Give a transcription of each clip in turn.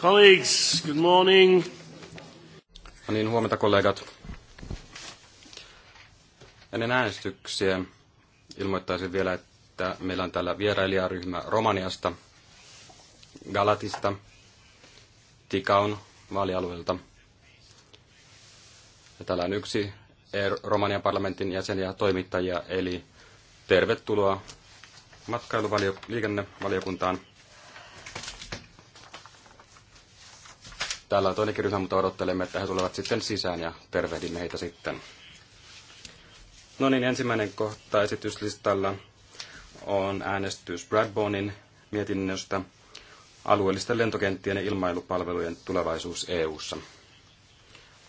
Colleagues, good morning. No niin, huomenta kollegat. Ennen äänestyksiä ilmoittaisin vielä, että meillä on täällä vierailijaryhmä Romaniasta, Galatista, Tikaun vaalialueelta. Ja täällä on yksi er-, Romanian parlamentin jäsen ja toimittajia, eli tervetuloa matkailuvalio- liikennevaliokuntaan. Täällä on toinenkin ryhmä, mutta odottelemme, että he tulevat sitten sisään ja tervehdimme heitä sitten. No niin, ensimmäinen kohta esityslistalla on äänestys Bradbonin mietinnöstä alueellisten lentokenttien ja ilmailupalvelujen tulevaisuus EU:ssa.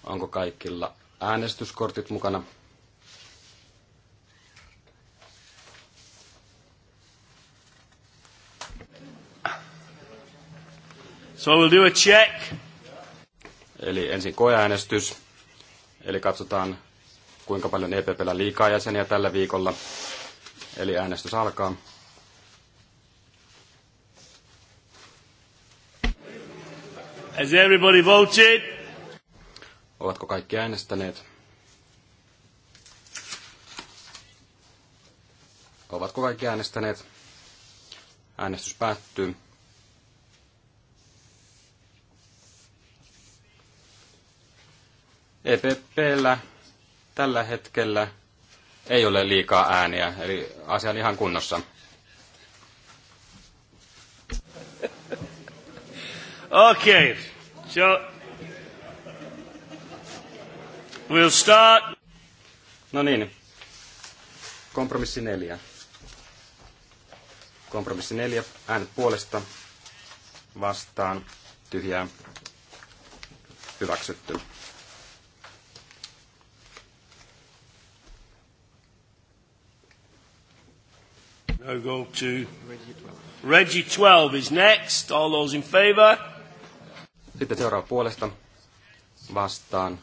Onko kaikilla äänestyskortit mukana? So we'll do a check. Eli ensin koeäänestys, eli katsotaan kuinka paljon EPPllä liikaa jäseniä tällä viikolla. Eli äänestys alkaa. Has everybody voted? Ovatko kaikki äänestäneet? Ovatko kaikki äänestäneet? Äänestys päättyy. EPPllä tällä hetkellä ei ole liikaa ääniä, eli asia on ihan kunnossa. Okei, okay. so we'll start. No niin, kompromissi neljä. Kompromissi neljä, äänet puolesta, vastaan, tyhjää, hyväksytty. now go to Reggie 12 is next. All those in favor. Sitten seuraava puolesta vastaan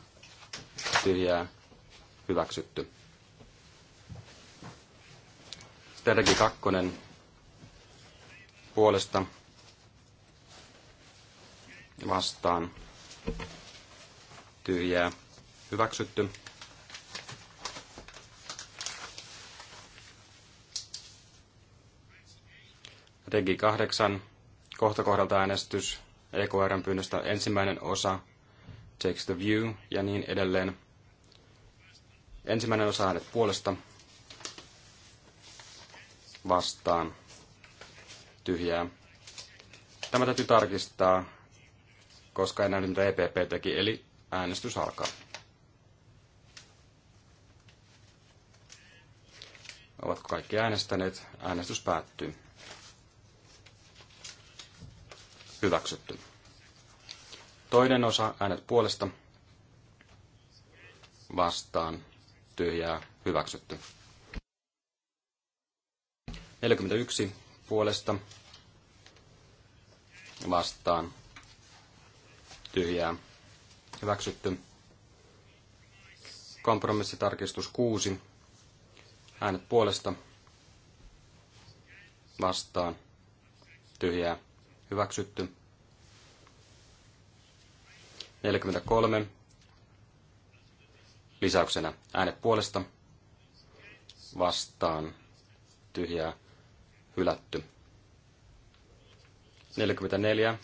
tyhjää hyväksytty. Sitten kakkonen 2 puolesta vastaan tyhjää hyväksytty. Regi 8, kohta kohdalta äänestys, EKRn pyynnöstä ensimmäinen osa, Takes the View ja niin edelleen. Ensimmäinen osa äänet puolesta vastaan tyhjää. Tämä täytyy tarkistaa, koska en nähnyt mitä EPP teki, eli äänestys alkaa. Ovatko kaikki äänestäneet? Äänestys päättyy. Hyväksytty. Toinen osa äänet puolesta vastaan tyhjää hyväksytty. 41 puolesta vastaan tyhjää hyväksytty. Kompromissitarkistus 6 äänet puolesta vastaan tyhjää hyväksytty. 43 lisäyksenä äänet puolesta vastaan tyhjää hylätty. 44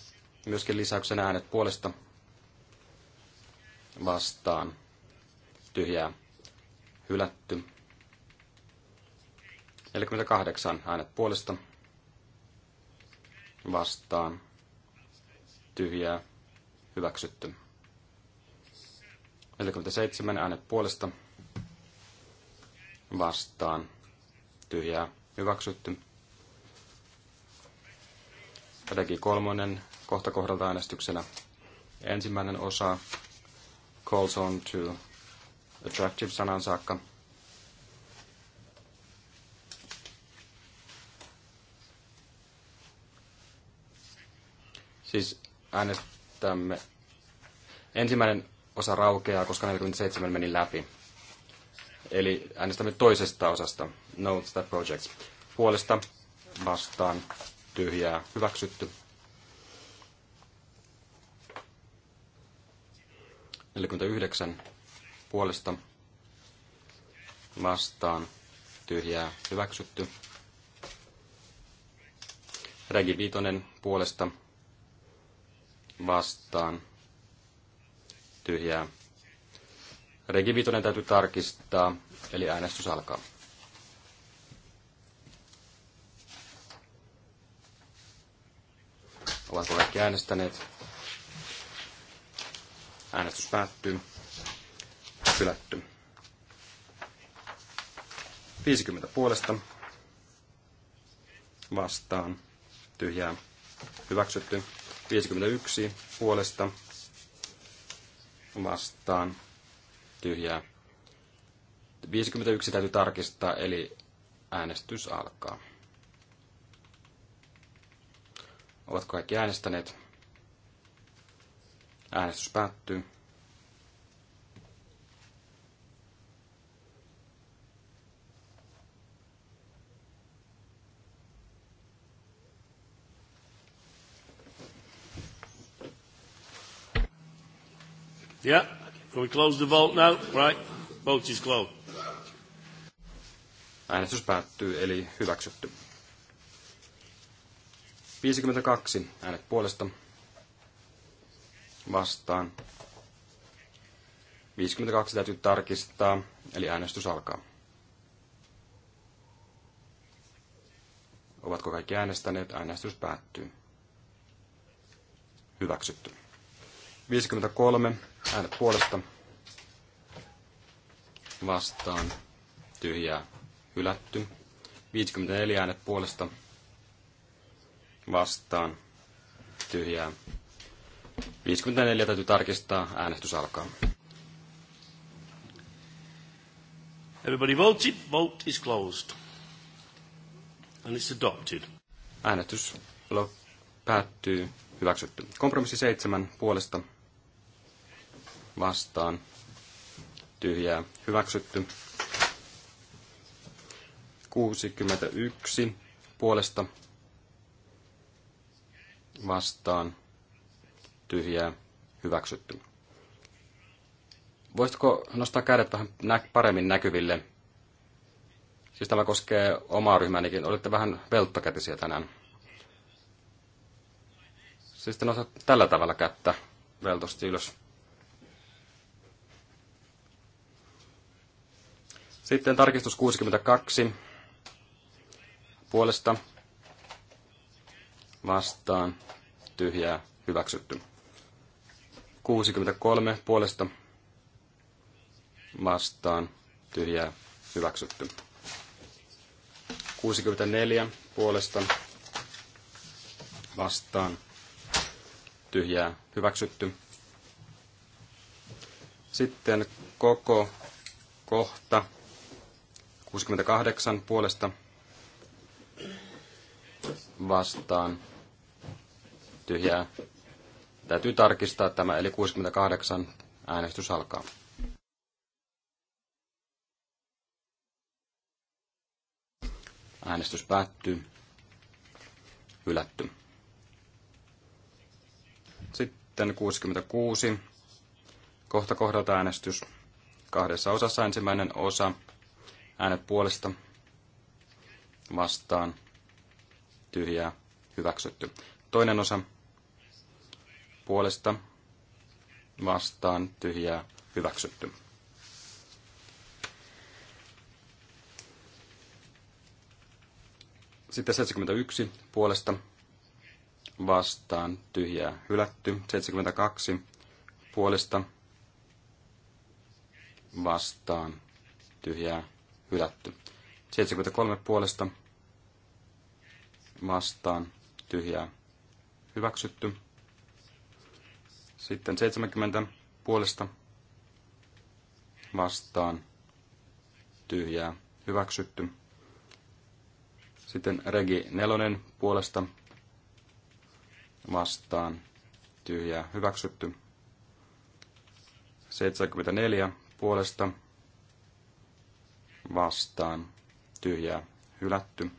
myöskin lisäyksenä äänet puolesta vastaan tyhjää hylätty. 48 äänet puolesta vastaan tyhjää hyväksytty. 47 äänet puolesta vastaan tyhjää hyväksytty. Regi kolmonen kohta kohdalta äänestyksenä. Ensimmäinen osa calls on to attractive sanan saakka Siis äänestämme. Ensimmäinen osa raukeaa, koska 47 meni läpi. Eli äänestämme toisesta osasta. No, that projects. Puolesta vastaan tyhjää hyväksytty. 49 puolesta vastaan tyhjää hyväksytty. Regi Viitonen puolesta vastaan tyhjää. Regi täytyy tarkistaa, eli äänestys alkaa. Ovatko kaikki äänestäneet? Äänestys päättyy. Hylätty. 50 puolesta vastaan. Tyhjää. Hyväksytty. 51 puolesta vastaan tyhjää. 51 täytyy tarkistaa, eli äänestys alkaa. Ovatko kaikki äänestäneet? Äänestys päättyy. Yeah. Can we close the vote now? Right. Vote is closed. Äänestys päättyy, eli hyväksytty. 52 äänet puolesta vastaan. 52 täytyy tarkistaa, eli äänestys alkaa. Ovatko kaikki äänestäneet? Äänestys päättyy. Hyväksytty. 53. Äänet puolesta. Vastaan. Tyhjää. Hylätty. 54 äänet puolesta. Vastaan. Tyhjää. 54 täytyy tarkistaa. Äänestys alkaa. Everybody voted. Vote is closed. And it's adopted. Äänestys päättyy. Hyväksytty. Kompromissi 7 puolesta vastaan tyhjää hyväksytty. 61 puolesta vastaan tyhjää hyväksytty. Voisitko nostaa kädet vähän nä- paremmin näkyville? Siis tämä koskee omaa ryhmänikin. Olette vähän velttakätisiä tänään. Siis te nostat tällä tavalla kättä veltosti ylös. Sitten tarkistus 62 puolesta vastaan tyhjää hyväksytty. 63 puolesta vastaan tyhjää hyväksytty. 64 puolesta vastaan tyhjää hyväksytty. Sitten koko kohta 68 puolesta vastaan tyhjää. Täytyy tarkistaa tämä, eli 68 äänestys alkaa. Äänestys päättyy. Hylätty. Sitten 66. Kohta kohdalta äänestys. Kahdessa osassa ensimmäinen osa Äänet puolesta vastaan tyhjää hyväksytty. Toinen osa puolesta vastaan tyhjää hyväksytty. Sitten 71 puolesta vastaan tyhjää hylätty. 72 puolesta vastaan tyhjää hylätty. 73 puolesta vastaan tyhjää hyväksytty. Sitten 70 puolesta vastaan tyhjää hyväksytty. Sitten Regi nelonen puolesta vastaan tyhjää hyväksytty. 74 puolesta vastaan tyhjää hylätty.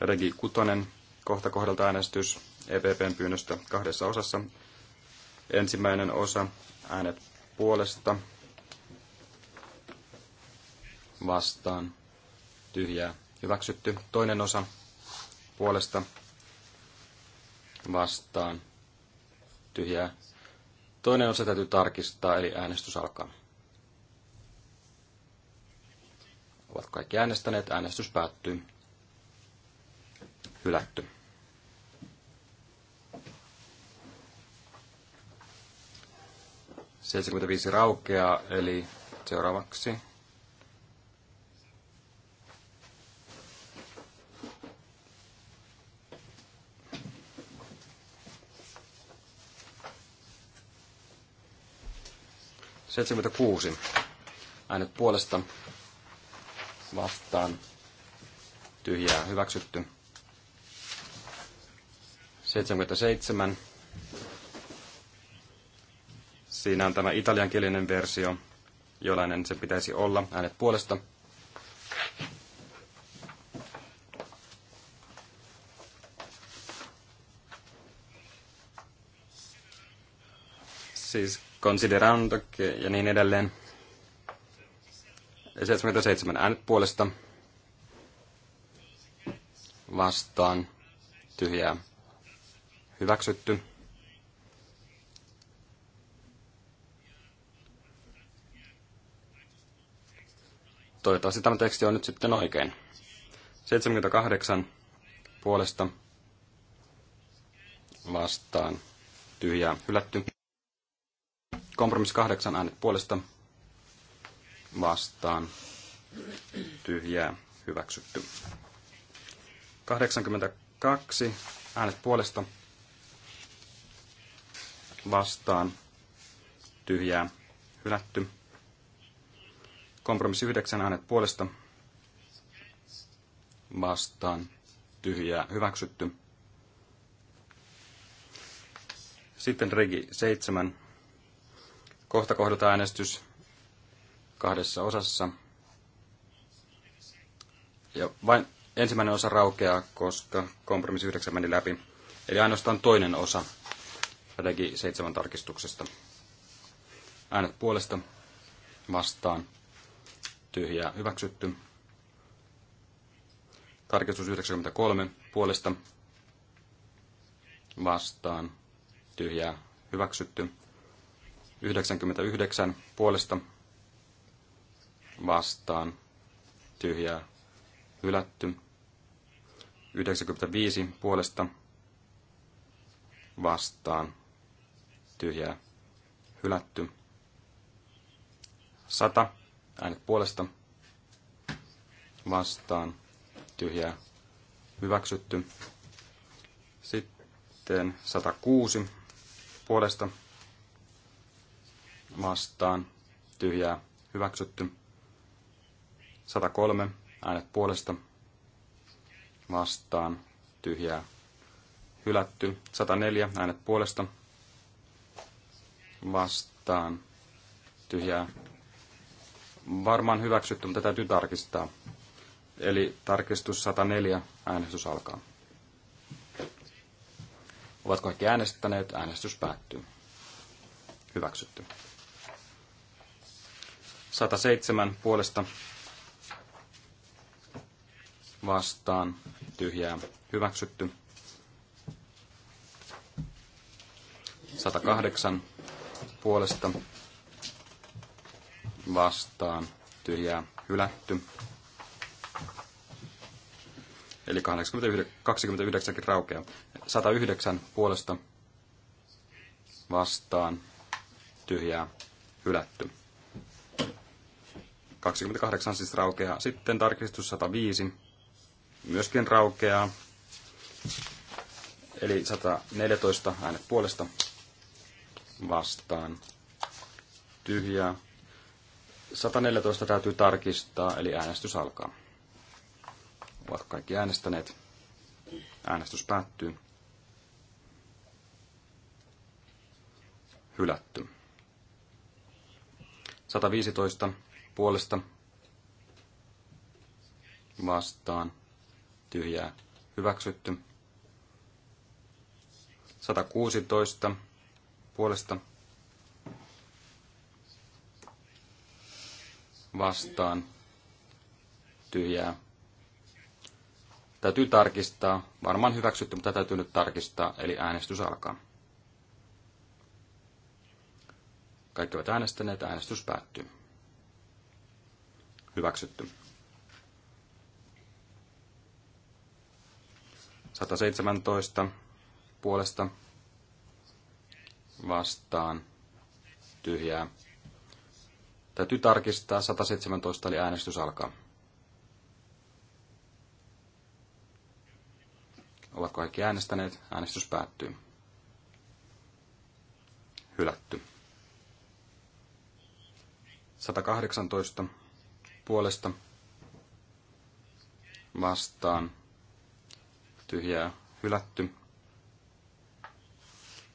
Regi Kutonen, kohta kohdalta äänestys EPPn pyynnöstä kahdessa osassa. Ensimmäinen osa, äänet puolesta, vastaan, tyhjää, hyväksytty. Toinen osa, puolesta, vastaan, tyhjää. Toinen osa täytyy tarkistaa, eli äänestys alkaa. Ovat kaikki äänestäneet. Äänestys päättyy. Hylätty. Seitsemänkymmentäviisi raukeaa, eli seuraavaksi Seitsemänkymmentäkuusi äänet puolesta vastaan tyhjää hyväksytty. 77. Siinä on tämä italiankielinen versio, jollainen se pitäisi olla. Äänet puolesta. Siis considerando ja niin edelleen. 77 äänet puolesta vastaan tyhjää hyväksytty. Toivottavasti tämä teksti on nyt sitten oikein. 78 puolesta vastaan tyhjää hylätty. Kompromissi 8 äänet puolesta vastaan tyhjää hyväksytty. 82 äänet puolesta vastaan tyhjää hylätty. Kompromissi 9 äänet puolesta vastaan tyhjää hyväksytty. Sitten regi 7. Kohta kohdata äänestys kahdessa osassa. Ja vain ensimmäinen osa raukeaa, koska kompromissi 9 meni läpi. Eli ainoastaan toinen osa jotenkin seitsemän tarkistuksesta. Äänet puolesta vastaan. Tyhjää hyväksytty. Tarkistus 93 puolesta vastaan. Tyhjää hyväksytty. 99 puolesta vastaan tyhjää hylätty. 95 puolesta vastaan tyhjää hylätty. 100 äänet puolesta vastaan tyhjää hyväksytty. Sitten 106 puolesta vastaan tyhjää hyväksytty. 103 äänet puolesta vastaan tyhjää hylätty. 104 äänet puolesta vastaan tyhjää varmaan hyväksytty, mutta täytyy tarkistaa. Eli tarkistus 104, äänestys alkaa. Ovatko kaikki äänestäneet? Äänestys päättyy. Hyväksytty. 107 puolesta vastaan tyhjää hyväksytty. 108 puolesta vastaan tyhjää hylätty. Eli 29 raukea. 109 puolesta vastaan tyhjää hylätty. 28 siis raukeaa. Sitten tarkistus 105 myöskin raukeaa. Eli 114 äänet puolesta vastaan tyhjää. 114 täytyy tarkistaa, eli äänestys alkaa. Ovatko kaikki äänestäneet? Äänestys päättyy. Hylätty. 115 puolesta vastaan tyhjää hyväksytty. 116 puolesta vastaan tyhjää. Täytyy tarkistaa, varmaan hyväksytty, mutta täytyy nyt tarkistaa, eli äänestys alkaa. Kaikki ovat äänestäneet, äänestys päättyy. Hyväksytty. 117 puolesta vastaan tyhjää. Täytyy tarkistaa, 117 eli äänestys alkaa. Ovatko kaikki äänestäneet? Äänestys päättyy. Hylätty. 118 puolesta vastaan tyhjää hylätty.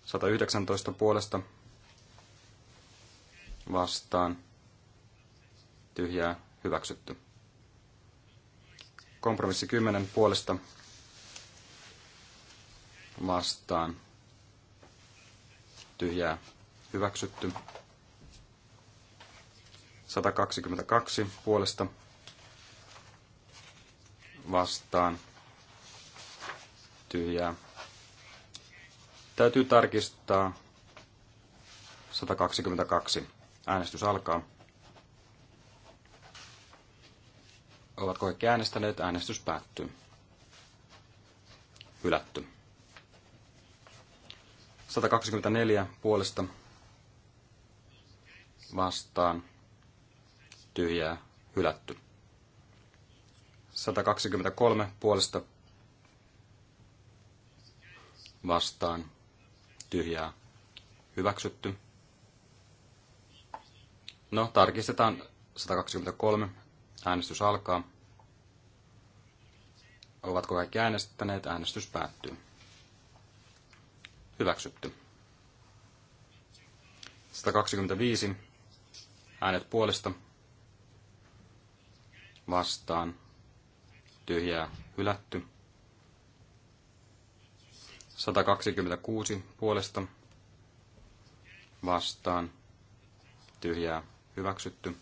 119 puolesta vastaan tyhjää hyväksytty. Kompromissi 10 puolesta vastaan tyhjää hyväksytty. 122 puolesta vastaan tyhjää. Täytyy tarkistaa 122. Äänestys alkaa. Ovatko kaikki äänestäneet? Äänestys päättyy. Hylätty. 124 puolesta vastaan tyhjää hylätty. 123 puolesta vastaan tyhjää hyväksytty. No, tarkistetaan 123. Äänestys alkaa. Ovatko kaikki äänestäneet? Äänestys päättyy. Hyväksytty. 125. Äänet puolesta. Vastaan. Tyhjää hylätty. 126 puolesta vastaan tyhjää hyväksytty.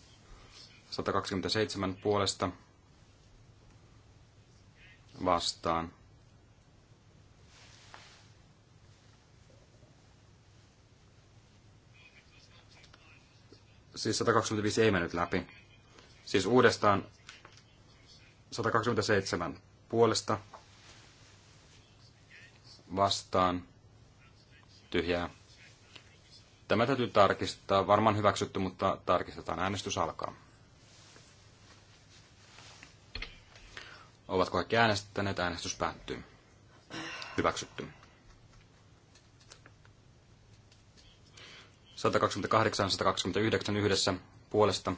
127 puolesta vastaan siis 125 ei mennyt läpi. Siis uudestaan 127 puolesta vastaan tyhjää. Tämä täytyy tarkistaa. Varmaan hyväksytty, mutta tarkistetaan. Äänestys alkaa. Ovatko kaikki äänestäneet? Äänestys päättyy. Hyväksytty. 128, 129 yhdessä puolesta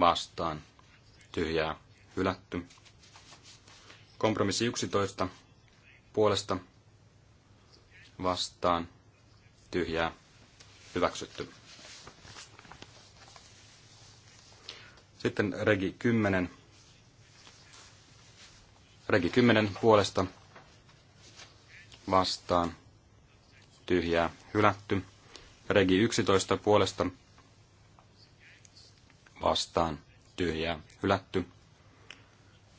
vastaan tyhjää hylätty. Kompromissi 11 puolesta vastaan tyhjää hyväksytty. Sitten regi 10. Regi 10 puolesta vastaan tyhjää hylätty. Regi 11 puolesta vastaan tyhjää hylätty.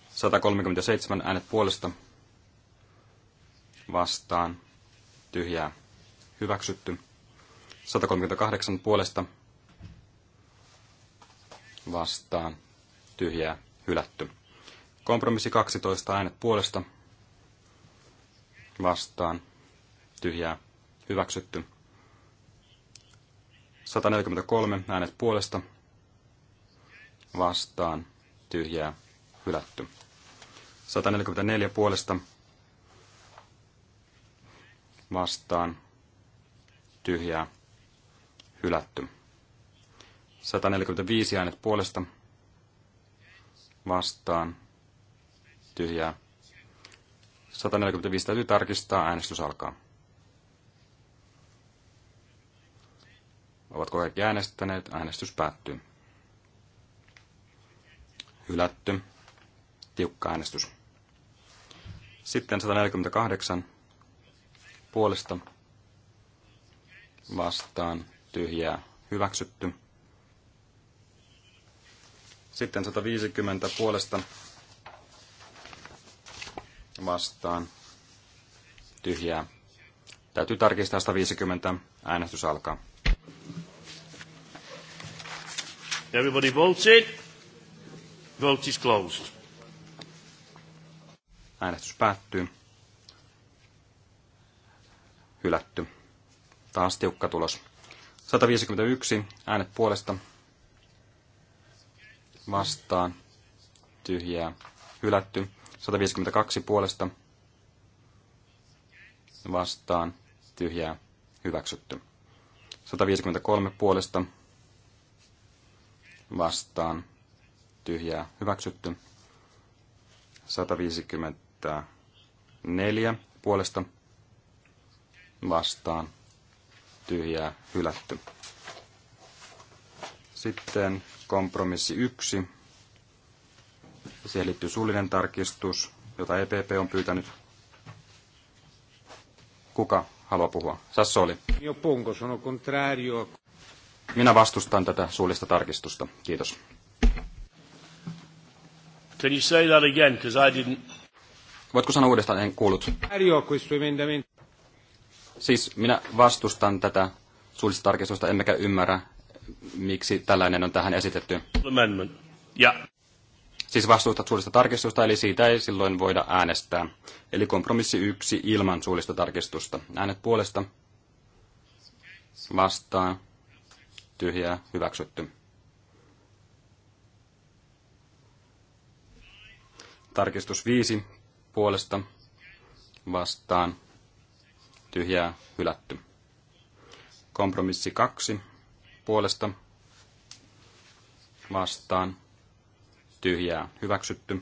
137 äänet puolesta vastaan tyhjää hyväksytty. 138 puolesta vastaan tyhjää hylätty. Kompromissi 12 äänet puolesta vastaan tyhjää hyväksytty. 143 äänet puolesta vastaan tyhjää hylätty. 144 puolesta vastaan tyhjää hylätty. 145 äänet puolesta vastaan tyhjää. 145 täytyy tarkistaa, äänestys alkaa. Ovatko kaikki äänestäneet? Äänestys päättyy. Hylätty. Tiukka äänestys. Sitten 148 puolesta vastaan tyhjää hyväksytty. Sitten 150 puolesta vastaan tyhjää. Täytyy tarkistaa 150. Äänestys alkaa. Everybody votes it. Vote is closed. Äänestys päättyy hylätty. Taas tiukka tulos. 151 äänet puolesta vastaan tyhjää hylätty. 152 puolesta vastaan tyhjää hyväksytty. 153 puolesta vastaan tyhjää hyväksytty. 154 puolesta vastaan tyhjää hylätty. Sitten kompromissi 1. Siihen liittyy suullinen tarkistus, jota EPP on pyytänyt. Kuka haluaa puhua? Sassoli. Minä vastustan tätä suullista tarkistusta. Kiitos. Can you say that again, I didn't... Voitko sanoa uudestaan, en kuullut. Siis minä vastustan tätä suullista tarkistusta, emmekä ymmärrä, miksi tällainen on tähän esitetty. Ja. Siis vastustat suullista tarkistusta, eli siitä ei silloin voida äänestää. Eli kompromissi yksi ilman suullista tarkistusta. Äänet puolesta vastaan tyhjää hyväksytty. Tarkistus viisi puolesta vastaan tyhjää hylätty. Kompromissi kaksi puolesta vastaan tyhjää hyväksytty.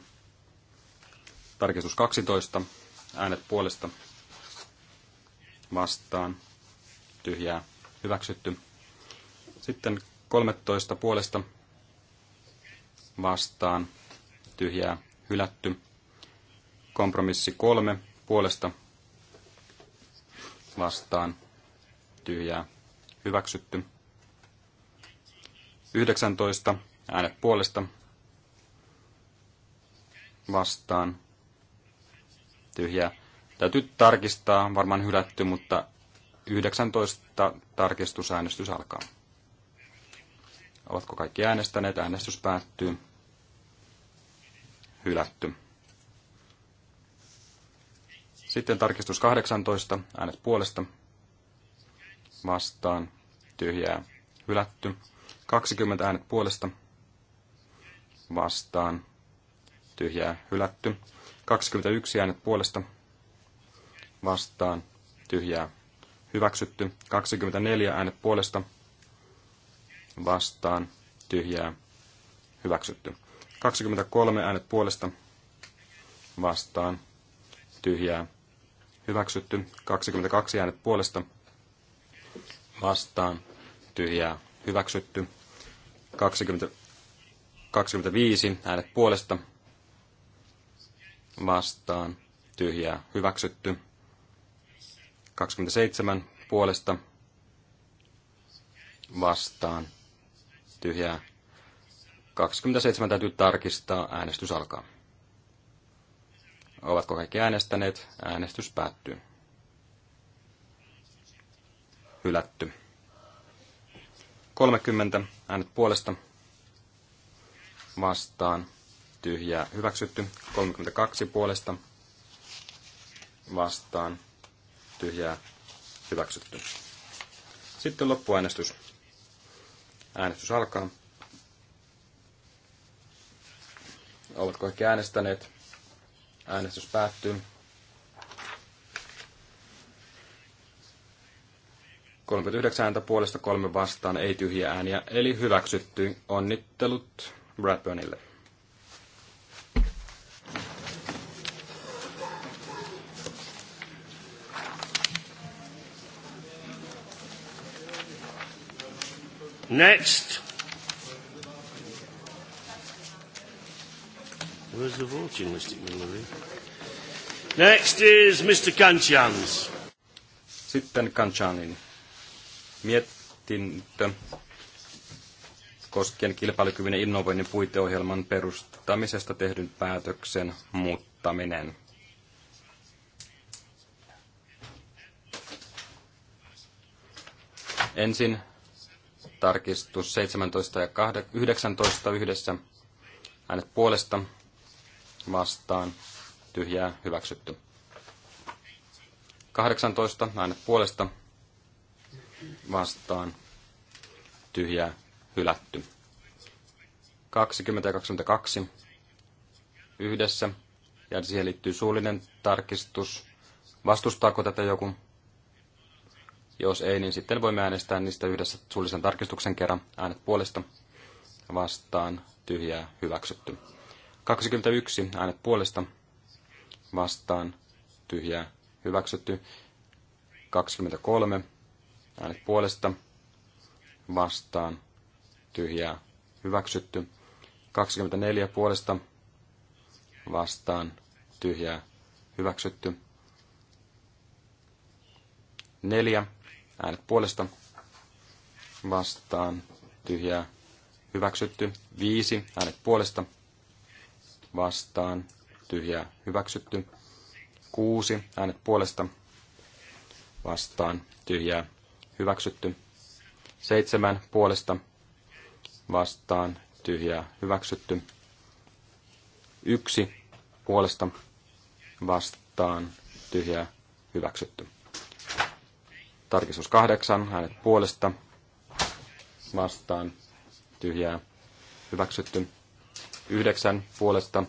Tarkistus 12 äänet puolesta vastaan tyhjää hyväksytty. Sitten 13 puolesta vastaan tyhjää hylätty. Kompromissi 3 puolesta vastaan tyhjää hyväksytty. 19 äänet puolesta vastaan tyhjää. Täytyy tarkistaa, varmaan hylätty, mutta 19 tarkistusäänestys alkaa. Ovatko kaikki äänestäneet? Äänestys päättyy. Hylätty. Sitten tarkistus 18, äänet puolesta, vastaan, tyhjää, hylätty. 20 äänet puolesta, vastaan, tyhjää, hylätty. 21 äänet puolesta, vastaan, tyhjää, hyväksytty. 24 äänet puolesta, vastaan, tyhjää, hyväksytty. 23 äänet puolesta, vastaan, tyhjää, hyväksytty. 22 äänet puolesta vastaan tyhjää hyväksytty. 20, 25 äänet puolesta vastaan tyhjää hyväksytty. 27 puolesta vastaan tyhjää. 27 täytyy tarkistaa. Äänestys alkaa. Ovatko kaikki äänestäneet? Äänestys päättyy. Hylätty. 30 äänet puolesta vastaan. Tyhjää hyväksytty. 32 puolesta vastaan. Tyhjää hyväksytty. Sitten loppuäänestys. Äänestys alkaa. Ovatko kaikki äänestäneet? Äänestys päättyy. 39 ääntä puolesta kolme vastaan, ei tyhjiä ääniä, eli hyväksytty. Onnittelut Bradburnille. Next. Where's the voting list Next is Mr. Kanchans. Sitten Kanchanin mietintö koskien kilpailukyvyn ja innovoinnin puiteohjelman perustamisesta tehdyn päätöksen muuttaminen. Ensin tarkistus 17 ja 19 yhdessä. Äänet puolesta vastaan tyhjää hyväksytty. 18 äänet puolesta vastaan tyhjää hylätty. 20 ja 22 yhdessä ja siihen liittyy suullinen tarkistus. Vastustaako tätä joku? Jos ei, niin sitten voimme äänestää niistä yhdessä suullisen tarkistuksen kerran äänet puolesta vastaan tyhjää hyväksytty. 21 äänet puolesta vastaan tyhjää hyväksytty. 23 äänet puolesta vastaan tyhjää hyväksytty. 24 puolesta vastaan tyhjää hyväksytty. 4 äänet puolesta vastaan tyhjää hyväksytty. 5 äänet puolesta vastaan, vastaan, tyhjä hyväksytty. Kuusi äänet puolesta vastaan, tyhjää hyväksytty. Seitsemän puolesta vastaan, tyhjää hyväksytty. Yksi puolesta vastaan, tyhjää hyväksytty. Tarkistus kahdeksan, äänet puolesta vastaan, tyhjää hyväksytty. Yhdeksän puolesta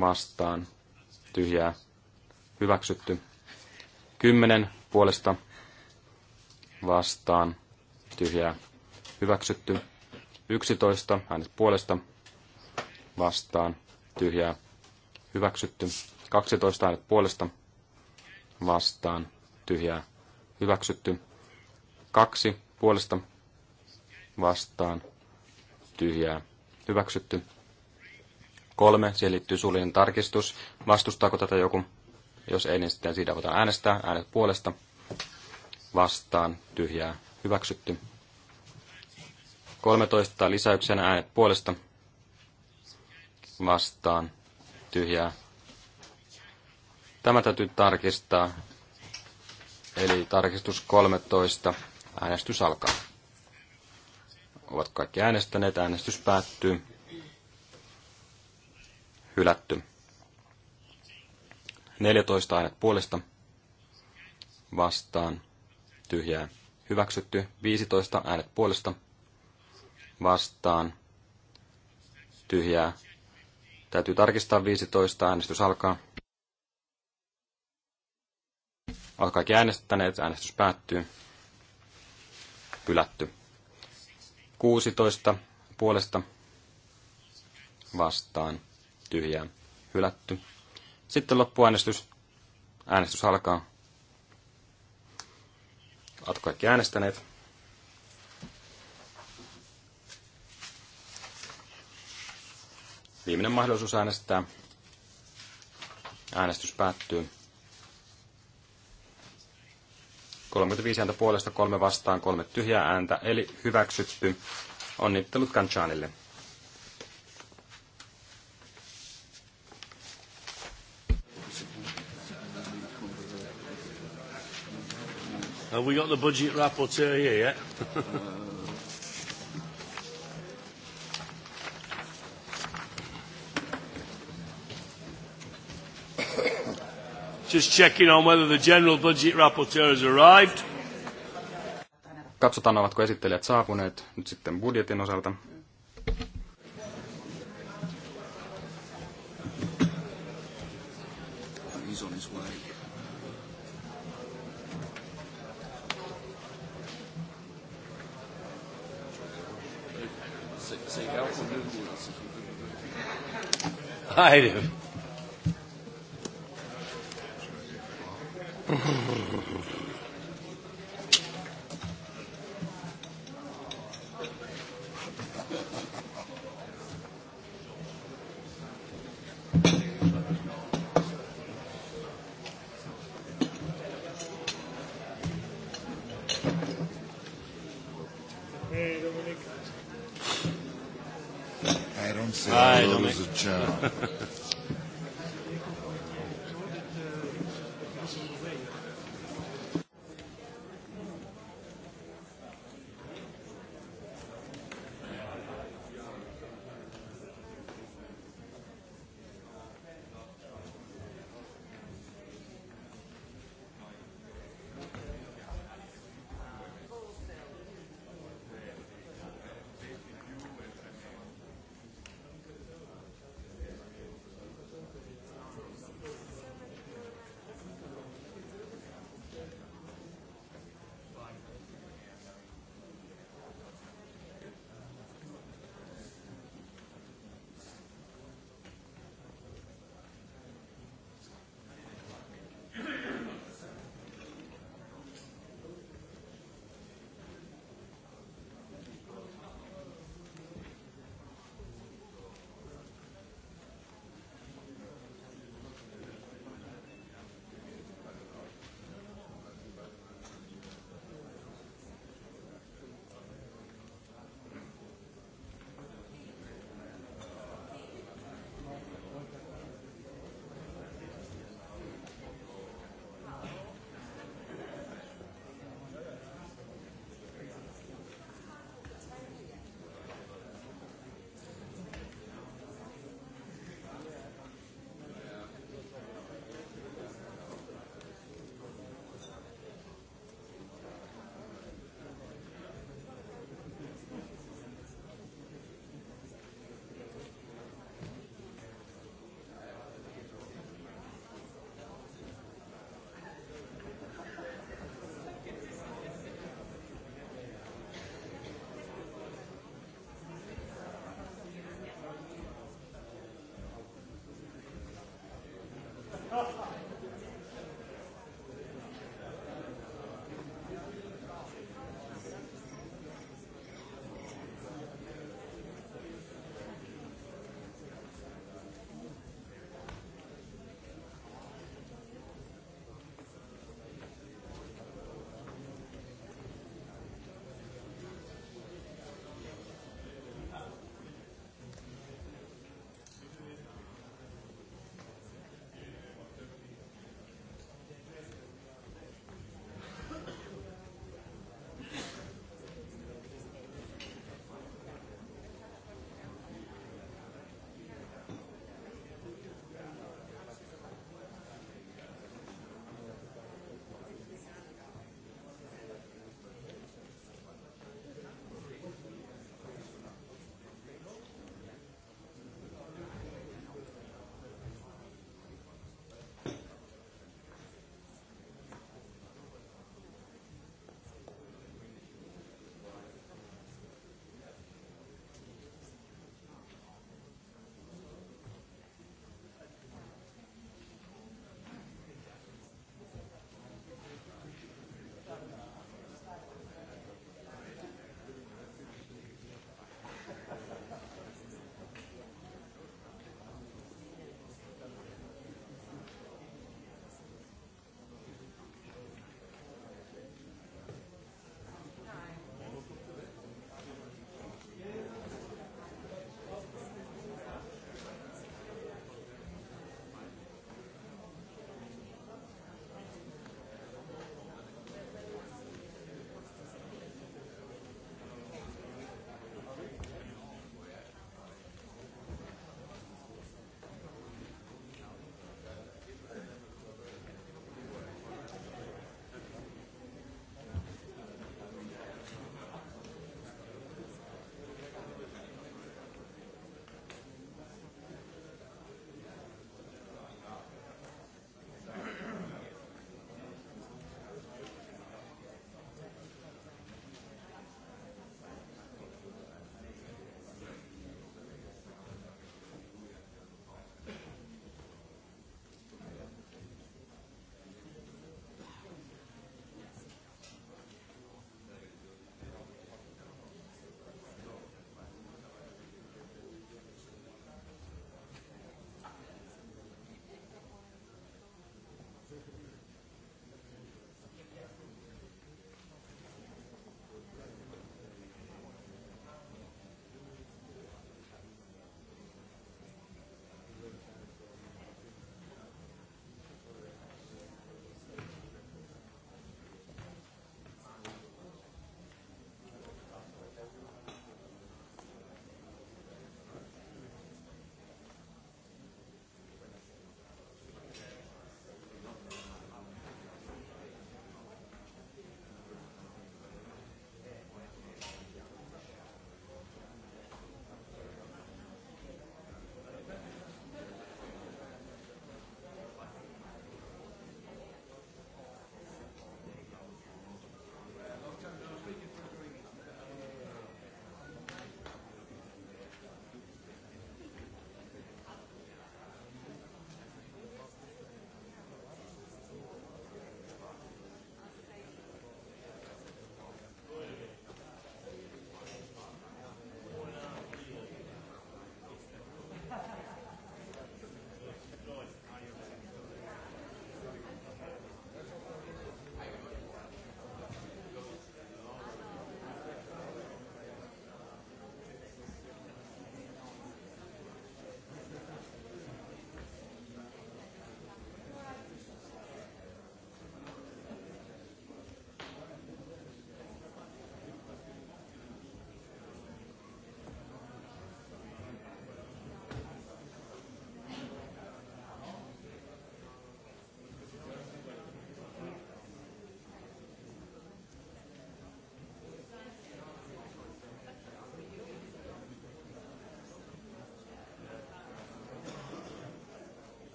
vastaan tyhjää hyväksytty. Kymmenen puolesta vastaan tyhjää hyväksytty. Yksitoista äänet puolesta vastaan tyhjää hyväksytty. Kaksitoista äänet puolesta vastaan tyhjää hyväksytty. Kaksi puolesta vastaan tyhjää hyväksytty. Kolme, siihen liittyy suullinen tarkistus. Vastustaako tätä joku? Jos ei, niin sitten siitä voidaan äänestää. Äänet puolesta. Vastaan. Tyhjää. Hyväksytty. 13 lisäyksenä äänet puolesta. Vastaan. Tyhjää. Tämä täytyy tarkistaa. Eli tarkistus 13. Äänestys alkaa. Ovat kaikki äänestäneet. Äänestys päättyy. Hylätty. 14 äänet puolesta. Vastaan. Tyhjää. Hyväksytty. 15 äänet puolesta. Vastaan. Tyhjää. Täytyy tarkistaa 15. Äänestys alkaa. Olet kaikki äänestäneet. Äänestys päättyy. Hylätty. 16 puolesta vastaan tyhjää hylätty. Sitten loppuäänestys. Äänestys alkaa. Oletko kaikki äänestäneet? Viimeinen mahdollisuus äänestää. Äänestys päättyy. 35 ääntä puolesta, kolme vastaan, kolme tyhjää ääntä, eli hyväksytty. Onnittelut Kanchanille. Have we got the budget rapporteur here yet? Just checking on whether the general budget rapporteur has arrived. Katsotaan, ovatko esittelijät saapuneet nyt sitten budjetin osalta. Hi, dude.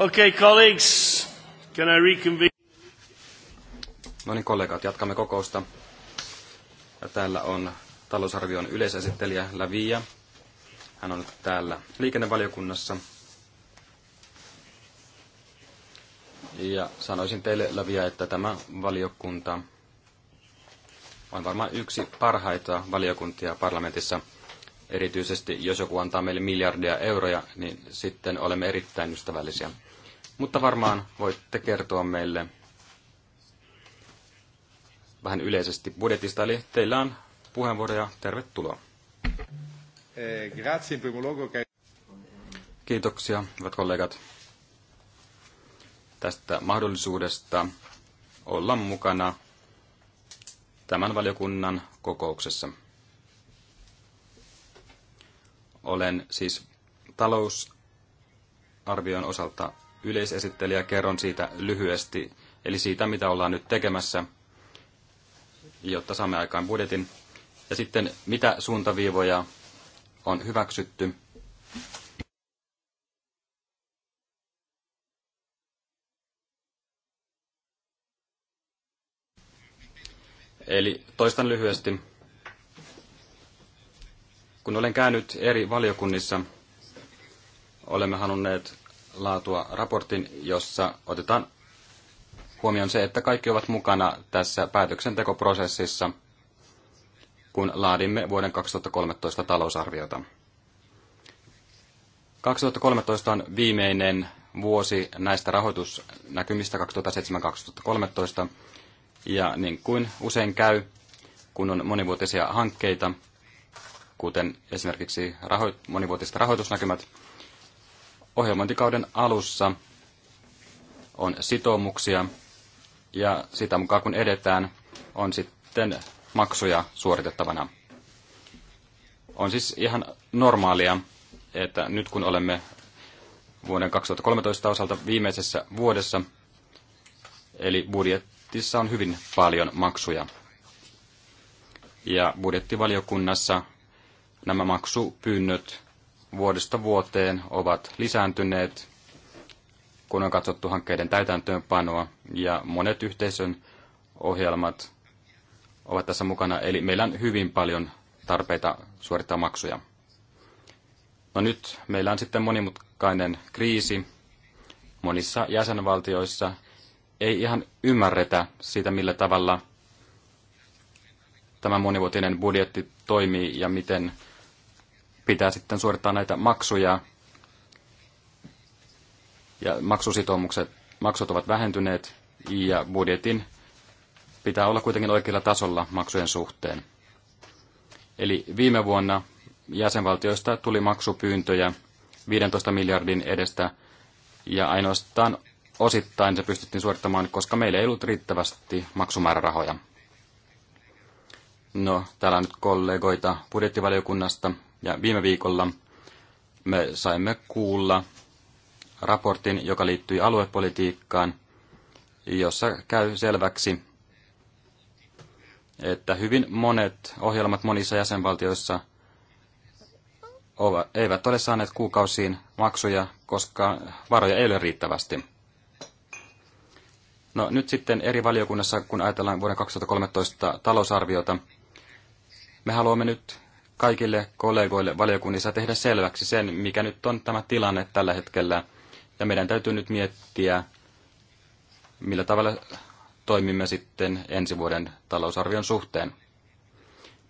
Okay, colleagues, can I reconvene? No niin, kollegat, jatkamme kokousta. Ja täällä on talousarvion yleisesittelijä Lavia. Hän on täällä liikennevaliokunnassa. Ja sanoisin teille, Lavia, että tämä valiokunta on varmaan yksi parhaita valiokuntia parlamentissa, Erityisesti jos joku antaa meille miljardia euroja, niin sitten olemme erittäin ystävällisiä. Mutta varmaan voitte kertoa meille vähän yleisesti budjetista. Eli teillä on puheenvuoroja, tervetuloa. Eh, Kiitoksia, hyvät kollegat, tästä mahdollisuudesta olla mukana tämän valiokunnan kokouksessa. Olen siis talousarvion osalta yleisesittelijä. Kerron siitä lyhyesti, eli siitä, mitä ollaan nyt tekemässä, jotta saamme aikaan budjetin. Ja sitten, mitä suuntaviivoja on hyväksytty. Eli toistan lyhyesti. Kun olen käynyt eri valiokunnissa, olemme halunneet laatua raportin, jossa otetaan huomioon se, että kaikki ovat mukana tässä päätöksentekoprosessissa, kun laadimme vuoden 2013 talousarviota. 2013 on viimeinen vuosi näistä rahoitusnäkymistä 2007-2013, ja niin kuin usein käy, kun on monivuotisia hankkeita, kuten esimerkiksi raho- monivuotiset rahoitusnäkymät. Ohjelmointikauden alussa on sitoumuksia ja sitä mukaan kun edetään, on sitten maksuja suoritettavana. On siis ihan normaalia, että nyt kun olemme vuoden 2013 osalta viimeisessä vuodessa, eli budjettissa on hyvin paljon maksuja. Ja budjettivaliokunnassa nämä maksupyynnöt vuodesta vuoteen ovat lisääntyneet, kun on katsottu hankkeiden täytäntöönpanoa ja monet yhteisön ohjelmat ovat tässä mukana. Eli meillä on hyvin paljon tarpeita suorittaa maksuja. No nyt meillä on sitten monimutkainen kriisi. Monissa jäsenvaltioissa ei ihan ymmärretä siitä millä tavalla tämä monivuotinen budjetti toimii ja miten pitää sitten suorittaa näitä maksuja ja maksusitoumukset, maksut ovat vähentyneet ja budjetin pitää olla kuitenkin oikealla tasolla maksujen suhteen. Eli viime vuonna jäsenvaltioista tuli maksupyyntöjä 15 miljardin edestä ja ainoastaan osittain se pystyttiin suorittamaan, koska meillä ei ollut riittävästi maksumäärärahoja. No, täällä on nyt kollegoita budjettivaliokunnasta, ja viime viikolla me saimme kuulla raportin, joka liittyi aluepolitiikkaan, jossa käy selväksi, että hyvin monet ohjelmat monissa jäsenvaltioissa eivät ole saaneet kuukausiin maksuja, koska varoja ei ole riittävästi. No nyt sitten eri valiokunnassa, kun ajatellaan vuoden 2013 talousarviota, me haluamme nyt kaikille kollegoille valiokunnissa tehdä selväksi sen, mikä nyt on tämä tilanne tällä hetkellä. Ja meidän täytyy nyt miettiä, millä tavalla toimimme sitten ensi vuoden talousarvion suhteen.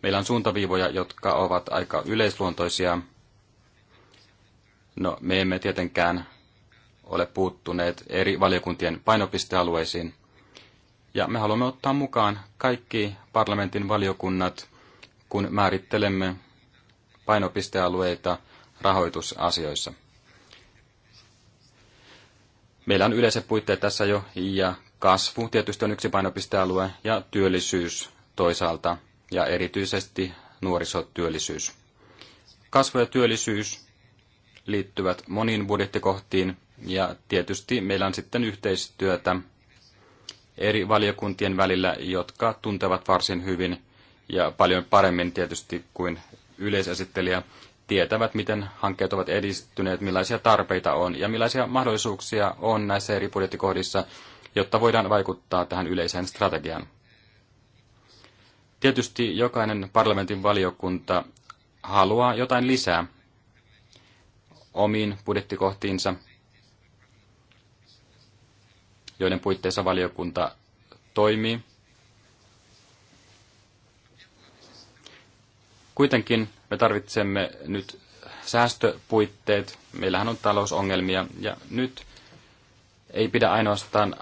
Meillä on suuntaviivoja, jotka ovat aika yleisluontoisia. No, me emme tietenkään ole puuttuneet eri valiokuntien painopistealueisiin. Ja me haluamme ottaa mukaan kaikki parlamentin valiokunnat kun määrittelemme painopistealueita rahoitusasioissa. Meillä on yleiset puitteet tässä jo, ja kasvu tietysti on yksi painopistealue, ja työllisyys toisaalta, ja erityisesti nuorisotyöllisyys. Kasvu ja työllisyys liittyvät moniin budjettikohtiin, ja tietysti meillä on sitten yhteistyötä eri valiokuntien välillä, jotka tuntevat varsin hyvin ja paljon paremmin tietysti kuin yleisesittelijä tietävät, miten hankkeet ovat edistyneet, millaisia tarpeita on ja millaisia mahdollisuuksia on näissä eri budjettikohdissa, jotta voidaan vaikuttaa tähän yleiseen strategiaan. Tietysti jokainen parlamentin valiokunta haluaa jotain lisää omiin budjettikohtiinsa, joiden puitteissa valiokunta toimii. Kuitenkin me tarvitsemme nyt säästöpuitteet. Meillähän on talousongelmia ja nyt ei pidä ainoastaan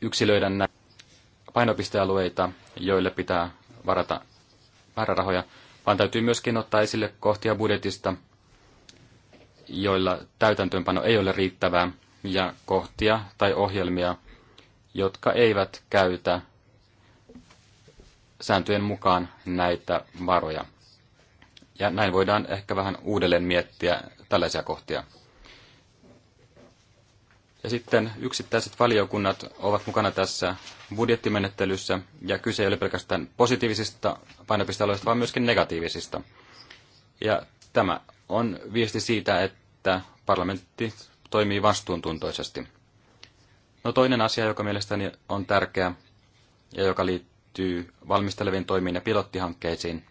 yksilöidä näitä painopistealueita, joille pitää varata määrärahoja, vaan täytyy myöskin ottaa esille kohtia budjetista, joilla täytäntöönpano ei ole riittävää, ja kohtia tai ohjelmia, jotka eivät käytä sääntöjen mukaan näitä varoja. Ja näin voidaan ehkä vähän uudelleen miettiä tällaisia kohtia. Ja sitten yksittäiset valiokunnat ovat mukana tässä budjettimenettelyssä, ja kyse ei ole pelkästään positiivisista painopistealueista, vaan myöskin negatiivisista. Ja tämä on viesti siitä, että parlamentti toimii vastuuntuntoisesti. No toinen asia, joka mielestäni on tärkeä ja joka liittyy valmisteleviin toimiin ja pilottihankkeisiin,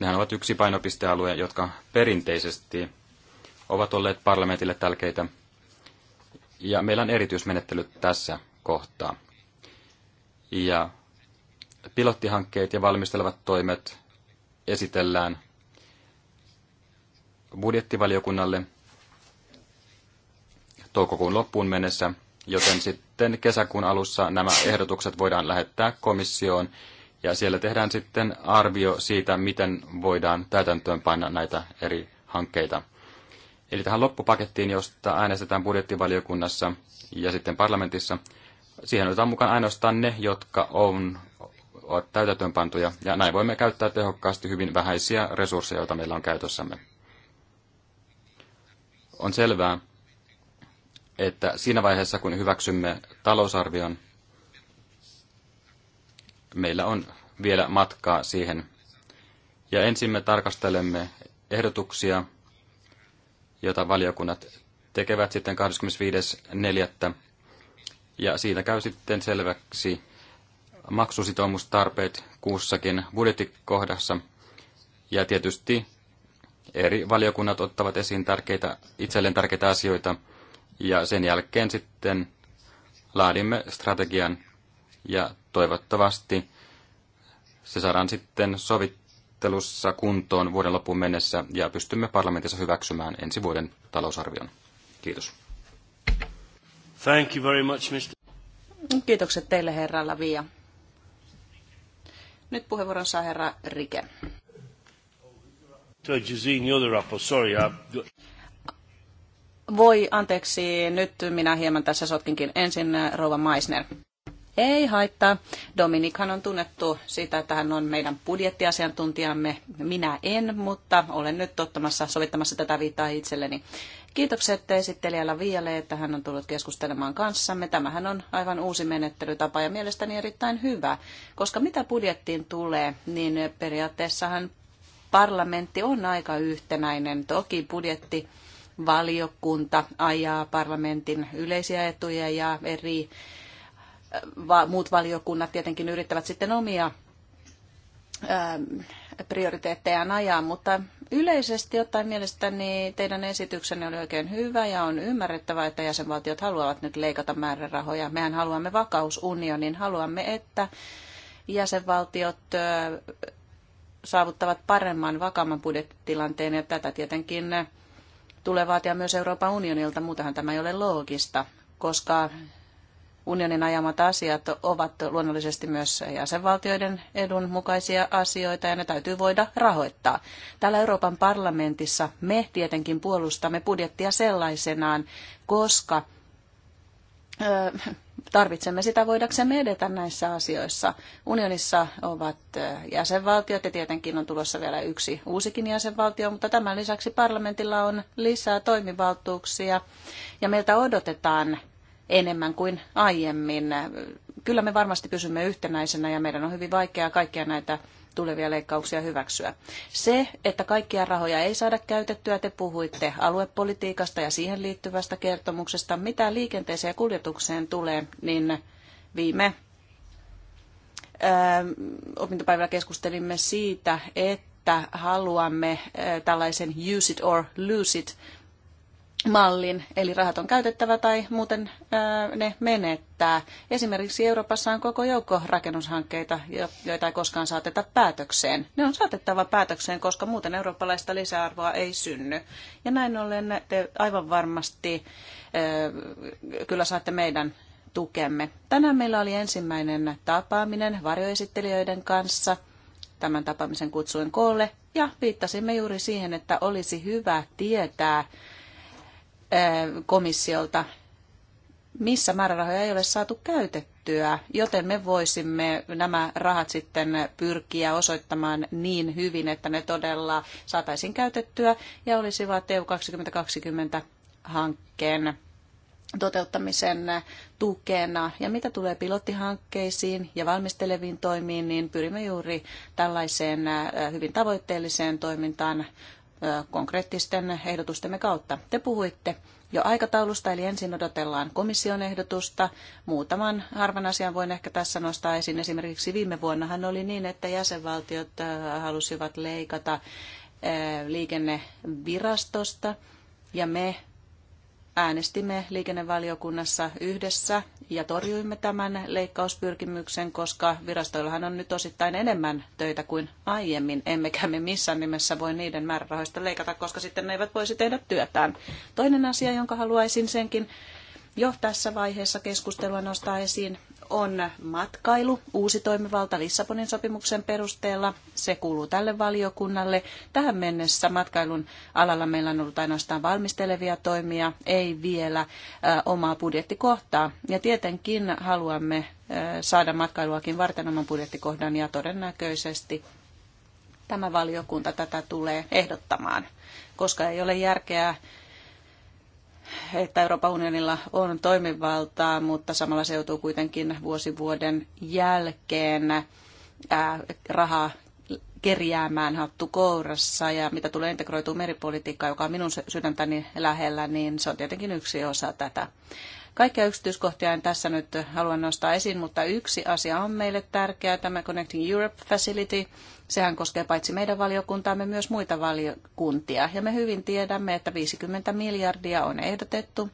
Nehän ovat yksi painopistealue, jotka perinteisesti ovat olleet parlamentille tärkeitä. Ja meillä on erityismenettelyt tässä kohtaa. Ja pilottihankkeet ja valmistelevat toimet esitellään budjettivaliokunnalle toukokuun loppuun mennessä, joten sitten kesäkuun alussa nämä ehdotukset voidaan lähettää komissioon ja siellä tehdään sitten arvio siitä, miten voidaan täytäntöönpanna näitä eri hankkeita. Eli tähän loppupakettiin, josta äänestetään budjettivaliokunnassa ja sitten parlamentissa, siihen otetaan mukaan ainoastaan ne, jotka on, on täytäntöönpantuja, ja näin voimme käyttää tehokkaasti hyvin vähäisiä resursseja, joita meillä on käytössämme. On selvää, että siinä vaiheessa, kun hyväksymme talousarvion, meillä on vielä matkaa siihen. Ja ensin me tarkastelemme ehdotuksia, joita valiokunnat tekevät sitten 25.4. Ja siitä käy sitten selväksi maksusitoumustarpeet kuussakin budjettikohdassa. Ja tietysti eri valiokunnat ottavat esiin tärkeitä, itselleen tärkeitä asioita. Ja sen jälkeen sitten laadimme strategian ja toivottavasti se saadaan sitten sovittelussa kuntoon vuoden loppuun mennessä ja pystymme parlamentissa hyväksymään ensi vuoden talousarvion. Kiitos. Thank you very much, Mr. Kiitokset teille, herra Lavia. Nyt puheenvuoron saa herra Rike. Voi, anteeksi, nyt minä hieman tässä sotkinkin. Ensin rouva Meisner ei haittaa. Dominikhan on tunnettu siitä, että hän on meidän budjettiasiantuntijamme. Minä en, mutta olen nyt ottamassa, sovittamassa tätä viittaa itselleni. Kiitokset esittelijällä Viialle, että hän on tullut keskustelemaan kanssamme. Tämähän on aivan uusi menettelytapa ja mielestäni erittäin hyvä, koska mitä budjettiin tulee, niin periaatteessahan parlamentti on aika yhtenäinen. Toki budjetti valiokunta ajaa parlamentin yleisiä etuja ja eri muut valiokunnat tietenkin yrittävät sitten omia ähm, prioriteettejaan ajaa, mutta yleisesti ottaen mielestäni teidän esityksenne oli oikein hyvä ja on ymmärrettävää, että jäsenvaltiot haluavat nyt leikata määrärahoja. Mehän haluamme vakausunionin, haluamme, että jäsenvaltiot saavuttavat paremman, vakaamman budjettitilanteen ja tätä tietenkin tulee vaatia myös Euroopan unionilta, muutenhan tämä ei ole loogista, koska unionin ajamat asiat ovat luonnollisesti myös jäsenvaltioiden edun mukaisia asioita ja ne täytyy voida rahoittaa. Täällä Euroopan parlamentissa me tietenkin puolustamme budjettia sellaisenaan, koska tarvitsemme sitä voidaksemme edetä näissä asioissa. Unionissa ovat jäsenvaltiot ja tietenkin on tulossa vielä yksi uusikin jäsenvaltio, mutta tämän lisäksi parlamentilla on lisää toimivaltuuksia ja meiltä odotetaan enemmän kuin aiemmin. Kyllä me varmasti pysymme yhtenäisenä ja meidän on hyvin vaikeaa kaikkia näitä tulevia leikkauksia hyväksyä. Se, että kaikkia rahoja ei saada käytettyä, te puhuitte aluepolitiikasta ja siihen liittyvästä kertomuksesta. Mitä liikenteeseen ja kuljetukseen tulee, niin viime opintopäivällä keskustelimme siitä, että haluamme tällaisen use it or lose it mallin, eli rahat on käytettävä tai muuten ne menettää. Esimerkiksi Euroopassa on koko joukko rakennushankkeita, joita ei koskaan saateta päätökseen. Ne on saatettava päätökseen, koska muuten eurooppalaista lisäarvoa ei synny. Ja näin ollen te aivan varmasti kyllä saatte meidän tukemme. Tänään meillä oli ensimmäinen tapaaminen varjoesittelijöiden kanssa. Tämän tapaamisen kutsuin koolle ja viittasimme juuri siihen, että olisi hyvä tietää, Eh, komissiolta, missä määrärahoja ei ole saatu käytettyä, joten me voisimme nämä rahat sitten pyrkiä osoittamaan niin hyvin, että ne todella saataisiin käytettyä ja olisivat EU 2020 hankkeen toteuttamisen tukena. Ja mitä tulee pilottihankkeisiin ja valmisteleviin toimiin, niin pyrimme juuri tällaiseen eh, hyvin tavoitteelliseen toimintaan konkreettisten ehdotustemme kautta. Te puhuitte jo aikataulusta, eli ensin odotellaan komission ehdotusta. Muutaman harvan asian voin ehkä tässä nostaa esiin. Esimerkiksi viime vuonnahan oli niin, että jäsenvaltiot halusivat leikata liikennevirastosta, ja me Äänestimme liikennevaliokunnassa yhdessä ja torjuimme tämän leikkauspyrkimyksen, koska virastoillahan on nyt osittain enemmän töitä kuin aiemmin, emmekä me missään nimessä voi niiden määrärahoista leikata, koska sitten ne eivät voisi tehdä työtään. Toinen asia, jonka haluaisin senkin jo tässä vaiheessa keskustelua nostaa esiin, on matkailu, uusi toimivalta Lissabonin sopimuksen perusteella. Se kuuluu tälle valiokunnalle. Tähän mennessä matkailun alalla meillä on ollut ainoastaan valmistelevia toimia, ei vielä omaa budjettikohtaa. Ja tietenkin haluamme saada matkailuakin varten oman budjettikohdan ja todennäköisesti tämä valiokunta tätä tulee ehdottamaan, koska ei ole järkeä että Euroopan unionilla on toimivaltaa, mutta samalla se joutuu kuitenkin vuosi vuoden jälkeen rahaa kerjäämään hattu kourassa. Ja mitä tulee integroituun meripolitiikkaan, joka on minun sydäntäni lähellä, niin se on tietenkin yksi osa tätä. Kaikkia yksityiskohtia en tässä nyt halua nostaa esiin, mutta yksi asia on meille tärkeä, tämä Connecting Europe Facility. Sehän koskee paitsi meidän valiokuntaamme myös muita valiokuntia. Ja me hyvin tiedämme, että 50 miljardia on ehdotettu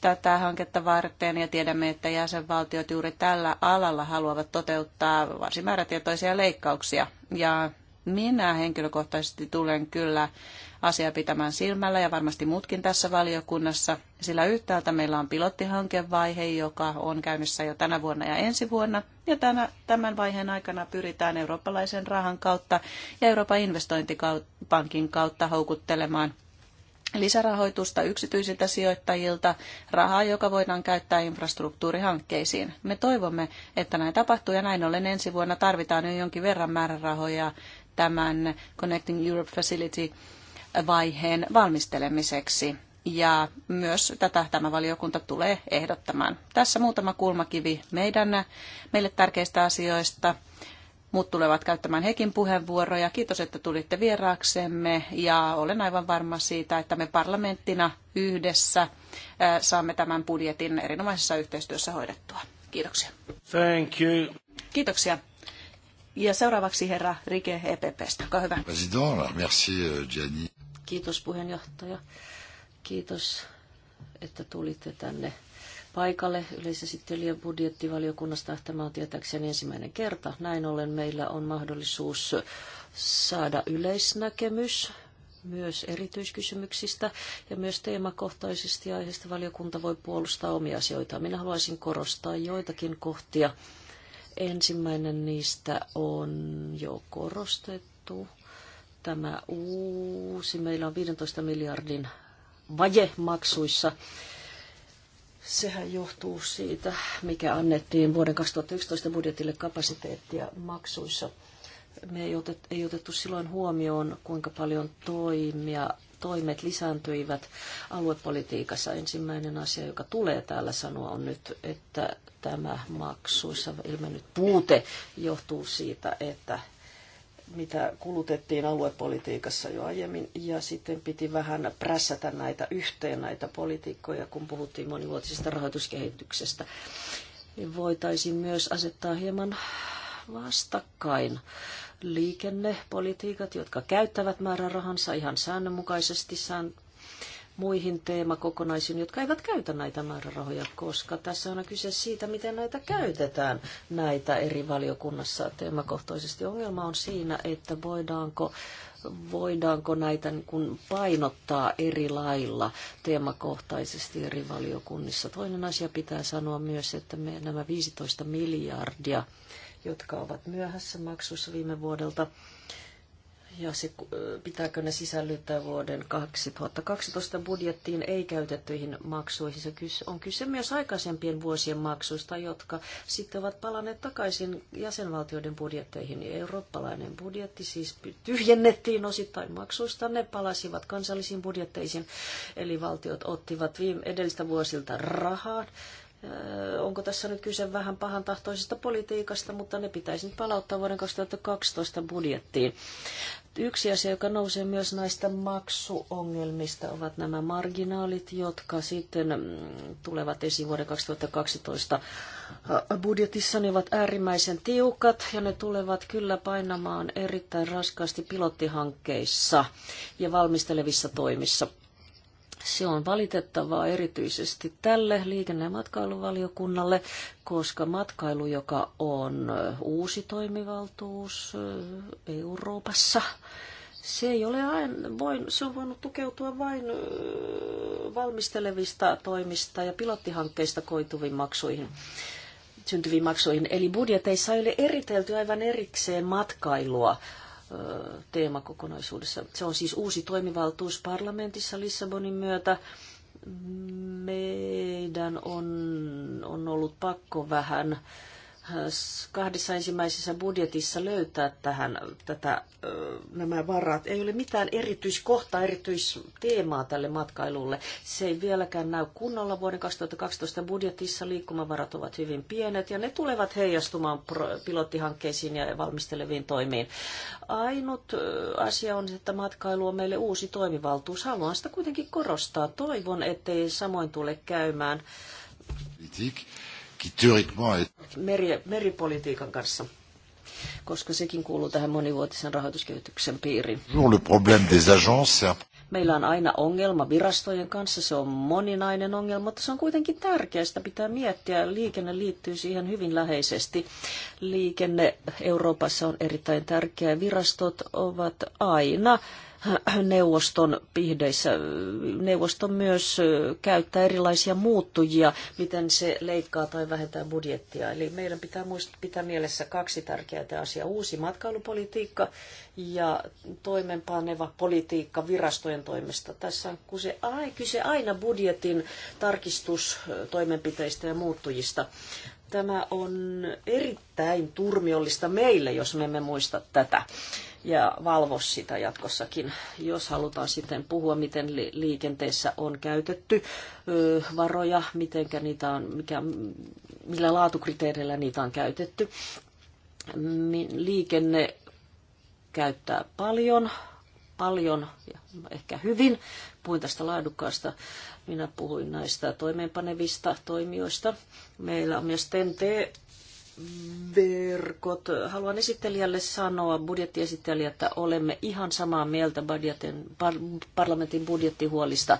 tätä hanketta varten ja tiedämme, että jäsenvaltiot juuri tällä alalla haluavat toteuttaa varsin määrätietoisia leikkauksia. Ja minä henkilökohtaisesti tulen kyllä asiaa pitämään silmällä ja varmasti muutkin tässä valiokunnassa, sillä yhtäältä meillä on pilottihankevaihe, joka on käynnissä jo tänä vuonna ja ensi vuonna, ja tänä, tämän vaiheen aikana pyritään eurooppalaisen rahan kautta ja Euroopan investointipankin kautta houkuttelemaan lisärahoitusta yksityisiltä sijoittajilta, rahaa, joka voidaan käyttää infrastruktuurihankkeisiin. Me toivomme, että näin tapahtuu ja näin ollen ensi vuonna tarvitaan jo jonkin verran määrärahoja tämän Connecting Europe Facility vaiheen valmistelemiseksi. Ja myös tätä tämä valiokunta tulee ehdottamaan. Tässä muutama kulmakivi meidän, meille tärkeistä asioista. Muut tulevat käyttämään hekin puheenvuoroja. Kiitos, että tulitte vieraaksemme ja olen aivan varma siitä, että me parlamenttina yhdessä saamme tämän budjetin erinomaisessa yhteistyössä hoidettua. Kiitoksia. Thank you. Kiitoksia. Ja seuraavaksi herra Rike EPPstä. Olkaa hyvä. merci euh, Gianni. Kiitos puheenjohtaja. Kiitos, että tulitte tänne paikalle yleisesittelijän budjettivaliokunnasta. Tämä on tietääkseni ensimmäinen kerta. Näin ollen meillä on mahdollisuus saada yleisnäkemys myös erityiskysymyksistä ja myös teemakohtaisesti aiheesta valiokunta voi puolustaa omia asioita. Minä haluaisin korostaa joitakin kohtia. Ensimmäinen niistä on jo korostettu tämä uusi, meillä on 15 miljardin vaje maksuissa. Sehän johtuu siitä, mikä annettiin vuoden 2011 budjetille kapasiteettia maksuissa. Me ei, otet, ei otettu silloin huomioon, kuinka paljon toimia, toimet lisääntyivät aluepolitiikassa. Ensimmäinen asia, joka tulee täällä sanoa, on nyt, että tämä maksuissa ilmennyt puute johtuu siitä, että mitä kulutettiin aluepolitiikassa jo aiemmin, ja sitten piti vähän prässätä näitä yhteen näitä politiikkoja, kun puhuttiin monivuotisesta rahoituskehityksestä, niin voitaisiin myös asettaa hieman vastakkain liikennepolitiikat, jotka käyttävät määrärahansa ihan säännönmukaisesti sään muihin teemakokonaisiin, jotka eivät käytä näitä määrärahoja, koska tässä on kyse siitä, miten näitä käytetään näitä eri valiokunnassa teemakohtaisesti. Ongelma on siinä, että voidaanko voidaanko näitä niin kuin painottaa eri lailla teemakohtaisesti eri valiokunnissa. Toinen asia pitää sanoa myös, että me nämä 15 miljardia, jotka ovat myöhässä maksussa viime vuodelta, ja se, pitääkö ne sisällyttää vuoden 2012 budjettiin ei käytettyihin maksuihin. Se on kyse myös aikaisempien vuosien maksuista, jotka sitten ovat palanneet takaisin jäsenvaltioiden budjetteihin. Eurooppalainen budjetti siis tyhjennettiin osittain maksuista, ne palasivat kansallisiin budjetteisiin, eli valtiot ottivat viime edellistä vuosilta rahaa onko tässä nyt kyse vähän pahantahtoisesta politiikasta, mutta ne pitäisi nyt palauttaa vuoden 2012 budjettiin. Yksi asia, joka nousee myös näistä maksuongelmista, ovat nämä marginaalit, jotka sitten mm, tulevat esiin vuoden 2012 äh, budjetissa. Ne ovat äärimmäisen tiukat ja ne tulevat kyllä painamaan erittäin raskaasti pilottihankkeissa ja valmistelevissa toimissa. Se on valitettavaa erityisesti tälle liikenne- ja matkailuvaliokunnalle, koska matkailu, joka on uusi toimivaltuus Euroopassa, se ei ole aina, voin, se on voinut tukeutua vain valmistelevista toimista ja pilottihankkeista koituviin maksuihin syntyviin maksuihin. Eli budjeteissa ei ole eritelty aivan erikseen matkailua teemakokonaisuudessa. Se on siis uusi toimivaltuus parlamentissa Lissabonin myötä. Meidän on, on ollut pakko vähän äh, Äh, kahdessa ensimmäisessä budjetissa löytää tähän tätä, nämä varat. Ei ole mitään erityiskohtaa, erityisteemaa tälle matkailulle. Se ei vieläkään näy kunnolla. Vuoden 2012 budjetissa liikkumavarat ovat hyvin pienet ja ne tulevat heijastumaan pilottihankkeisiin ja valmisteleviin toimiin. Ainut asia on, että matkailu on meille uusi toimivaltuus. Haluan sitä kuitenkin korostaa. Toivon, ettei samoin tule käymään qui théoriquement est... Meri, meripolitiikan kanssa, koska sekin kuuluu tähän monivuotisen rahoituskehityksen piiriin. Le problème des agences, Meillä on aina ongelma virastojen kanssa, se on moninainen ongelma, mutta se on kuitenkin tärkeää, sitä pitää miettiä. Liikenne liittyy siihen hyvin läheisesti. Liikenne Euroopassa on erittäin tärkeä, virastot ovat aina neuvoston pihdeissä. Neuvosto myös käyttää erilaisia muuttujia, miten se leikkaa tai vähentää budjettia. Eli meidän pitää muistaa, pitää mielessä kaksi tärkeää asiaa. Uusi matkailupolitiikka ja toimenpaneva politiikka virastojen toimesta. Tässä on kyse, ai, kyse aina budjetin tarkistustoimenpiteistä ja muuttujista tämä on erittäin turmiollista meille, jos me emme muista tätä ja valvo sitä jatkossakin, jos halutaan sitten puhua, miten liikenteessä on käytetty varoja, mitenkä niitä on, mikä, millä laatukriteereillä niitä on käytetty. Liikenne käyttää paljon, paljon ja ehkä hyvin. Puhuin tästä laadukkaasta, minä puhuin näistä toimeenpanevista toimijoista. Meillä on myös TNT verkot. Haluan esittelijälle sanoa, budjettiesittelijä, että olemme ihan samaa mieltä budjetin, parlamentin budjettihuolista.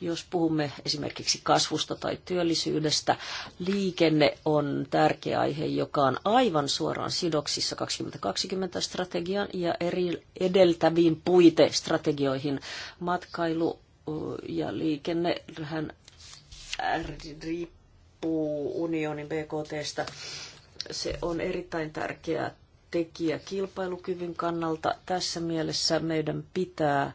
Jos puhumme esimerkiksi kasvusta tai työllisyydestä, liikenne on tärkeä aihe, joka on aivan suoraan sidoksissa 2020-strategian ja eri edeltäviin puitestrategioihin. Matkailu ja liikenne riippuu unionin BKTstä se on erittäin tärkeä tekijä kilpailukyvyn kannalta. Tässä mielessä meidän pitää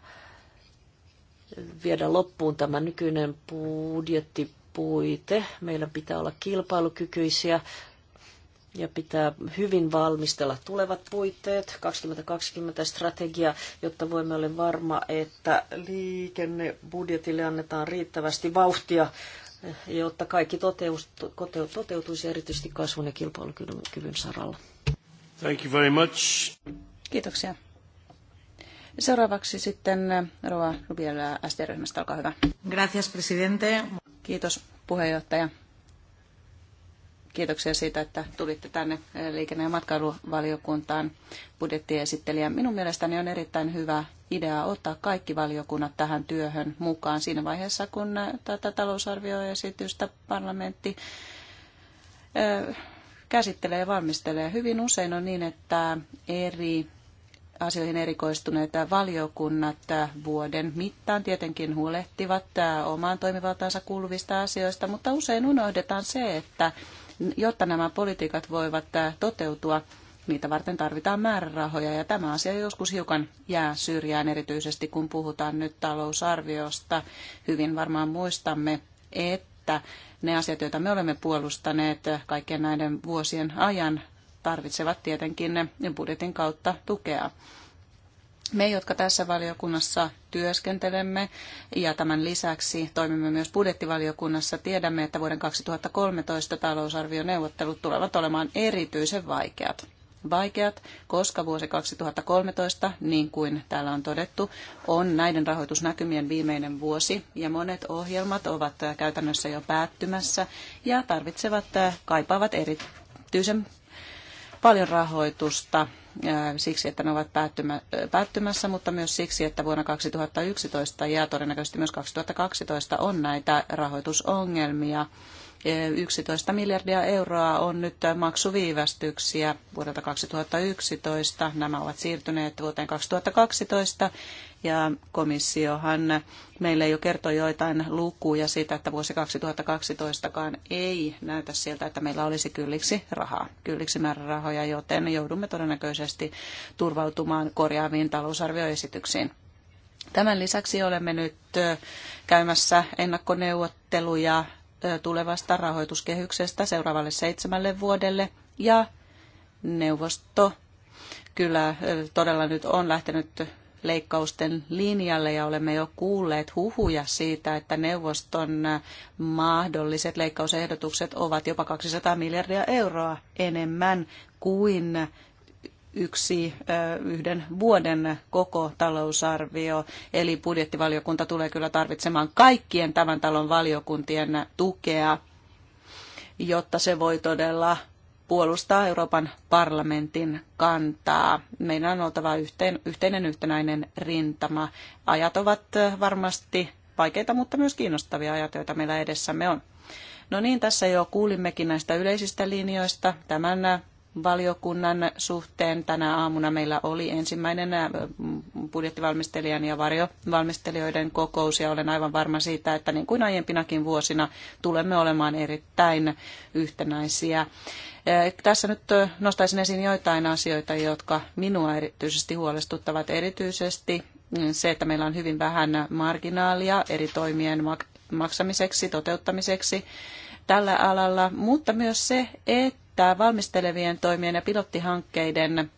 viedä loppuun tämä nykyinen budjettipuite. Meillä pitää olla kilpailukykyisiä ja pitää hyvin valmistella tulevat puitteet, 2020 strategia, jotta voimme olla varma, että liikennebudjetille annetaan riittävästi vauhtia jotta kaikki toteutuisi erityisesti kasvun ja kilpailukyvyn saralla. Thank you very much. Kiitoksia. Seuraavaksi sitten eh, Rova Rubiela eh, ST-ryhmästä, olkaa hyvä. Gracias, presidente. Kiitos puheenjohtaja. Kiitoksia siitä, että tulitte tänne eh, liikenne- ja matkailuvaliokuntaan budjettiesittelijä. Minun mielestäni on erittäin hyvä idea ottaa kaikki valiokunnat tähän työhön mukaan siinä vaiheessa, kun eh, tätä talousarvioesitystä parlamentti eh, käsittelee ja valmistelee. Hyvin usein on niin, että eri asioihin erikoistuneet valiokunnat vuoden mittaan tietenkin huolehtivat omaan toimivaltaansa kuuluvista asioista, mutta usein unohdetaan se, että Jotta nämä politiikat voivat toteutua, niitä varten tarvitaan määrärahoja ja tämä asia joskus hiukan jää syrjään, erityisesti kun puhutaan nyt talousarviosta. Hyvin varmaan muistamme, että ne asiat, joita me olemme puolustaneet kaikkien näiden vuosien ajan, tarvitsevat tietenkin budjetin kautta tukea. Me, jotka tässä valiokunnassa työskentelemme ja tämän lisäksi toimimme myös budjettivaliokunnassa, tiedämme, että vuoden 2013 talousarvioneuvottelut tulevat olemaan erityisen vaikeat. Vaikeat, koska vuosi 2013, niin kuin täällä on todettu, on näiden rahoitusnäkymien viimeinen vuosi ja monet ohjelmat ovat käytännössä jo päättymässä ja tarvitsevat, kaipaavat erityisen paljon rahoitusta siksi, että ne ovat päättymässä, mutta myös siksi, että vuonna 2011 ja todennäköisesti myös 2012 on näitä rahoitusongelmia 11 miljardia euroa on nyt maksuviivästyksiä vuodelta 2011. Nämä ovat siirtyneet vuoteen 2012 ja komissiohan meille jo kertoi joitain lukuja siitä, että vuosi 2012kaan ei näytä siltä, että meillä olisi kylliksi rahaa, kylliksi määrärahoja, joten joudumme todennäköisesti turvautumaan korjaaviin talousarvioesityksiin. Tämän lisäksi olemme nyt käymässä ennakkoneuvotteluja tulevasta rahoituskehyksestä seuraavalle seitsemälle vuodelle ja neuvosto kyllä todella nyt on lähtenyt leikkausten linjalle ja olemme jo kuulleet huhuja siitä, että neuvoston mahdolliset leikkausehdotukset ovat jopa 200 miljardia euroa enemmän kuin yksi yhden vuoden koko talousarvio. Eli budjettivaliokunta tulee kyllä tarvitsemaan kaikkien tämän talon valiokuntien tukea, jotta se voi todella puolustaa Euroopan parlamentin kantaa. Meidän on oltava yhteen, yhteinen yhtenäinen rintama. Ajat ovat varmasti vaikeita, mutta myös kiinnostavia ajat, joita meillä edessämme on. No niin, tässä jo kuulimmekin näistä yleisistä linjoista. Tämän valiokunnan suhteen. Tänä aamuna meillä oli ensimmäinen äh, budjettivalmistelijan ja varjovalmistelijoiden kokous ja olen aivan varma siitä, että niin kuin aiempinakin vuosina tulemme olemaan erittäin yhtenäisiä. Äh, tässä nyt äh, nostaisin esiin joitain asioita, jotka minua erityisesti huolestuttavat. Erityisesti mm, se, että meillä on hyvin vähän marginaalia eri toimien maksamiseksi, toteuttamiseksi tällä alalla, mutta myös se, että että valmistelevien toimien ja pilottihankkeiden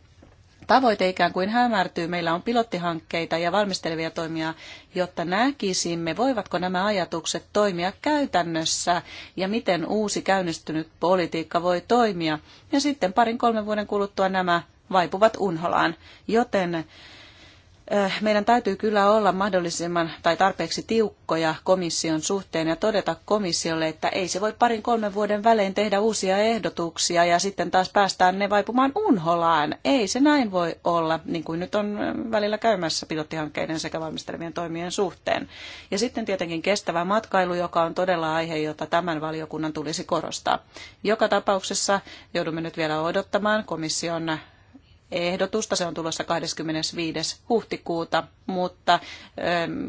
tavoite ikään kuin hämärtyy. Meillä on pilottihankkeita ja valmistelevia toimia, jotta näkisimme, voivatko nämä ajatukset toimia käytännössä ja miten uusi käynnistynyt politiikka voi toimia. Ja sitten parin kolmen vuoden kuluttua nämä vaipuvat unholaan. Joten Äh, meidän täytyy kyllä olla mahdollisimman tai tarpeeksi tiukkoja komission suhteen ja todeta komissiolle, että ei se voi parin kolmen vuoden välein tehdä uusia ehdotuksia ja sitten taas päästään ne vaipumaan unholaan. Ei se näin voi olla, niin kuin nyt on äh, välillä käymässä pilottihankkeiden sekä valmistelevien toimien suhteen. Ja sitten tietenkin kestävä matkailu, joka on todella aihe, jota tämän valiokunnan tulisi korostaa. Joka tapauksessa joudumme nyt vielä odottamaan komission ehdotusta. Se on tulossa 25. huhtikuuta, mutta ähm,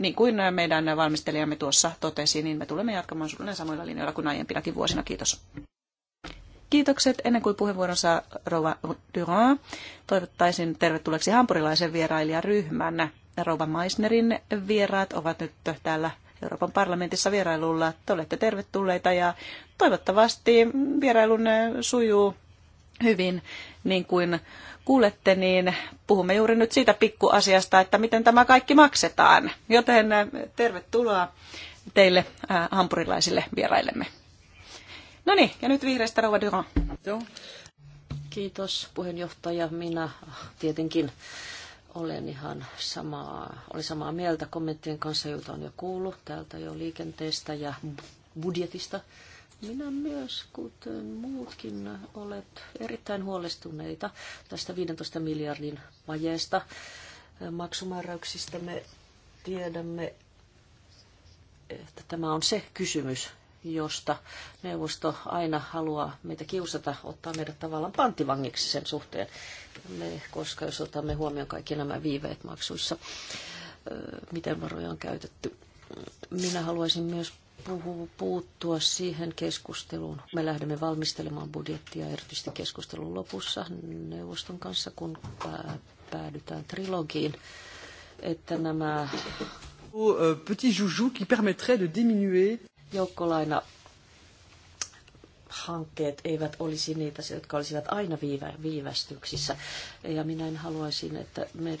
niin kuin meidän valmistelijamme tuossa totesi, niin me tulemme jatkamaan suunnilleen samoilla linjoilla kuin aiempinakin vuosina. Kiitos. Kiitokset. Ennen kuin puheenvuoron saa Rova Durand, toivottaisin tervetulleeksi hampurilaisen vierailijaryhmän. Rova Meissnerin vieraat ovat nyt täällä Euroopan parlamentissa vierailulla. Te olette tervetulleita ja toivottavasti vierailun sujuu hyvin niin kuin kuulette, niin puhumme juuri nyt siitä pikkuasiasta, että miten tämä kaikki maksetaan. Joten äh, tervetuloa teille äh, hampurilaisille vieraillemme. No niin, ja nyt vihreästä Rouva Duran. Kiitos puheenjohtaja. Minä tietenkin olen ihan samaa, olen samaa mieltä kommenttien kanssa, joita on jo kuullut täältä jo liikenteestä ja budjetista. Minä myös, kuten muutkin, olet erittäin huolestuneita tästä 15 miljardin vajeesta maksumääräyksistä. Me tiedämme, että tämä on se kysymys, josta neuvosto aina haluaa meitä kiusata, ottaa meidät tavallaan panttivangiksi sen suhteen, me, koska jos otamme huomioon kaikki nämä viiveet maksuissa, miten varoja on käytetty. Minä haluaisin myös puhuu, puuttua siihen keskusteluun. Me lähdemme valmistelemaan budjettia erityisesti keskustelun lopussa neuvoston kanssa, kun päädytään trilogiin, että nämä... Euh, petit joujou qui permettrait de diminuer... Joukkolaina hankkeet eivät olisi niitä, jotka olisivat aina viivä, viivästyksissä. Ja minä en haluaisin, että me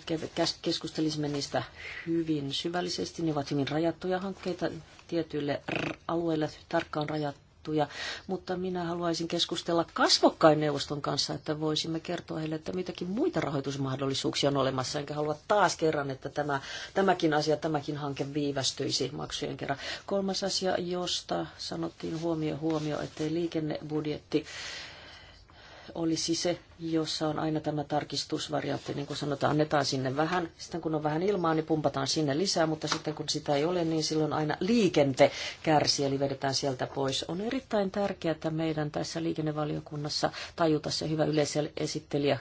keskustelisimme niistä hyvin syvällisesti. Ne ovat hyvin rajattuja hankkeita tietyille alueille, tarkkaan rajattuja juttuja, mutta minä haluaisin keskustella kasvokkain neuvoston kanssa, että voisimme kertoa heille, että mitäkin muita rahoitusmahdollisuuksia on olemassa, enkä halua taas kerran, että tämä, tämäkin asia, tämäkin hanke viivästyisi maksujen kerran. Kolmas asia, josta sanottiin huomio huomio, että liikennebudjetti olisi se, jossa on aina tämä tarkistusvariantti, niin kuin sanotaan, annetaan sinne vähän. Sitten kun on vähän ilmaa, niin pumpataan sinne lisää, mutta sitten kun sitä ei ole, niin silloin aina liikente kärsii, eli vedetään sieltä pois. On erittäin tärkeää, että meidän tässä liikennevaliokunnassa tajuta se hyvä yleisesittelijä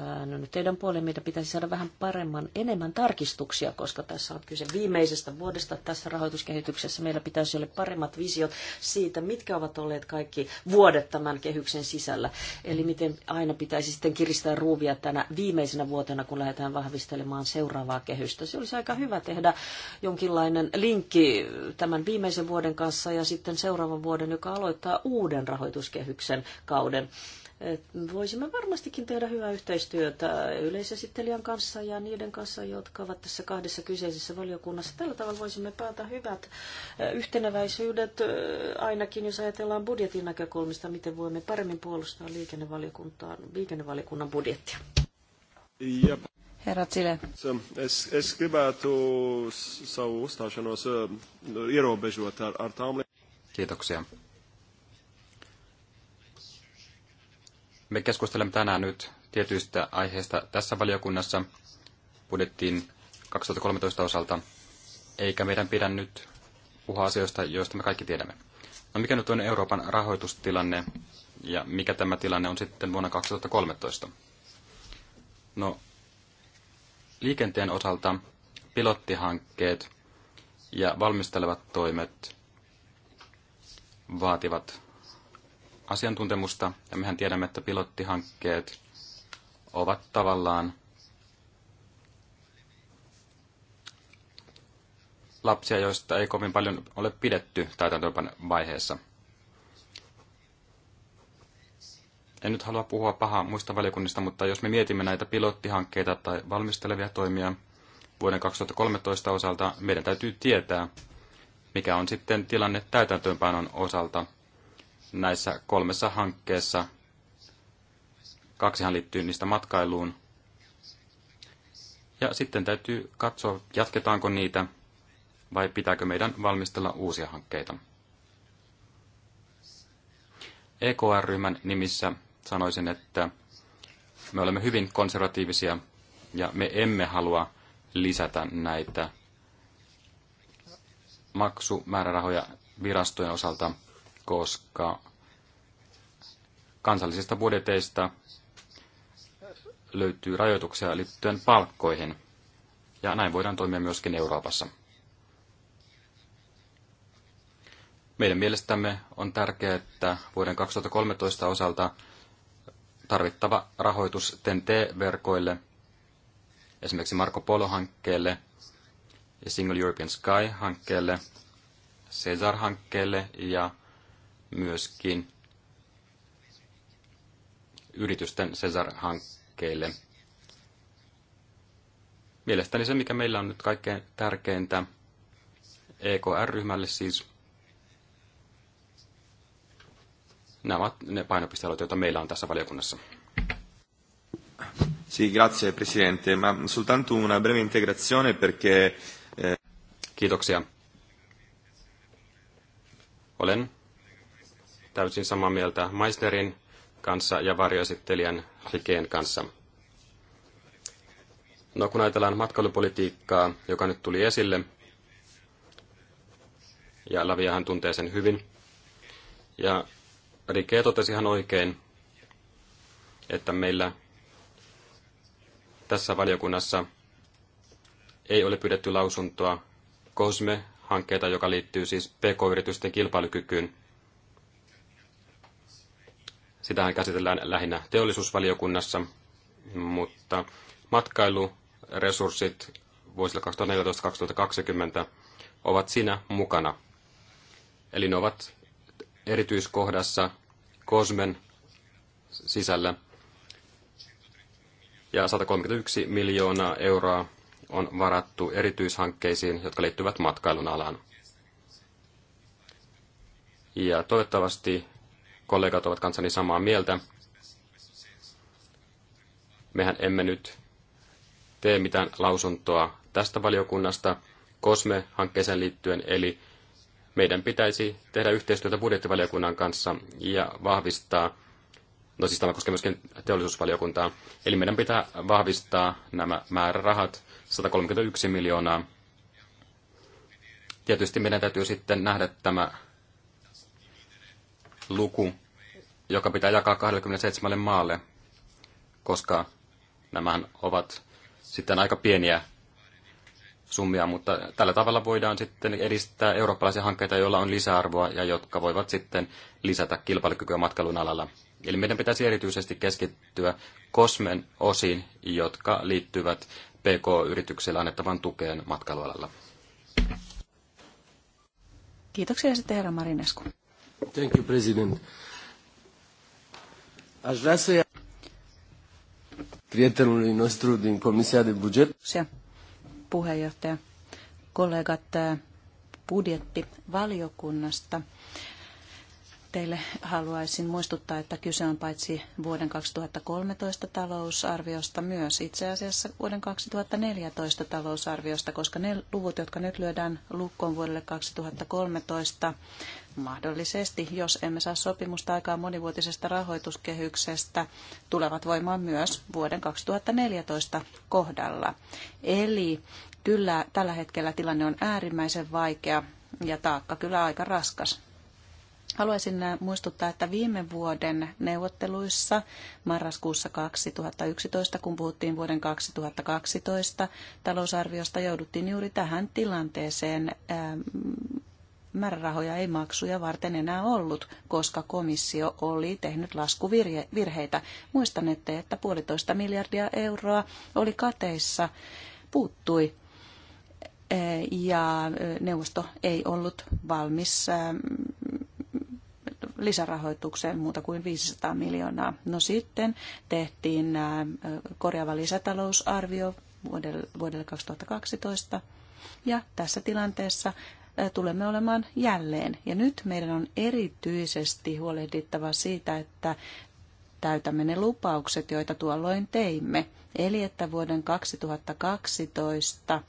käännyn äh, no teidän puoleen. Meidän pitäisi saada vähän paremman, enemmän tarkistuksia, koska tässä on kyse viimeisestä vuodesta tässä rahoituskehityksessä. Meillä pitäisi olla paremmat visiot siitä, mitkä ovat olleet kaikki vuodet tämän kehyksen sisällä. Eli miten aina pitäisi sitten kiristää ruuvia tänä viimeisenä vuotena, kun lähdetään vahvistelemaan seuraavaa kehystä. Se olisi aika hyvä tehdä jonkinlainen linkki tämän viimeisen vuoden kanssa ja sitten seuraavan vuoden, joka aloittaa uuden rahoituskehyksen kauden. Voisimme varmastikin tehdä hyvää yhteistyötä yleisesittelijän kanssa ja niiden kanssa, jotka ovat tässä kahdessa kyseisessä valiokunnassa. Tällä tavalla voisimme päätä hyvät yhteneväisyydet, ainakin jos ajatellaan budjetin näkökulmista, miten voimme paremmin puolustaa liikennevaliokuntaan, liikennevaliokunnan budjettia. Ja. Herra Tsile. Kiitoksia. Me keskustelemme tänään nyt tietyistä aiheista tässä valiokunnassa budjettiin 2013 osalta, eikä meidän pidä nyt puhua asioista, joista me kaikki tiedämme. No mikä nyt on Euroopan rahoitustilanne ja mikä tämä tilanne on sitten vuonna 2013? No, liikenteen osalta pilottihankkeet ja valmistelevat toimet vaativat asiantuntemusta, ja mehän tiedämme, että pilottihankkeet ovat tavallaan lapsia, joista ei kovin paljon ole pidetty täytäntöönpan vaiheessa. En nyt halua puhua pahaa muista valiokunnista, mutta jos me mietimme näitä pilottihankkeita tai valmistelevia toimia vuoden 2013 osalta, meidän täytyy tietää, mikä on sitten tilanne täytäntöönpanon osalta – näissä kolmessa hankkeessa. Kaksihan liittyy niistä matkailuun. Ja sitten täytyy katsoa, jatketaanko niitä vai pitääkö meidän valmistella uusia hankkeita. EKR-ryhmän nimissä sanoisin, että me olemme hyvin konservatiivisia ja me emme halua lisätä näitä maksumäärärahoja virastojen osalta koska kansallisista budjeteista löytyy rajoituksia liittyen palkkoihin. Ja näin voidaan toimia myöskin Euroopassa. Meidän mielestämme on tärkeää, että vuoden 2013 osalta tarvittava rahoitus TEN-T-verkoille, esimerkiksi Marco Polo-hankkeelle ja Single European Sky-hankkeelle, Cesar-hankkeelle ja myöskin yritysten Cesar-hankkeille. Mielestäni se, mikä meillä on nyt kaikkein tärkeintä EKR-ryhmälle siis, nämä ovat ne painopistealueet, joita meillä on tässä valiokunnassa. Sì, grazie Presidente, ma soltanto una breve integrazione perché... Eh, Kiitoksia. Olen täysin samaa mieltä Maisterin kanssa ja varjoesittelijän Rikeen kanssa. No kun ajatellaan matkailupolitiikkaa, joka nyt tuli esille, ja Laviahan tuntee sen hyvin, ja Rike totesi ihan oikein, että meillä tässä valiokunnassa ei ole pyydetty lausuntoa COSME-hankkeita, joka liittyy siis PK-yritysten kilpailukykyyn. Sitähän käsitellään lähinnä teollisuusvaliokunnassa, mutta matkailuresurssit vuosilla 2014-2020 ovat siinä mukana. Eli ne ovat erityiskohdassa Kosmen sisällä. Ja 131 miljoonaa euroa on varattu erityishankkeisiin, jotka liittyvät matkailun alaan. Ja toivottavasti kollegat ovat kanssani samaa mieltä. Mehän emme nyt tee mitään lausuntoa tästä valiokunnasta COSME-hankkeeseen liittyen, eli meidän pitäisi tehdä yhteistyötä budjettivaliokunnan kanssa ja vahvistaa, no siis tämä koskee myöskin teollisuusvaliokuntaa, eli meidän pitää vahvistaa nämä määrärahat, 131 miljoonaa. Tietysti meidän täytyy sitten nähdä tämä luku joka pitää jakaa 27 maalle, koska nämä ovat sitten aika pieniä summia, mutta tällä tavalla voidaan sitten edistää eurooppalaisia hankkeita, joilla on lisäarvoa ja jotka voivat sitten lisätä kilpailukykyä matkailun alalla. Eli meidän pitäisi erityisesti keskittyä kosmen osiin, jotka liittyvät PK-yrityksille annettavan tukeen matkailualalla. Kiitoksia sitten herra Marinesku. Thank you, president. Aș vrea să ia prietenului nostru din Comisia de Buget. Puheenjohtaja, kollegat eh, budjettivaliokunnasta teille haluaisin muistuttaa, että kyse on paitsi vuoden 2013 talousarviosta myös itse asiassa vuoden 2014 talousarviosta, koska ne luvut, jotka nyt lyödään lukkoon vuodelle 2013, mahdollisesti, jos emme saa sopimusta aikaa monivuotisesta rahoituskehyksestä, tulevat voimaan myös vuoden 2014 kohdalla. Eli kyllä tällä hetkellä tilanne on äärimmäisen vaikea ja taakka kyllä aika raskas Haluaisin äh, muistuttaa, että viime vuoden neuvotteluissa marraskuussa 2011, kun puhuttiin vuoden 2012 talousarviosta, jouduttiin juuri tähän tilanteeseen. Ähm, määrärahoja ei maksuja varten enää ollut, koska komissio oli tehnyt laskuvirheitä. Muistanette, että puolitoista miljardia euroa oli kateissa, puuttui äh, ja äh, neuvosto ei ollut valmis ähm, lisärahoitukseen muuta kuin 500 miljoonaa. No sitten tehtiin korjaava lisätalousarvio vuodelle 2012 ja tässä tilanteessa tulemme olemaan jälleen. Ja nyt meidän on erityisesti huolehdittava siitä, että täytämme ne lupaukset, joita tuolloin teimme. Eli että vuoden 2012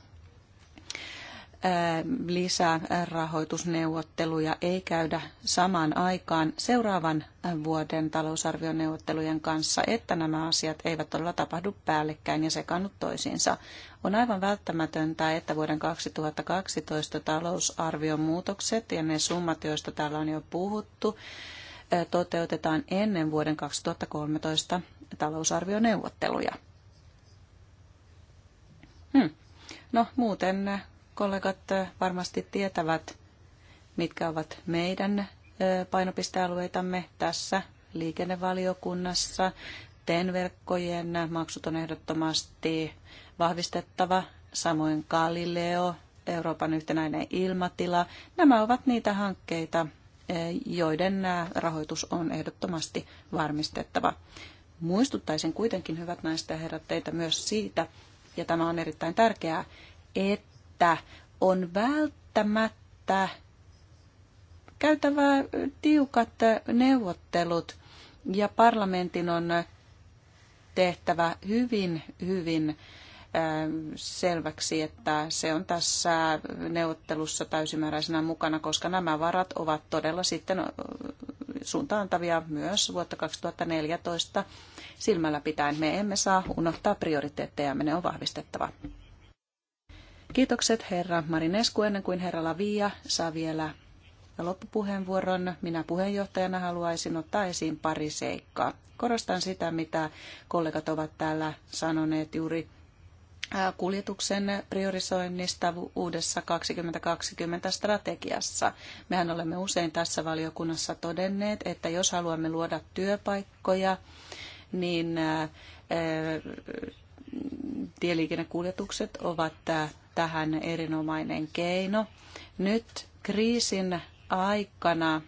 lisärahoitusneuvotteluja ei käydä samaan aikaan seuraavan vuoden talousarvioneuvottelujen kanssa, että nämä asiat eivät todella tapahdu päällekkäin ja sekannut toisiinsa. On aivan välttämätöntä, että vuoden 2012 talousarvion muutokset ja ne summat, joista täällä on jo puhuttu, toteutetaan ennen vuoden 2013 talousarvioneuvotteluja. Hmm. No muuten kollegat eh, varmasti tietävät, mitkä ovat meidän eh, painopistealueitamme tässä liikennevaliokunnassa. TEN-verkkojen maksut on ehdottomasti vahvistettava, samoin Galileo, Euroopan yhtenäinen ilmatila. Nämä ovat niitä hankkeita, eh, joiden rahoitus on ehdottomasti varmistettava. Muistuttaisin kuitenkin, hyvät naiset ja herrat, teitä myös siitä, ja tämä on erittäin tärkeää, että että on välttämättä käytävä tiukat neuvottelut ja parlamentin on tehtävä hyvin, hyvin äh, selväksi, että se on tässä neuvottelussa täysimääräisenä mukana, koska nämä varat ovat todella sitten suuntaantavia myös vuotta 2014 silmällä pitäen. Me emme saa unohtaa prioriteetteja, ne on vahvistettava. Kiitokset herra Marinesku ennen kuin herra Lavia saa vielä loppupuheenvuoron. Minä puheenjohtajana haluaisin ottaa esiin pari seikkaa. Korostan sitä, mitä kollegat ovat täällä sanoneet juuri kuljetuksen priorisoinnista uudessa 2020 strategiassa. Mehän olemme usein tässä valiokunnassa todenneet, että jos haluamme luoda työpaikkoja, niin tieliikennekuljetukset ovat tähän erinomainen keino. Nyt kriisin aikana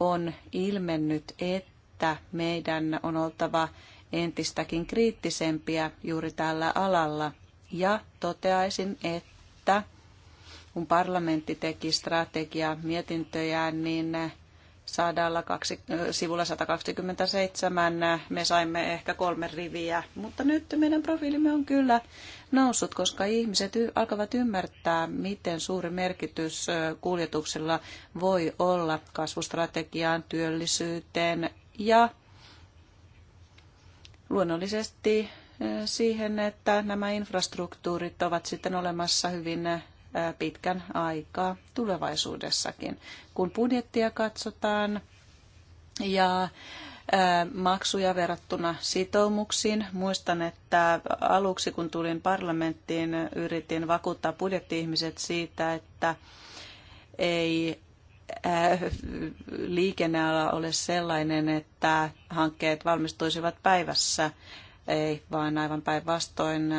on ilmennyt, että meidän on oltava entistäkin kriittisempiä juuri tällä alalla. Ja toteaisin, että kun parlamentti teki strategia mietintöjään, niin sadalla kaksi, sivulla 127 me saimme ehkä kolme riviä, mutta nyt meidän profiilimme on kyllä noussut, koska ihmiset alkavat ymmärtää, miten suuri merkitys kuljetuksella voi olla kasvustrategiaan, työllisyyteen ja luonnollisesti siihen, että nämä infrastruktuurit ovat sitten olemassa hyvin pitkän aikaa tulevaisuudessakin. Kun budjettia katsotaan ja maksuja verrattuna sitoumuksiin. Muistan, että aluksi kun tulin parlamenttiin, yritin vakuuttaa budjetti-ihmiset siitä, että ei liikenneala ole sellainen, että hankkeet valmistuisivat päivässä, ei, vaan aivan päinvastoin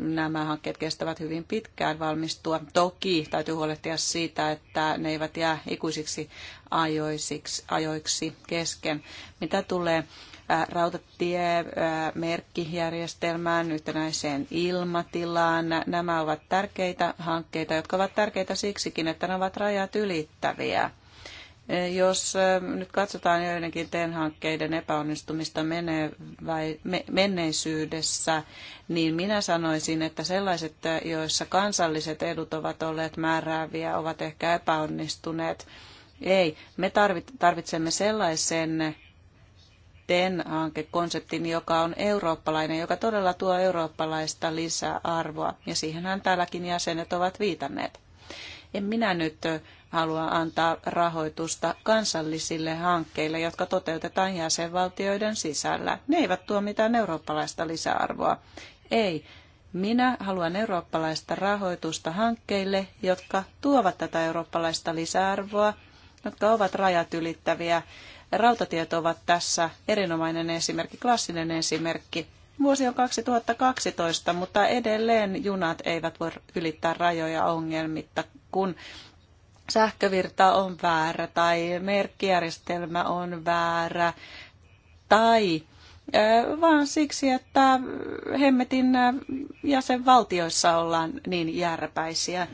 nämä hankkeet kestävät hyvin pitkään valmistua. Toki täytyy huolehtia siitä, että ne eivät jää ikuisiksi ajoisiksi, ajoiksi kesken. Mitä tulee rautatiemerkkijärjestelmään, yhtenäiseen ilmatilaan. Nämä ovat tärkeitä hankkeita, jotka ovat tärkeitä siksikin, että ne ovat rajat ylittäviä. Jos nyt katsotaan joidenkin TEN-hankkeiden epäonnistumista menneisyydessä, niin minä sanoisin, että sellaiset, joissa kansalliset edut ovat olleet määrääviä, ovat ehkä epäonnistuneet. Ei, me tarvitsemme sellaisen TEN-hankekonseptin, joka on eurooppalainen, joka todella tuo eurooppalaista lisäarvoa. Ja siihenhän täälläkin jäsenet ovat viitanneet. En minä nyt haluaa antaa rahoitusta kansallisille hankkeille, jotka toteutetaan jäsenvaltioiden sisällä. Ne eivät tuo mitään eurooppalaista lisäarvoa. Ei. Minä haluan eurooppalaista rahoitusta hankkeille, jotka tuovat tätä eurooppalaista lisäarvoa, jotka ovat rajat ylittäviä. Rautatiet ovat tässä erinomainen esimerkki, klassinen esimerkki. Vuosi on 2012, mutta edelleen junat eivät voi ylittää rajoja ongelmitta, kun sähkövirta on väärä tai merkkijärjestelmä on väärä tai vaan siksi, että hemmetin jäsenvaltioissa ollaan niin järpäisiä.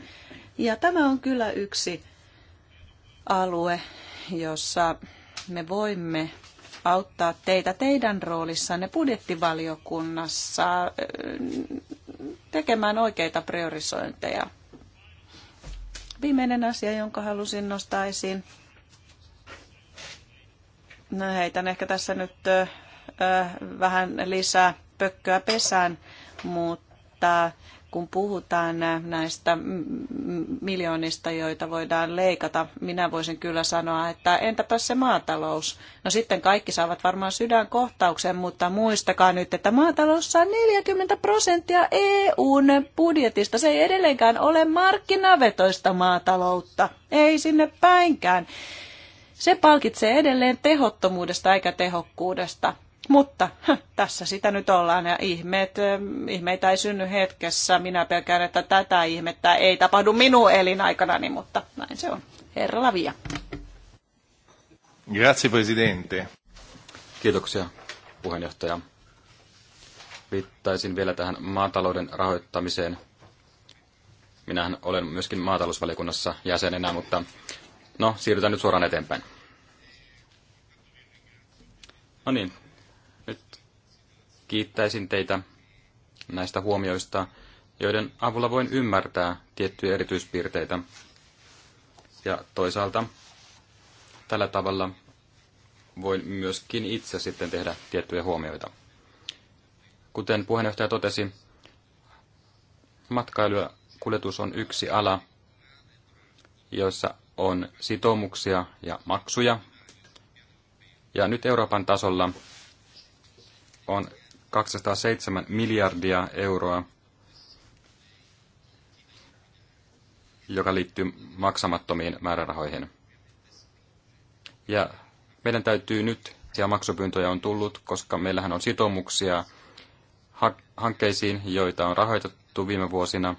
Ja tämä on kyllä yksi alue, jossa me voimme auttaa teitä teidän roolissanne budjettivaliokunnassa tekemään oikeita priorisointeja Viimeinen asia, jonka halusin nostaa esiin. No heitän ehkä tässä nyt ö, vähän lisää pökköä pesään, mutta kun puhutaan näistä miljoonista, joita voidaan leikata, minä voisin kyllä sanoa, että entäpä se maatalous? No sitten kaikki saavat varmaan sydänkohtauksen, mutta muistakaa nyt, että maatalous saa 40 prosenttia EUn budjetista. Se ei edelleenkään ole markkinavetoista maataloutta. Ei sinne päinkään. Se palkitsee edelleen tehottomuudesta eikä tehokkuudesta. Mutta tässä sitä nyt ollaan ja ihmeet, ihmeitä ei synny hetkessä. Minä pelkään, että tätä ihmettä ei tapahdu minun elinaikanani, mutta näin se on. Herra Lavia. Grazie Presidente. Kiitoksia puheenjohtaja. Viittaisin vielä tähän maatalouden rahoittamiseen. Minähän olen myöskin maatalousvaliokunnassa jäsenenä, mutta no, siirrytään nyt suoraan eteenpäin. No niin, nyt kiittäisin teitä näistä huomioista, joiden avulla voin ymmärtää tiettyjä erityispiirteitä. Ja toisaalta tällä tavalla voin myöskin itse sitten tehdä tiettyjä huomioita. Kuten puheenjohtaja totesi, matkailu ja kuljetus on yksi ala, jossa on sitoumuksia ja maksuja. Ja nyt Euroopan tasolla on 207 miljardia euroa, joka liittyy maksamattomiin määrärahoihin. Ja meidän täytyy nyt, ja maksupyyntöjä on tullut, koska meillähän on sitoumuksia hankkeisiin, joita on rahoitettu viime vuosina,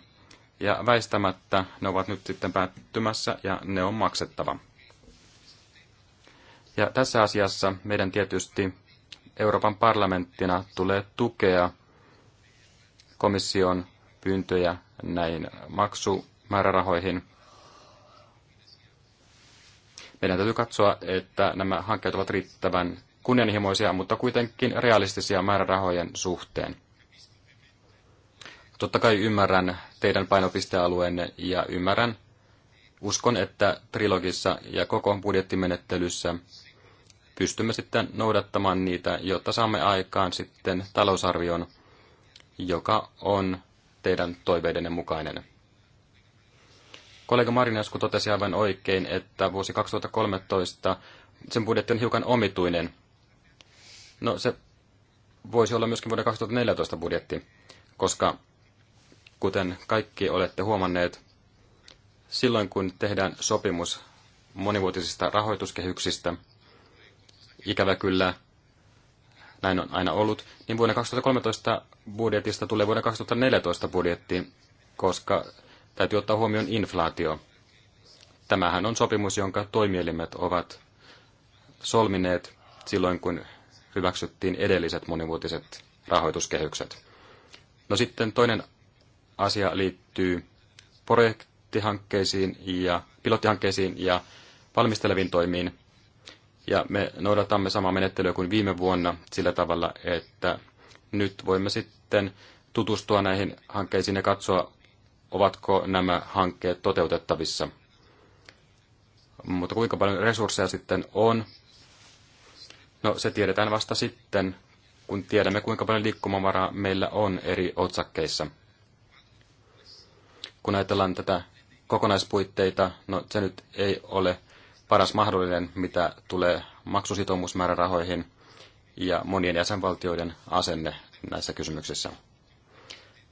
ja väistämättä ne ovat nyt sitten päättymässä ja ne on maksettava. Ja tässä asiassa meidän tietysti Euroopan parlamenttina tulee tukea komission pyyntöjä näihin maksumäärärahoihin. Meidän täytyy katsoa, että nämä hankkeet ovat riittävän kunnianhimoisia, mutta kuitenkin realistisia määrärahojen suhteen. Totta kai ymmärrän teidän painopistealueenne ja ymmärrän, uskon, että trilogissa ja koko budjettimenettelyssä pystymme sitten noudattamaan niitä, jotta saamme aikaan sitten talousarvion, joka on teidän toiveidenne mukainen. Kollega Marinasku totesi aivan oikein, että vuosi 2013 sen budjetti on hiukan omituinen. No se voisi olla myöskin vuoden 2014 budjetti, koska kuten kaikki olette huomanneet, silloin kun tehdään sopimus monivuotisista rahoituskehyksistä – ikävä kyllä näin on aina ollut, niin vuoden 2013 budjetista tulee vuoden 2014 budjetti, koska täytyy ottaa huomioon inflaatio. Tämähän on sopimus, jonka toimielimet ovat solmineet silloin, kun hyväksyttiin edelliset monivuotiset rahoituskehykset. No sitten toinen asia liittyy projektihankkeisiin ja pilottihankkeisiin ja valmisteleviin toimiin. Ja me noudatamme samaa menettelyä kuin viime vuonna sillä tavalla, että nyt voimme sitten tutustua näihin hankkeisiin ja katsoa, ovatko nämä hankkeet toteutettavissa. Mutta kuinka paljon resursseja sitten on? No se tiedetään vasta sitten, kun tiedämme kuinka paljon liikkumavaraa meillä on eri otsakkeissa. Kun ajatellaan tätä kokonaispuitteita, no se nyt ei ole paras mahdollinen, mitä tulee maksusitoumusmäärärahoihin ja monien jäsenvaltioiden asenne näissä kysymyksissä.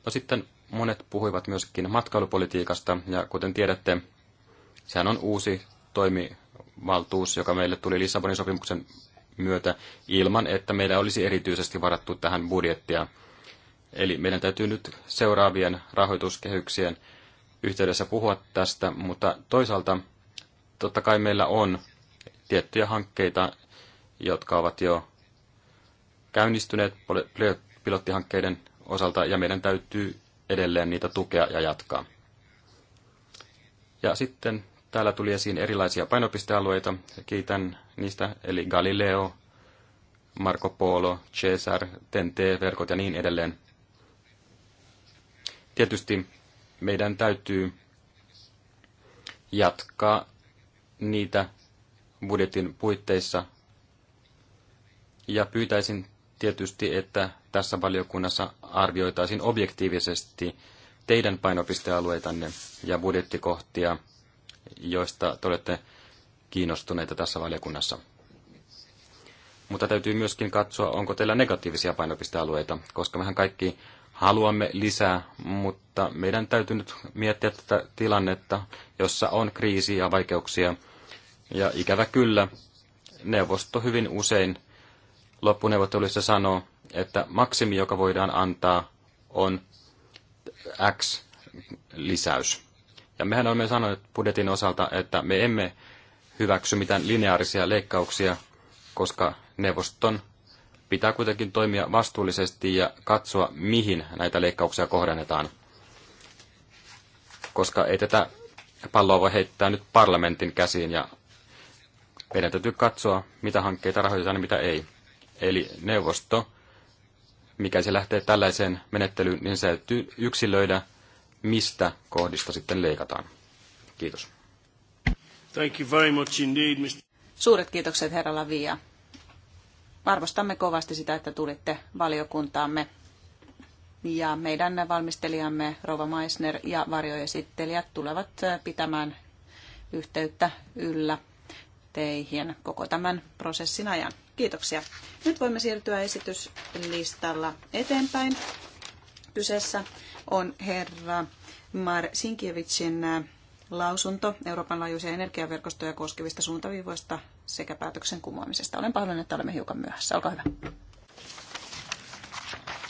No sitten monet puhuivat myöskin matkailupolitiikasta, ja kuten tiedätte, sehän on uusi toimivaltuus, joka meille tuli Lissabonin sopimuksen myötä ilman, että meillä olisi erityisesti varattu tähän budjettia. Eli meidän täytyy nyt seuraavien rahoituskehyksien yhteydessä puhua tästä, mutta toisaalta Totta kai meillä on tiettyjä hankkeita, jotka ovat jo käynnistyneet pilottihankkeiden osalta, ja meidän täytyy edelleen niitä tukea ja jatkaa. Ja sitten täällä tuli esiin erilaisia painopistealueita. Kiitän niistä, eli Galileo, Marco Polo, Cesar, TNT-verkot ja niin edelleen. Tietysti meidän täytyy jatkaa niitä budjetin puitteissa. Ja pyytäisin tietysti, että tässä valiokunnassa arvioitaisiin objektiivisesti teidän painopistealueitanne ja budjettikohtia, joista te olette kiinnostuneita tässä valiokunnassa. Mutta täytyy myöskin katsoa, onko teillä negatiivisia painopistealueita, koska mehän kaikki haluamme lisää, mutta meidän täytyy nyt miettiä tätä tilannetta, jossa on kriisiä ja vaikeuksia, ja ikävä kyllä, neuvosto hyvin usein loppuneuvottelussa sanoo, että maksimi, joka voidaan antaa, on X lisäys. Ja mehän olemme sanoneet budjetin osalta, että me emme hyväksy mitään lineaarisia leikkauksia, koska neuvoston pitää kuitenkin toimia vastuullisesti ja katsoa, mihin näitä leikkauksia kohdennetaan. Koska ei tätä palloa voi heittää nyt parlamentin käsiin ja meidän täytyy katsoa, mitä hankkeita rahoitetaan ja mitä ei. Eli neuvosto, mikä se lähtee tällaiseen menettelyyn, niin se täytyy yksilöidä, mistä kohdista sitten leikataan. Kiitos. Thank you very much indeed, Mr. Suuret kiitokset, herra Lavia. Arvostamme kovasti sitä, että tulitte valiokuntaamme. Ja meidän valmistelijamme Rova Meisner ja varjoesittelijät tulevat pitämään yhteyttä yllä teihin koko tämän prosessin ajan. Kiitoksia. Nyt voimme siirtyä esityslistalla eteenpäin. Kyseessä on herra Mar Sinkievicin lausunto Euroopan laajuisia energiaverkostoja koskevista suuntaviivoista sekä päätöksen kumoamisesta. Olen pahoillani, että olemme hiukan myöhässä. Olkaa hyvä.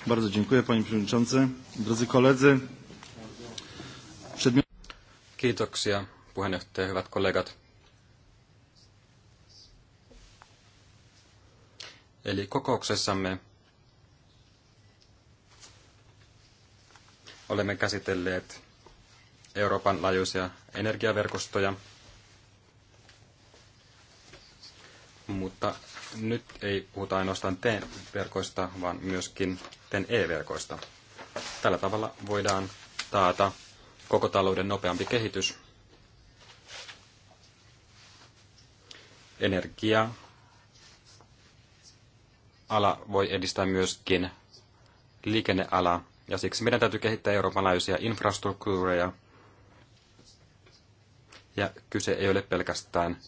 Bardzo dziękuję, panie przewodniczący. Drodzy koledzy. Kiitoksia, puheenjohtaja, hyvät kollegat. Eli kokouksessamme olemme käsitelleet Euroopan laajuisia energiaverkostoja, mutta nyt ei puhuta ainoastaan t verkoista vaan myöskin TEN-E-verkoista. Tällä tavalla voidaan taata koko talouden nopeampi kehitys. Energia ala voi edistää myöskin liikennealaa, ja siksi meidän täytyy kehittää Euroopan laajuisia infrastruktuureja. Ja kyse ei ole pelkästään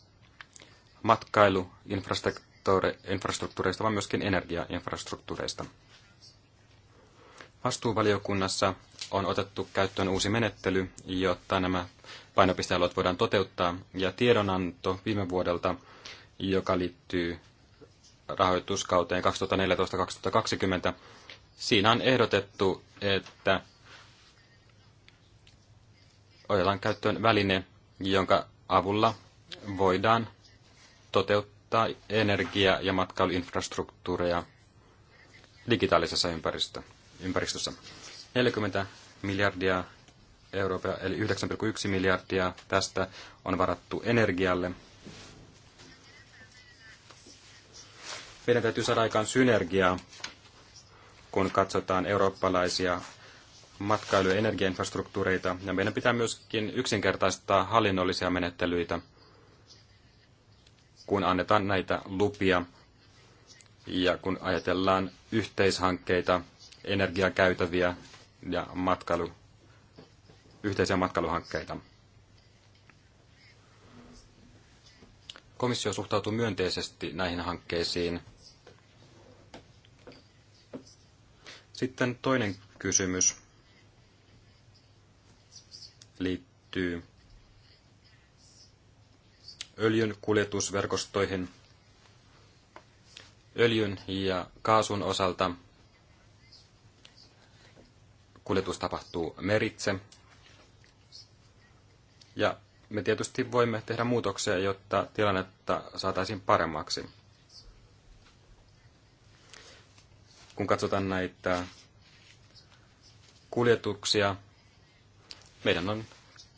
matkailuinfrastruktuureista, vaan myöskin energiainfrastruktuureista. Vastuuvaliokunnassa on otettu käyttöön uusi menettely, jotta nämä painopistealueet voidaan toteuttaa, ja tiedonanto viime vuodelta, joka liittyy rahoituskauteen 2014-2020. Siinä on ehdotettu, että otetaan käyttöön väline, jonka avulla voidaan toteuttaa energia- ja matkailuinfrastruktuureja digitaalisessa ympäristössä. 40 miljardia euroa, eli 9,1 miljardia tästä on varattu energialle – Meidän täytyy saada aikaan synergiaa, kun katsotaan eurooppalaisia matkailu- ja energiainfrastruktuureita, ja meidän pitää myöskin yksinkertaistaa hallinnollisia menettelyitä, kun annetaan näitä lupia, ja kun ajatellaan yhteishankkeita, energiakäytäviä ja matkailu, yhteisiä matkailuhankkeita. Komissio suhtautuu myönteisesti näihin hankkeisiin, Sitten toinen kysymys liittyy öljyn kuljetusverkostoihin. Öljyn ja kaasun osalta kuljetus tapahtuu meritse. Ja me tietysti voimme tehdä muutoksia, jotta tilannetta saataisiin paremmaksi. kun katsotaan näitä kuljetuksia, meidän on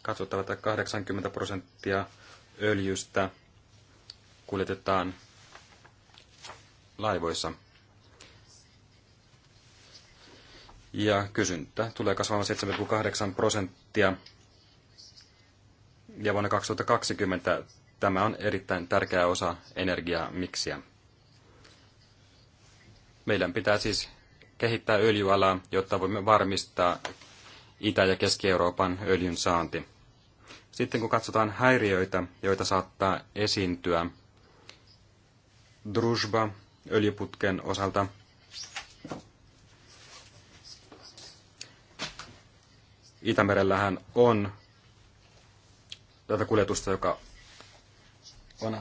katsottava, että 80 prosenttia öljystä kuljetetaan laivoissa. Ja kysyntä tulee kasvamaan 7,8 prosenttia. Ja vuonna 2020 tämä on erittäin tärkeä osa energiamiksiä. Meidän pitää siis kehittää öljyalaa, jotta voimme varmistaa Itä- ja Keski-Euroopan öljyn saanti. Sitten kun katsotaan häiriöitä, joita saattaa esiintyä Drusba öljyputken osalta, Itämerellähän on tätä kuljetusta, joka on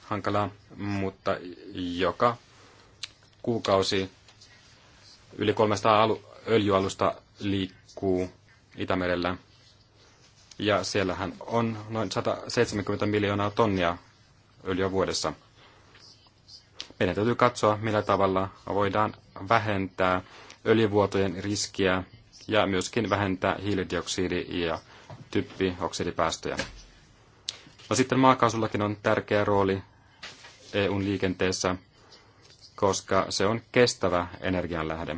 hankalaa, mutta joka kuukausi yli 300 alu- öljyalusta liikkuu Itämerellä. Ja siellähän on noin 170 miljoonaa tonnia öljyä vuodessa. Meidän täytyy katsoa, millä tavalla voidaan vähentää öljyvuotojen riskiä ja myöskin vähentää hiilidioksidi- ja typpioksidipäästöjä. No sitten maakaasullakin on tärkeä rooli EUn liikenteessä – koska se on kestävä energianlähde.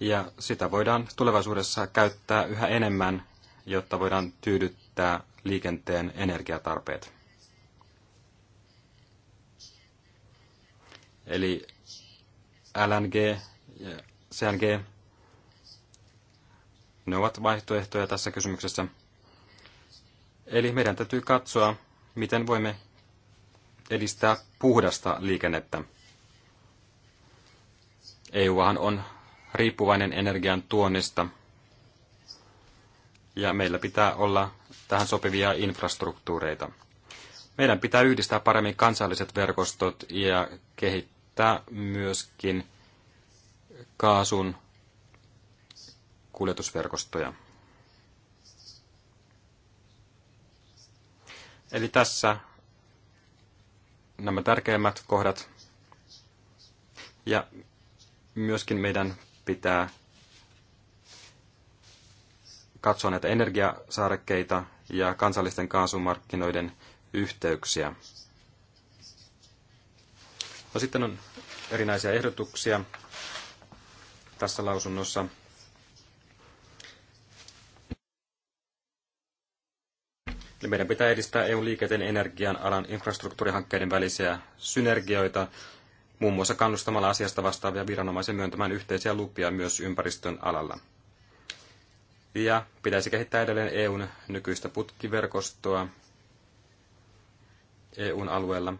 Ja sitä voidaan tulevaisuudessa käyttää yhä enemmän, jotta voidaan tyydyttää liikenteen energiatarpeet. Eli LNG ja CNG, ne ovat vaihtoehtoja tässä kysymyksessä. Eli meidän täytyy katsoa, miten voimme edistää puhdasta liikennettä. EUhan on riippuvainen energian tuonnista ja meillä pitää olla tähän sopivia infrastruktuureita. Meidän pitää yhdistää paremmin kansalliset verkostot ja kehittää myöskin kaasun kuljetusverkostoja. Eli tässä nämä tärkeimmät kohdat. Ja myöskin meidän pitää katsoa näitä energiasaarekkeita ja kansallisten kaasumarkkinoiden yhteyksiä. No sitten on erinäisiä ehdotuksia tässä lausunnossa. meidän pitää edistää EU-liikenteen energian alan infrastruktuurihankkeiden välisiä synergioita, muun muassa kannustamalla asiasta vastaavia viranomaisia myöntämään yhteisiä lupia myös ympäristön alalla. Ja pitäisi kehittää edelleen EUn nykyistä putkiverkostoa EUn alueella.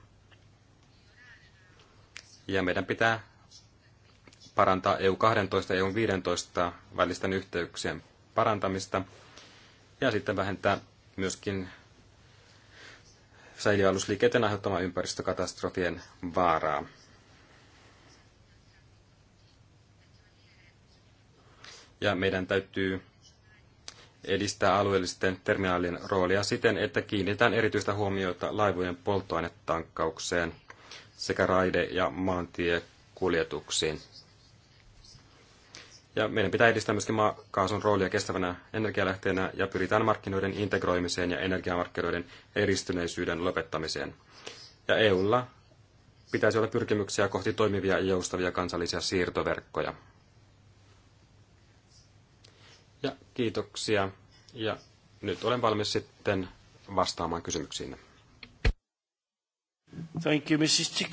Ja meidän pitää parantaa EU-12 ja EU-15 välisten yhteyksien parantamista ja sitten vähentää myöskin säiliöalusliikkeiden aiheuttama ympäristökatastrofien vaaraa. Ja meidän täytyy edistää alueellisten terminaalien roolia siten, että kiinnitetään erityistä huomiota laivojen polttoainetankkaukseen sekä raide- ja maantiekuljetuksiin. Ja meidän pitää edistää myöskin maakaasun roolia kestävänä energialähteenä ja pyritään markkinoiden integroimiseen ja energiamarkkinoiden eristyneisyyden lopettamiseen. Ja EUlla pitäisi olla pyrkimyksiä kohti toimivia ja joustavia kansallisia siirtoverkkoja. Ja kiitoksia. Ja nyt olen valmis sitten vastaamaan kysymyksiin. Thank you, Mrs.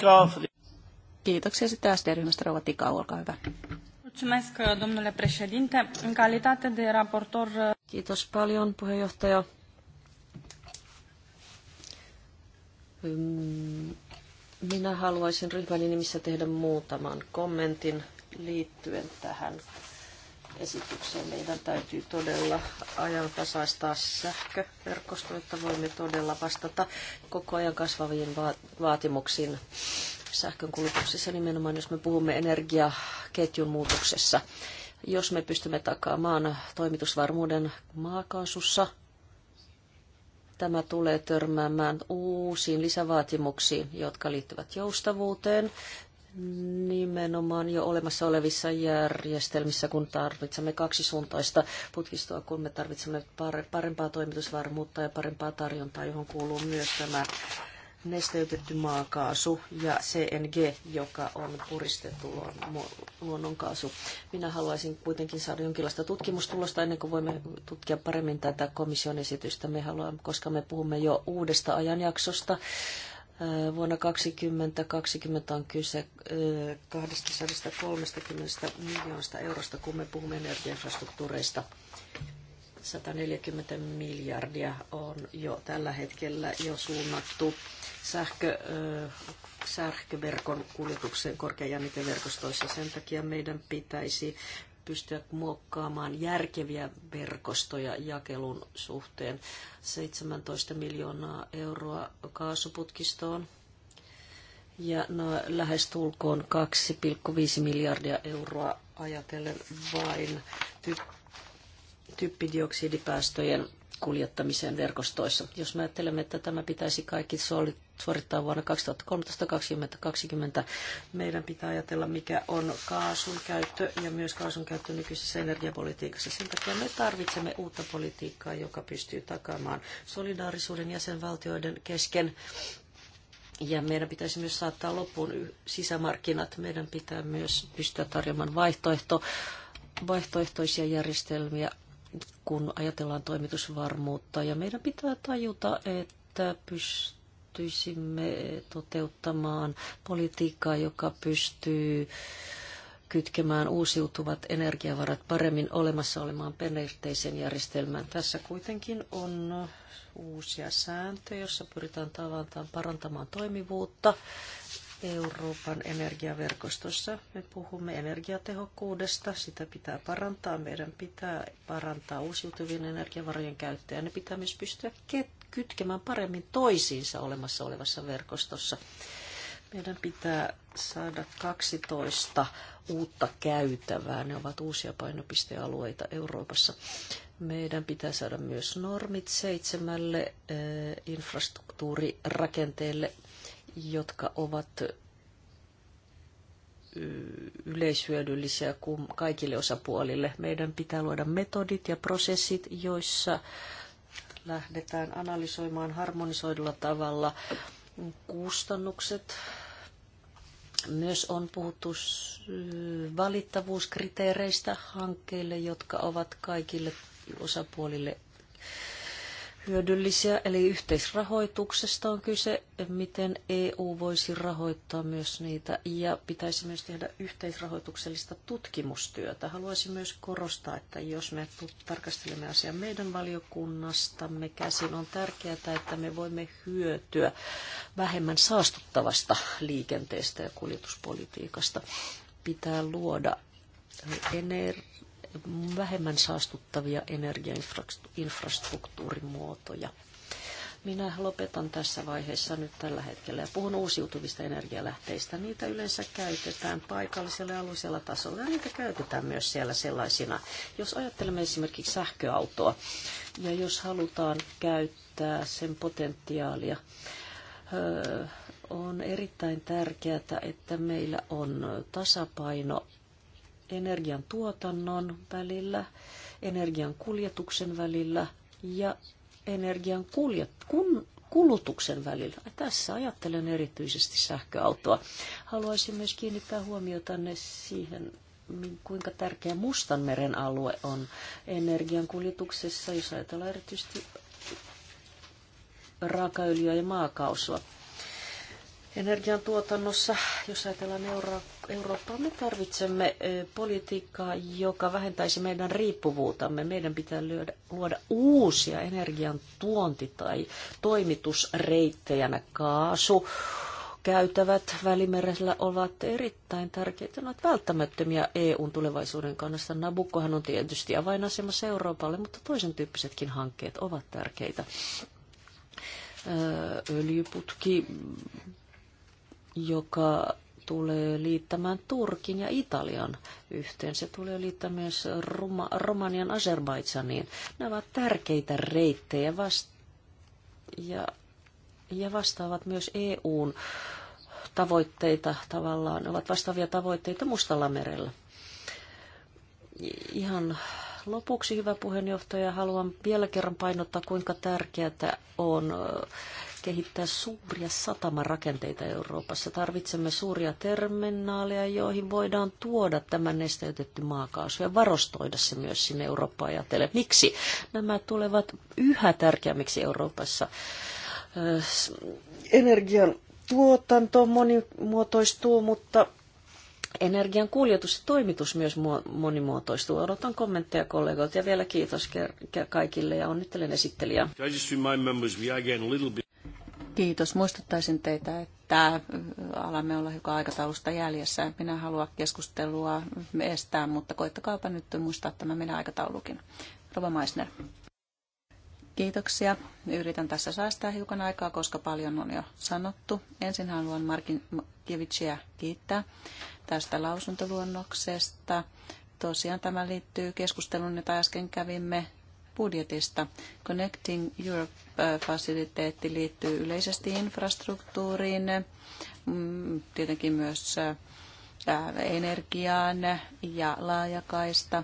Kiitoksia sitten SD-ryhmästä, Rouva Tikau, olkaa hyvä. Mulțumesc, domnule președinte. În calitate de raportor... Kiitos paljon, puheenjohtaja. Minä haluaisin ryhmäni nimissä tehdä muutaman kommentin liittyen tähän esitykseen. Meidän täytyy todella ajantasaistaa sähköverkosto, että voimme todella vastata koko ajan kasvaviin vaatimuksiin sähkönkulutuksessa nimenomaan, jos me puhumme energiaketjun muutoksessa. Jos me pystymme takaamaan toimitusvarmuuden maakaasussa, tämä tulee törmäämään uusiin lisävaatimuksiin, jotka liittyvät joustavuuteen, nimenomaan jo olemassa olevissa järjestelmissä, kun tarvitsemme kaksisuuntaista putkistoa, kun me tarvitsemme parempaa toimitusvarmuutta ja parempaa tarjontaa, johon kuuluu myös tämä nesteytetty maakaasu ja CNG, joka on puristettu luonnonkaasu. Minä haluaisin kuitenkin saada jonkinlaista tutkimustulosta ennen kuin voimme tutkia paremmin tätä komission esitystä. Me haluamme, koska me puhumme jo uudesta ajanjaksosta, äh, Vuonna 2020 on kyse 230 äh, miljoonasta eurosta, kun me puhumme energiainfrastruktuureista. 140 miljardia on jo tällä hetkellä jo suunnattu sähkö, sähköverkon kuljetukseen korkeajänniteverkostoissa. Sen takia meidän pitäisi pystyä muokkaamaan järkeviä verkostoja jakelun suhteen. 17 miljoonaa euroa kaasuputkistoon ja no, lähestulkoon 2,5 miljardia euroa ajatellen vain typ- typpidioksidipäästöjen kuljettamiseen verkostoissa. Jos me ajattelemme, että tämä pitäisi kaikki suorittaa vuonna 2013-2020, meidän pitää ajatella, mikä on kaasun käyttö ja myös kaasun käyttö nykyisessä energiapolitiikassa. Sen takia me tarvitsemme uutta politiikkaa, joka pystyy takaamaan solidaarisuuden jäsenvaltioiden kesken. Ja meidän pitäisi myös saattaa loppuun sisämarkkinat. Meidän pitää myös pystyä tarjoamaan vaihtoehto, vaihtoehtoisia järjestelmiä kun ajatellaan toimitusvarmuutta. Ja meidän pitää tajuta, että pystyisimme toteuttamaan politiikkaa, joka pystyy kytkemään uusiutuvat energiavarat paremmin olemassa olemaan perinteisen järjestelmään. Tässä kuitenkin on uusia sääntöjä, jossa pyritään tavallaan parantamaan toimivuutta Euroopan energiaverkostossa. Me puhumme energiatehokkuudesta, sitä pitää parantaa. Meidän pitää parantaa uusiutuvien energiavarojen käyttöä ja ne pitää myös pystyä kytkemään paremmin toisiinsa olemassa olevassa verkostossa. Meidän pitää saada 12 uutta käytävää. Ne ovat uusia painopistealueita Euroopassa. Meidän pitää saada myös normit seitsemälle eh, infrastruktuurirakenteelle jotka ovat yleishyödyllisiä kaikille osapuolille. Meidän pitää luoda metodit ja prosessit, joissa lähdetään analysoimaan harmonisoidulla tavalla kustannukset. Myös on puhuttu valittavuuskriteereistä hankkeille, jotka ovat kaikille osapuolille hyödyllisiä, eli yhteisrahoituksesta on kyse, miten EU voisi rahoittaa myös niitä ja pitäisi myös tehdä yhteisrahoituksellista tutkimustyötä. Haluaisin myös korostaa, että jos me tarkastelemme asiaa meidän valiokunnastamme käsin, on tärkeää, että me voimme hyötyä vähemmän saastuttavasta liikenteestä ja kuljetuspolitiikasta. Pitää luoda energiaa vähemmän saastuttavia energiainfrastruktuurimuotoja. Minä lopetan tässä vaiheessa nyt tällä hetkellä ja puhun uusiutuvista energialähteistä. Niitä yleensä käytetään paikallisella ja tasolla ja niitä käytetään myös siellä sellaisina. Jos ajattelemme esimerkiksi sähköautoa ja jos halutaan käyttää sen potentiaalia, on erittäin tärkeää, että meillä on tasapaino energian tuotannon välillä, energian kuljetuksen välillä ja energian kuljet, kun, kulutuksen välillä. Tässä ajattelen erityisesti sähköautoa. Haluaisin myös kiinnittää huomiota siihen, kuinka tärkeä Mustanmeren alue on energian kuljetuksessa, jos ajatellaan erityisesti raakaöljyä ja maakausua energiantuotannossa. Jos ajatellaan Euro- Eurooppaa, me tarvitsemme politiikkaa, joka vähentäisi meidän riippuvuutamme. Meidän pitää lyödä, luoda uusia energiantuonti- tai toimitusreittejä, kaasu, käytävät Välimerellä ovat erittäin tärkeitä, ne ovat välttämättömiä EUn tulevaisuuden kannasta. Nabukkohan on tietysti avainasemassa Euroopalle, mutta toisen tyyppisetkin hankkeet ovat tärkeitä. Öljyputki, joka tulee liittämään Turkin ja Italian yhteen. Se tulee liittämään myös Roma, Romanian Azerbaidsaniin. Nämä ovat tärkeitä reittejä vast- ja, ja vastaavat myös EUn tavoitteita tavallaan, Ne ovat vastaavia tavoitteita Mustalla merellä. Ihan lopuksi, hyvä puheenjohtaja, haluan vielä kerran painottaa, kuinka tärkeää on kehittää suuria satamarakenteita Euroopassa. Tarvitsemme suuria terminaaleja, joihin voidaan tuoda tämä nesteytetty maakaasu ja varostoida se myös sinne Eurooppaan ajatellen. Miksi? Nämä tulevat yhä tärkeämmiksi Euroopassa. Energian tuotanto monimuotoistuu, mutta energian kuljetus ja toimitus myös monimuotoistuu. Odotan kommentteja kollegoilta ja vielä kiitos kaikille ja onnittelen esittelijää. Kiitos. Muistuttaisin teitä, että äh, alamme olla hiukan aikataulusta jäljessä. En minä halua keskustelua estää, mutta koittakaapa nyt muistaa tämä minä aikataulukin. Rova Meissner. Kiitoksia. Yritän tässä säästää hiukan aikaa, koska paljon on jo sanottu. Ensin haluan Markin Kivitsiä kiittää tästä lausuntoluonnoksesta. Tosiaan tämä liittyy keskusteluun, jota äsken kävimme budjetista. Connecting Europe-fasiliteetti äh, liittyy yleisesti infrastruktuuriin, mm, tietenkin myös äh, energiaan ja laajakaista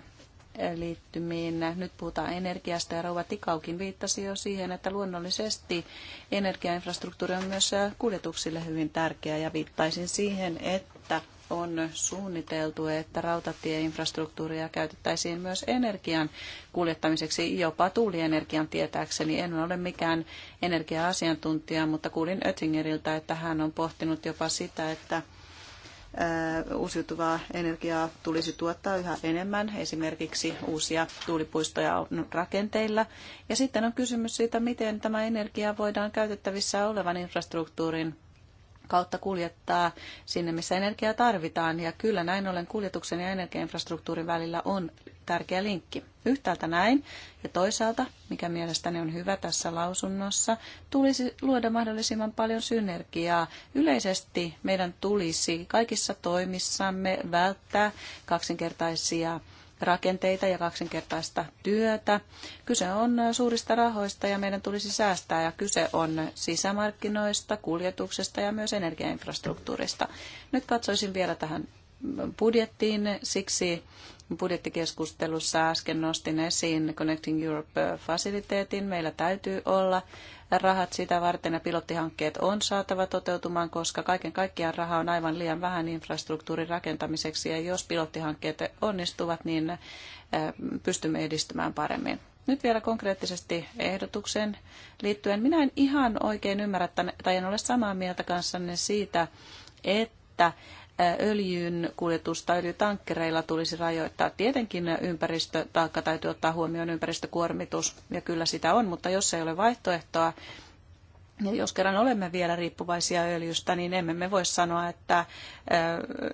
liittymiin. Nyt puhutaan energiasta ja Rouva Tikaukin viittasi jo siihen, että luonnollisesti energiainfrastruktuuri on myös äh, kuljetuksille hyvin tärkeä ja viittaisin siihen, että on suunniteltu, että rautatieinfrastruktuuria käytettäisiin myös energian kuljettamiseksi, jopa tuulienergian tietääkseni. En ole mikään energia-asiantuntija, mutta kuulin Oettingeriltä, että hän on pohtinut jopa sitä, että uusiutuvaa energiaa tulisi tuottaa yhä enemmän. Esimerkiksi uusia tuulipuistoja on rakenteilla. Ja sitten on kysymys siitä, miten tämä energia voidaan käytettävissä olevan infrastruktuurin kautta kuljettaa sinne, missä energiaa tarvitaan. Ja kyllä näin ollen kuljetuksen ja energiainfrastruktuurin välillä on tärkeä linkki. Yhtäältä näin ja toisaalta, mikä mielestäni on hyvä tässä lausunnossa, tulisi luoda mahdollisimman paljon synergiaa. Yleisesti meidän tulisi kaikissa toimissamme välttää kaksinkertaisia rakenteita ja kaksinkertaista työtä. Kyse on suurista rahoista ja meidän tulisi säästää ja kyse on sisämarkkinoista, kuljetuksesta ja myös energiainfrastruktuurista. Nyt katsoisin vielä tähän budjettiin, siksi budjettikeskustelussa äsken nostin esiin Connecting Europe-fasiliteetin. Meillä täytyy olla rahat sitä varten ja pilottihankkeet on saatava toteutumaan, koska kaiken kaikkiaan rahaa on aivan liian vähän infrastruktuurin rakentamiseksi ja jos pilottihankkeet onnistuvat, niin pystymme edistymään paremmin. Nyt vielä konkreettisesti ehdotuksen liittyen. Minä en ihan oikein ymmärrä, tai en ole samaa mieltä kanssanne siitä, että öljyn kuljetusta öljytankkereilla tulisi rajoittaa. Tietenkin ympäristötaakka täytyy ottaa huomioon ympäristökuormitus, ja kyllä sitä on, mutta jos ei ole vaihtoehtoa, ja jos kerran olemme vielä riippuvaisia öljystä, niin emme me voi sanoa, että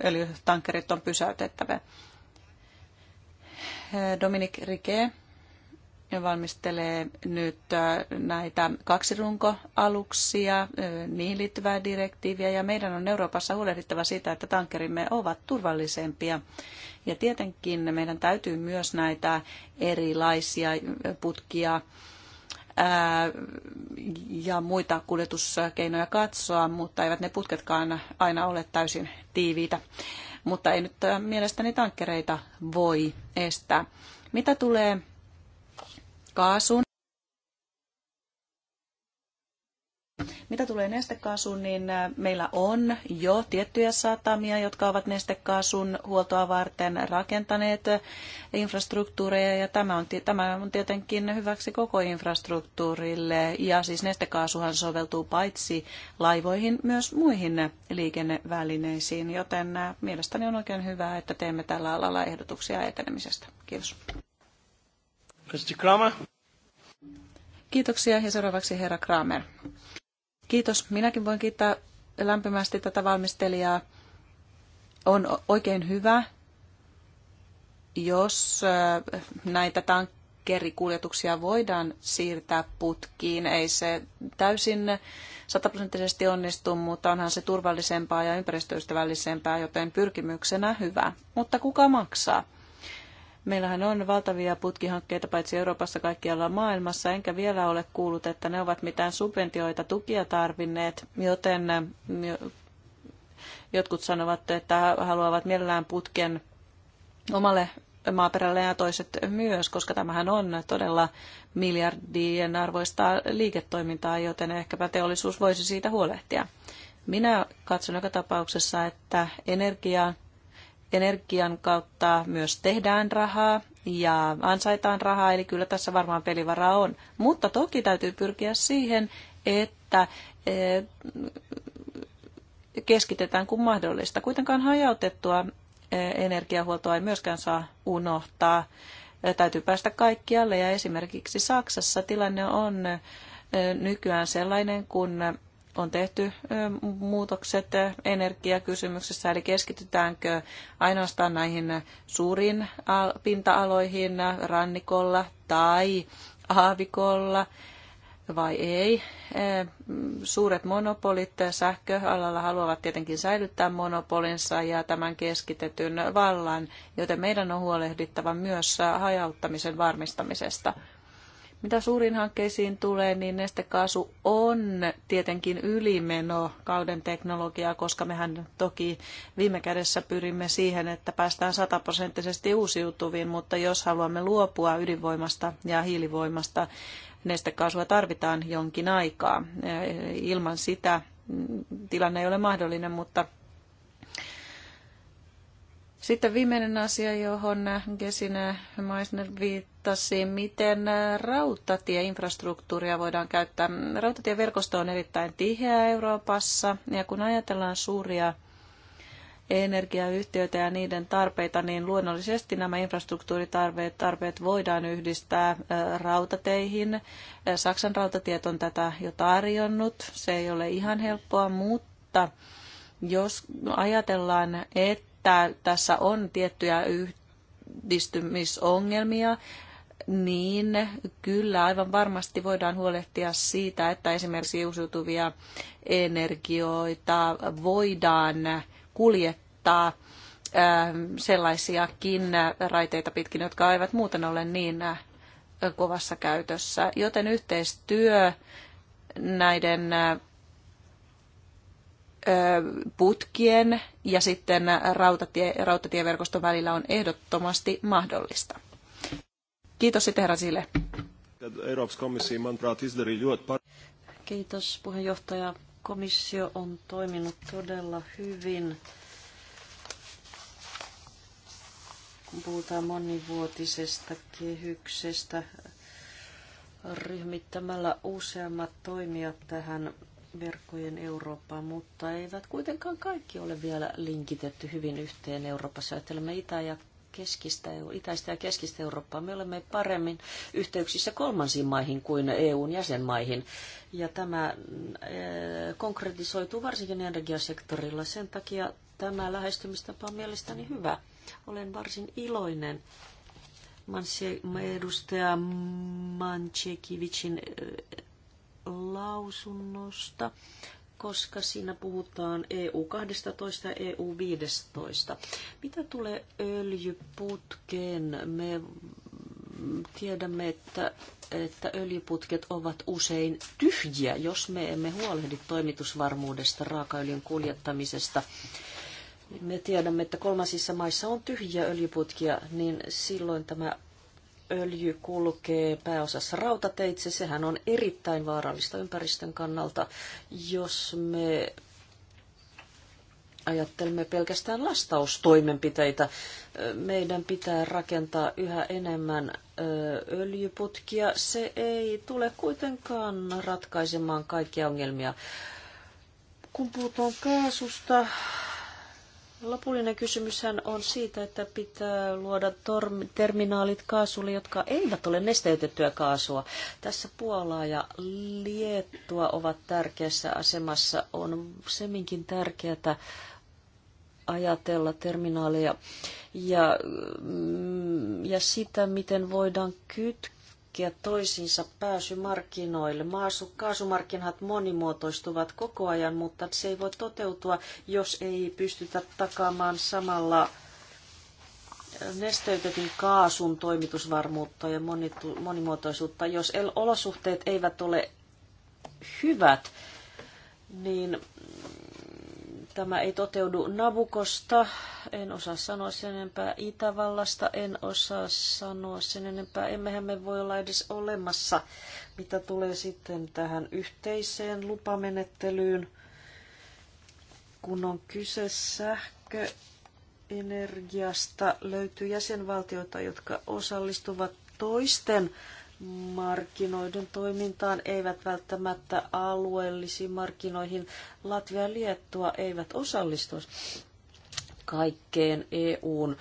öljytankkerit on pysäytettävä. Dominic Riquet valmistelee nyt äh, näitä kaksirunkoaluksia, äh, niihin liittyvää direktiiviä ja meidän on Euroopassa huolehdittava siitä, että tankerimme ovat turvallisempia. Ja tietenkin meidän täytyy myös näitä erilaisia äh, putkia ja muita kuljetuskeinoja katsoa, mutta eivät ne putketkaan aina ole täysin tiiviitä. Mutta ei nyt mielestäni tankkereita voi estää. Mitä tulee kaasun. Mitä tulee nestekaasuun, niin meillä on jo tiettyjä satamia, jotka ovat nestekaasun huoltoa varten rakentaneet infrastruktuureja, ja tämä on, tämä on tietenkin hyväksi koko infrastruktuurille. Ja siis nestekaasuhan soveltuu paitsi laivoihin myös muihin liikennevälineisiin, joten mielestäni on oikein hyvä, että teemme tällä alalla ehdotuksia etenemisestä. Kiitos. Mr. Kramer. Kiitoksia ja seuraavaksi herra Kramer. Kiitos. Minäkin voin kiittää lämpimästi tätä valmistelijaa. On oikein hyvä, jos äh, näitä tankkerikuljetuksia voidaan siirtää putkiin. Ei se täysin sataprosenttisesti onnistu, mutta onhan se turvallisempaa ja ympäristöystävällisempää, joten pyrkimyksenä hyvä. Mutta kuka maksaa? Meillähän on valtavia putkihankkeita paitsi Euroopassa kaikkialla maailmassa, enkä vielä ole kuullut, että ne ovat mitään subventioita tukia tarvinneet, joten mm, jotkut sanovat, että haluavat mielellään putken omalle maaperälle ja toiset myös, koska tämähän on todella miljardien arvoista liiketoimintaa, joten ehkäpä teollisuus voisi siitä huolehtia. Minä katson joka tapauksessa, että energia energian kautta myös tehdään rahaa ja ansaitaan rahaa, eli kyllä tässä varmaan pelivaraa on. Mutta toki täytyy pyrkiä siihen, että eh, keskitetään kun mahdollista. Kuitenkaan hajautettua eh, energiahuoltoa ei myöskään saa unohtaa. Eh, täytyy päästä kaikkialle ja esimerkiksi Saksassa tilanne on nykyään sellainen, kun on tehty muutokset energiakysymyksessä, eli keskitytäänkö ainoastaan näihin suuriin pinta-aloihin rannikolla tai aavikolla vai ei. Suuret monopolit sähköalalla haluavat tietenkin säilyttää monopolinsa ja tämän keskitetyn vallan, joten meidän on huolehdittava myös hajauttamisen varmistamisesta. Mitä suuriin hankkeisiin tulee, niin nestekaasu on tietenkin ylimeno kauden teknologiaa, koska mehän toki viime kädessä pyrimme siihen, että päästään sataprosenttisesti uusiutuviin, mutta jos haluamme luopua ydinvoimasta ja hiilivoimasta, nestekaasua tarvitaan jonkin aikaa. Ilman sitä tilanne ei ole mahdollinen, mutta sitten viimeinen asia, johon Gesine Meissner viittasi, miten rautatieinfrastruktuuria voidaan käyttää. Rautatieverkosto on erittäin tiheä Euroopassa ja kun ajatellaan suuria energiayhtiöitä ja niiden tarpeita, niin luonnollisesti nämä infrastruktuuritarpeet tarpeet voidaan yhdistää rautateihin. Saksan rautatiet on tätä jo tarjonnut. Se ei ole ihan helppoa, mutta jos ajatellaan, että että tässä on tiettyjä yhdistymisongelmia, niin kyllä aivan varmasti voidaan huolehtia siitä, että esimerkiksi uusiutuvia energioita voidaan kuljettaa ähm, sellaisiakin raiteita pitkin, jotka eivät muuten ole niin äh, kovassa käytössä. Joten yhteistyö näiden äh, putkien ja sitten rautatie, rautatieverkoston välillä on ehdottomasti mahdollista. Kiitos sitten herra Sille. Kiitos puheenjohtaja. Komissio on toiminut todella hyvin. Kun puhutaan monivuotisesta kehyksestä, ryhmittämällä useammat toimijat tähän verkkojen Eurooppaa, mutta eivät kuitenkaan kaikki ole vielä linkitetty hyvin yhteen Euroopassa. Ajattelemme Itä- ja keskistä, itäistä ja keskistä Eurooppaa. Me olemme paremmin yhteyksissä kolmansiin maihin kuin EUn jäsenmaihin. Ja tämä eh, konkretisoituu varsinkin energiasektorilla. Sen takia tämä lähestymistapa on mielestäni hyvä. Olen varsin iloinen edustaja Manchekivicin eh, lausunnosta, koska siinä puhutaan EU-12 ja EU-15. Mitä tulee öljyputkeen? Me tiedämme, että, että öljyputket ovat usein tyhjiä, jos me emme huolehdi toimitusvarmuudesta, raakaöljyn kuljettamisesta. Me tiedämme, että kolmasissa maissa on tyhjiä öljyputkia, niin silloin tämä öljy kulkee pääosassa rautateitse. Sehän on erittäin vaarallista ympäristön kannalta, jos me ajattelemme pelkästään lastaustoimenpiteitä. Meidän pitää rakentaa yhä enemmän öljyputkia. Se ei tule kuitenkaan ratkaisemaan kaikkia ongelmia. Kun puhutaan kaasusta, Lopullinen kysymyshän on siitä, että pitää luoda terminaalit kaasulle, jotka eivät ole nesteytettyä kaasua. Tässä Puolaa ja Liettua ovat tärkeässä asemassa. On semminkin tärkeää ajatella terminaaleja ja, mm, ja sitä, miten voidaan kytkeä kaikkia toisiinsa pääsy markkinoille. Maasu, kaasumarkkinat monimuotoistuvat koko ajan, mutta se ei voi toteutua, jos ei pystytä takaamaan samalla eh, nesteytetyn kaasun toimitusvarmuutta ja monimuotoisuutta. Jos olosuhteet eivät ole hyvät, niin tämä ei toteudu Nabukosta, en osaa sanoa sen enempää Itävallasta, en osaa sanoa sen enempää. Emmehän me voi olla edes olemassa, mitä tulee sitten tähän yhteiseen lupamenettelyyn, kun on kyse sähkö energiasta löytyy jäsenvaltioita, jotka osallistuvat toisten markkinoiden toimintaan eivät välttämättä alueellisiin markkinoihin Latvia ja Liettua eivät osallistu kaikkeen EUn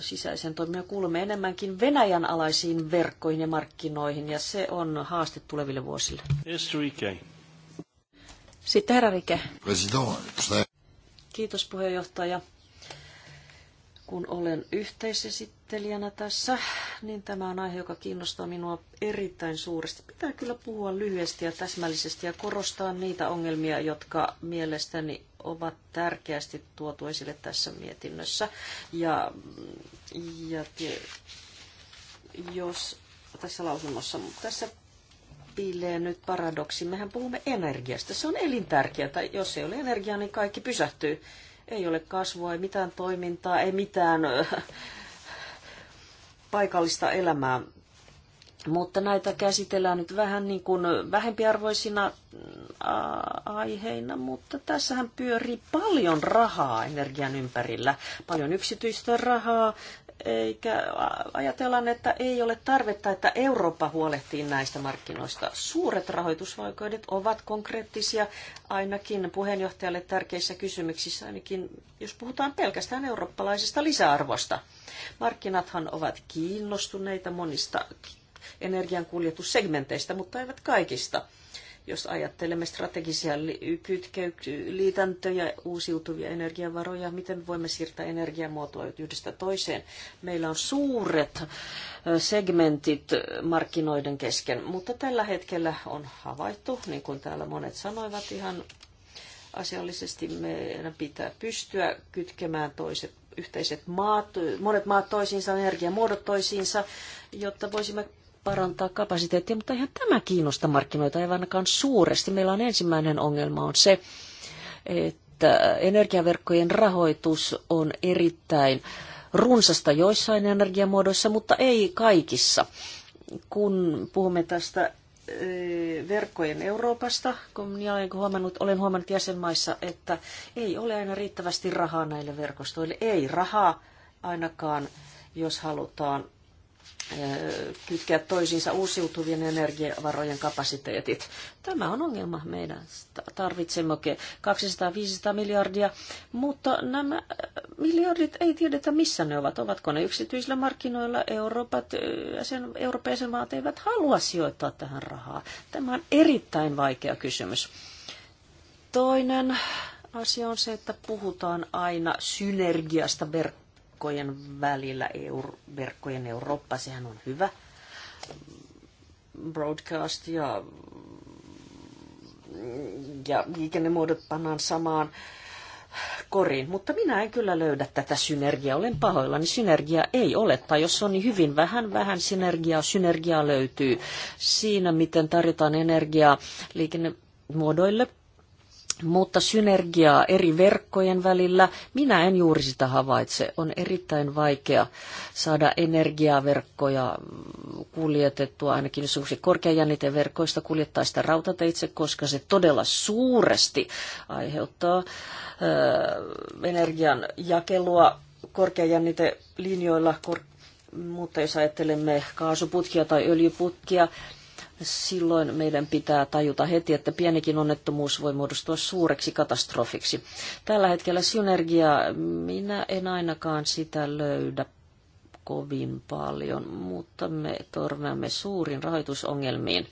sisäisen toimijan kuulumme enemmänkin Venäjän alaisiin verkkoihin ja markkinoihin, ja se on haaste tuleville vuosille. Sitten herra Rike. Kiitos puheenjohtaja. Kun olen yhteisesittelijä, esittelijänä tässä, niin tämä on aihe, joka kiinnostaa minua erittäin suuresti. Pitää kyllä puhua lyhyesti ja täsmällisesti ja korostaa niitä ongelmia, jotka mielestäni ovat tärkeästi tuotu esille tässä mietinnössä. Ja, ja jos tässä lausunnossa, tässä piilee nyt paradoksi. Mehän puhumme energiasta. Se on elintärkeää. Jos ei ole energiaa, niin kaikki pysähtyy. Ei ole kasvua, ei mitään toimintaa, ei mitään paikallista elämää. Mutta näitä käsitellään nyt vähän niin kuin vähempiarvoisina äh, aiheina, mutta tässähän pyörii paljon rahaa energian ympärillä. Paljon yksityistä rahaa, eikä ajatellaan, että ei ole tarvetta, että Eurooppa huolehtii näistä markkinoista. Suuret rahoitusvaikeudet ovat konkreettisia ainakin puheenjohtajalle tärkeissä kysymyksissä, ainakin jos puhutaan pelkästään eurooppalaisesta lisäarvosta. Markkinathan ovat kiinnostuneita monista energiankuljetussegmenteistä, mutta eivät kaikista. Jos ajattelemme strategisia liitäntöjä, uusiutuvia energiavaroja, miten voimme siirtää energiamuotoa yhdestä toiseen? Meillä on suuret segmentit markkinoiden kesken, mutta tällä hetkellä on havaittu, niin kuin täällä monet sanoivat ihan asiallisesti, meidän pitää pystyä kytkemään toiset yhteiset maat, monet maat toisiinsa, energiamuodot toisiinsa, jotta voisimme parantaa kapasiteettia, mutta ihan tämä kiinnosta markkinoita ei ainakaan suuresti. Meillä on ensimmäinen ongelma on se, että energiaverkkojen rahoitus on erittäin runsasta joissain energiamuodoissa, mutta ei kaikissa. Kun puhumme tästä verkkojen Euroopasta, kun minä olen huomannut, olen huomannut jäsenmaissa, että ei ole aina riittävästi rahaa näille verkostoille. Ei rahaa ainakaan, jos halutaan kytkeä toisiinsa uusiutuvien energiavarojen kapasiteetit. Tämä on ongelma. Meidän tarvitsemme 200-500 miljardia, mutta nämä miljardit ei tiedetä, missä ne ovat. Ovatko ne yksityisillä markkinoilla? Euroopat, sen, Euroopan maat eivät halua sijoittaa tähän rahaa. Tämä on erittäin vaikea kysymys. Toinen asia on se, että puhutaan aina synergiasta verkkojen välillä, EU, verkkojen Eurooppa, sehän on hyvä broadcast ja, ja liikennemuodot pannaan samaan koriin, mutta minä en kyllä löydä tätä synergiaa. Olen pahoilla, niin synergia ei ole, tai jos on niin hyvin vähän, vähän synergiaa, synergiaa löytyy siinä, miten tarjotaan energiaa liikennemuodoille – mutta synergiaa eri verkkojen välillä, minä en juuri sitä havaitse. On erittäin vaikea saada energiaverkkoja kuljetettua, ainakin jos korkeajänniten verkoista kuljettaa sitä rautateitse, koska se todella suuresti aiheuttaa ö, energian jakelua korkeajännite linjoilla, kor- mutta jos ajattelemme kaasuputkia tai öljyputkia, silloin meidän pitää tajuta heti, että pienikin onnettomuus voi muodostua suureksi katastrofiksi. Tällä hetkellä synergia, minä en ainakaan sitä löydä kovin paljon, mutta me tornaamme suurin rahoitusongelmiin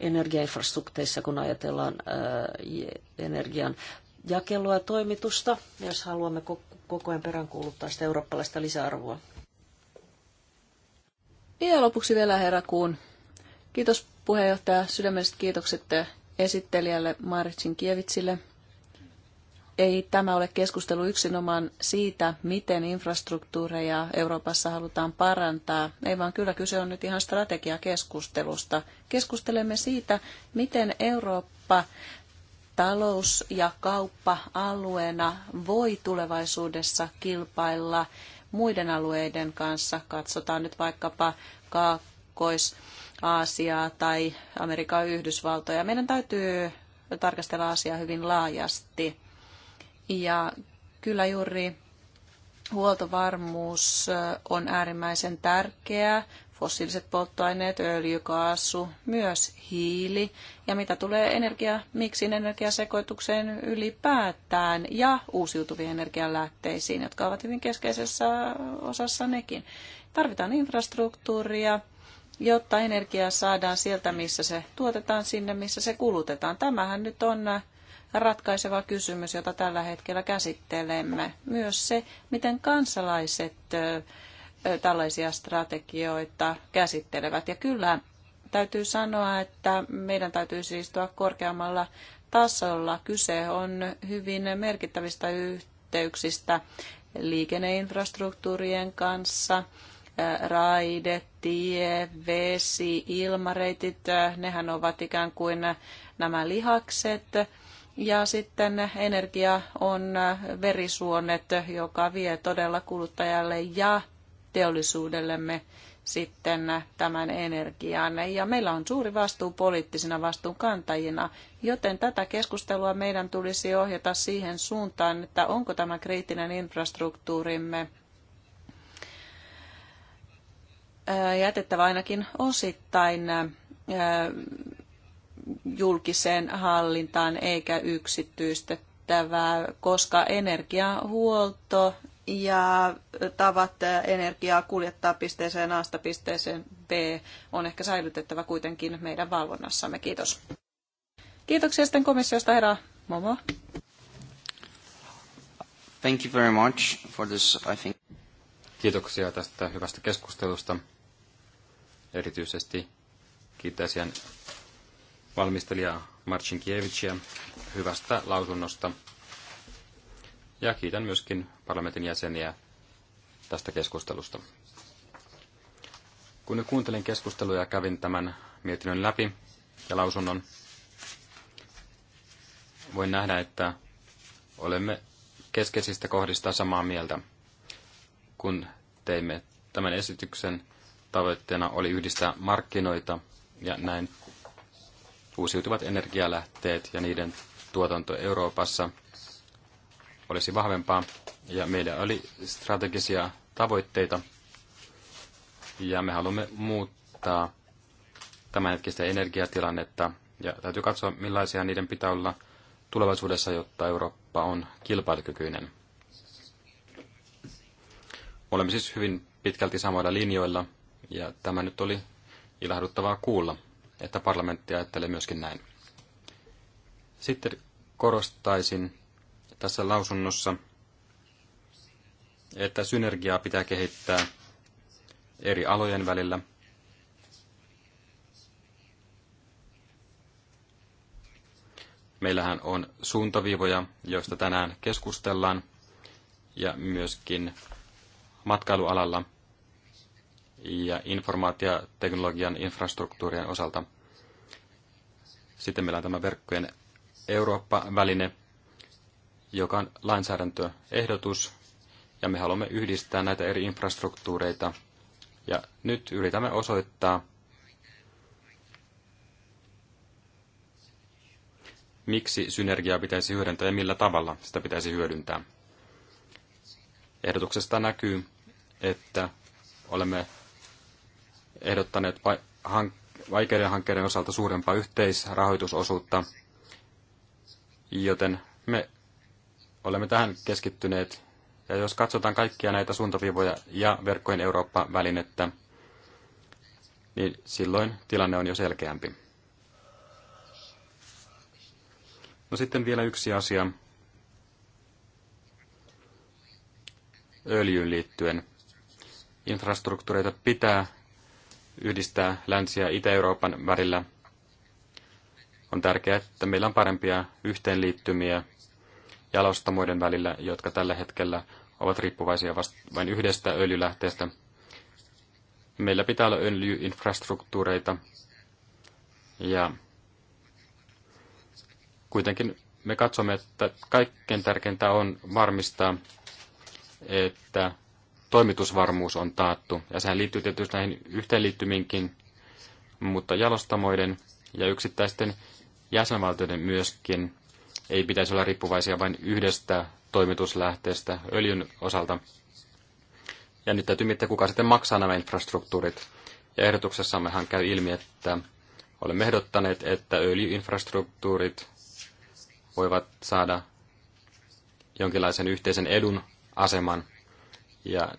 energiainfrastruktuurissa, kun ajatellaan äh, energian jakelua ja toimitusta, jos haluamme koko ajan peräänkuuluttaa sitä eurooppalaista lisäarvoa. Ja lopuksi vielä herra Kuun Kiitos puheenjohtaja. Sydämelliset kiitokset esittelijälle Maritsin Kievitsille. Ei tämä ole keskustelu yksinomaan siitä, miten infrastruktuureja Euroopassa halutaan parantaa. Ei vaan kyllä kyse on nyt ihan strategiakeskustelusta. Keskustelemme siitä, miten Eurooppa talous- ja kauppa-alueena voi tulevaisuudessa kilpailla muiden alueiden kanssa. Katsotaan nyt vaikkapa Kaakkois- Aasiaa tai Amerikan Yhdysvaltoja. Meidän täytyy tarkastella asiaa hyvin laajasti. Ja kyllä juuri huoltovarmuus on äärimmäisen tärkeää. Fossiiliset polttoaineet, öljy, kaasu, myös hiili. Ja mitä tulee energia, miksin energiasekoitukseen ylipäätään ja uusiutuviin energialähteisiin, jotka ovat hyvin keskeisessä osassa nekin. Tarvitaan infrastruktuuria, jotta energiaa saadaan sieltä, missä se tuotetaan, sinne, missä se kulutetaan. Tämähän nyt on ratkaiseva kysymys, jota tällä hetkellä käsittelemme. Myös se, miten kansalaiset tällaisia strategioita käsittelevät. Ja kyllä täytyy sanoa, että meidän täytyy siis istua korkeammalla tasolla. Kyse on hyvin merkittävistä yhteyksistä liikenneinfrastruktuurien kanssa – raide, tie, vesi, ilmareitit, nehän ovat ikään kuin nämä lihakset. Ja sitten energia on verisuonet, joka vie todella kuluttajalle ja teollisuudellemme sitten tämän energian. Ja meillä on suuri vastuu poliittisina vastuunkantajina, joten tätä keskustelua meidän tulisi ohjata siihen suuntaan, että onko tämä kriittinen infrastruktuurimme jätettävä ainakin osittain julkiseen hallintaan eikä yksityistettävää, koska energiahuolto ja tavat energiaa kuljettaa pisteeseen A pisteeseen B on ehkä säilytettävä kuitenkin meidän valvonnassamme. Kiitos. Kiitoksia sitten komissiosta, herra Momo. Thank you very much for this, I think. Kiitoksia tästä hyvästä keskustelusta erityisesti kiitäisiän valmistelija Marcin Kievicia hyvästä lausunnosta. Ja kiitän myöskin parlamentin jäseniä tästä keskustelusta. Kun nyt kuuntelin keskustelua ja kävin tämän mietinnön läpi ja lausunnon, voin nähdä, että olemme keskeisistä kohdista samaa mieltä, kun teimme tämän esityksen tavoitteena oli yhdistää markkinoita ja näin uusiutuvat energialähteet ja niiden tuotanto Euroopassa olisi vahvempaa. Ja meillä oli strategisia tavoitteita ja me haluamme muuttaa tämänhetkistä energiatilannetta ja täytyy katsoa, millaisia niiden pitää olla tulevaisuudessa, jotta Eurooppa on kilpailukykyinen. Olemme siis hyvin pitkälti samoilla linjoilla ja tämä nyt oli ilahduttavaa kuulla, että parlamentti ajattelee myöskin näin. Sitten korostaisin tässä lausunnossa, että synergiaa pitää kehittää eri alojen välillä. Meillähän on suuntaviivoja, joista tänään keskustellaan, ja myöskin matkailualalla – ja informaatioteknologian infrastruktuurien osalta. Sitten meillä on tämä verkkojen Eurooppa-väline, joka on lainsäädäntöehdotus, ja me haluamme yhdistää näitä eri infrastruktuureita. Ja nyt yritämme osoittaa, miksi synergiaa pitäisi hyödyntää ja millä tavalla sitä pitäisi hyödyntää. Ehdotuksesta näkyy, että olemme ehdottaneet vaikeiden hankkeiden osalta suurempaa yhteisrahoitusosuutta, joten me olemme tähän keskittyneet. Ja jos katsotaan kaikkia näitä suuntaviivoja ja verkkojen Eurooppa-välinettä, niin silloin tilanne on jo selkeämpi. No sitten vielä yksi asia öljyyn liittyen. Infrastruktuureita pitää yhdistää Länsi- ja Itä-Euroopan välillä. On tärkeää, että meillä on parempia yhteenliittymiä jalostamoiden välillä, jotka tällä hetkellä ovat riippuvaisia vasta vain yhdestä öljylähteestä. Meillä pitää olla öljyinfrastruktuureita ja kuitenkin me katsomme, että kaikkein tärkeintä on varmistaa, että toimitusvarmuus on taattu. Ja sehän liittyy tietysti näihin yhteenliittyminkin, mutta jalostamoiden ja yksittäisten jäsenvaltioiden myöskin ei pitäisi olla riippuvaisia vain yhdestä toimituslähteestä öljyn osalta. Ja nyt täytyy miettiä, kuka sitten maksaa nämä infrastruktuurit. Ja ehdotuksessammehan käy ilmi, että olemme ehdottaneet, että öljyinfrastruktuurit voivat saada jonkinlaisen yhteisen edun aseman – ja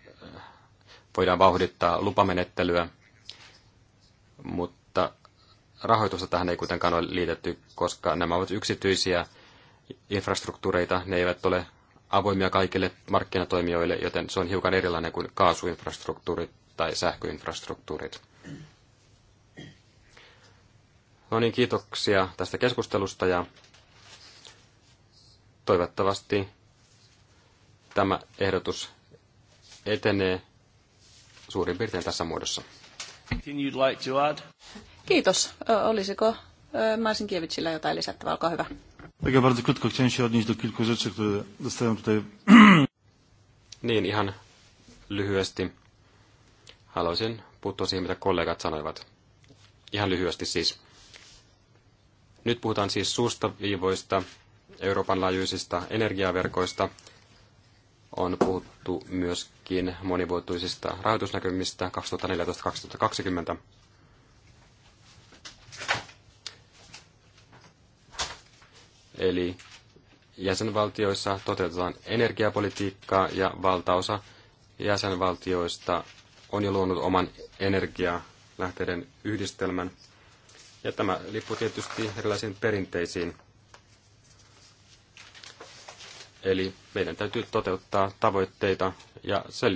voidaan vauhdittaa lupamenettelyä, mutta rahoitusta tähän ei kuitenkaan ole liitetty, koska nämä ovat yksityisiä infrastruktuureita, ne eivät ole avoimia kaikille markkinatoimijoille, joten se on hiukan erilainen kuin kaasuinfrastruktuurit tai sähköinfrastruktuurit. No niin, kiitoksia tästä keskustelusta ja toivottavasti tämä ehdotus etenee suurin piirtein tässä muodossa. Kiitos. Olisiko Marsin Kiewiczillä jotain lisättävää? Olkaa hyvä. Niin, ihan lyhyesti. Haluaisin puuttua siihen, mitä kollegat sanoivat. Ihan lyhyesti siis. Nyt puhutaan siis suustaviivoista, Euroopan laajuisista energiaverkoista – on puhuttu myöskin monivuotuisista rahoitusnäkymistä 2014-2020. Eli jäsenvaltioissa toteutetaan energiapolitiikkaa ja valtaosa jäsenvaltioista on jo luonut oman energialähteiden yhdistelmän. Ja tämä lippu tietysti erilaisiin perinteisiin Eli meidän täytyy toteuttaa tavoitteita ja se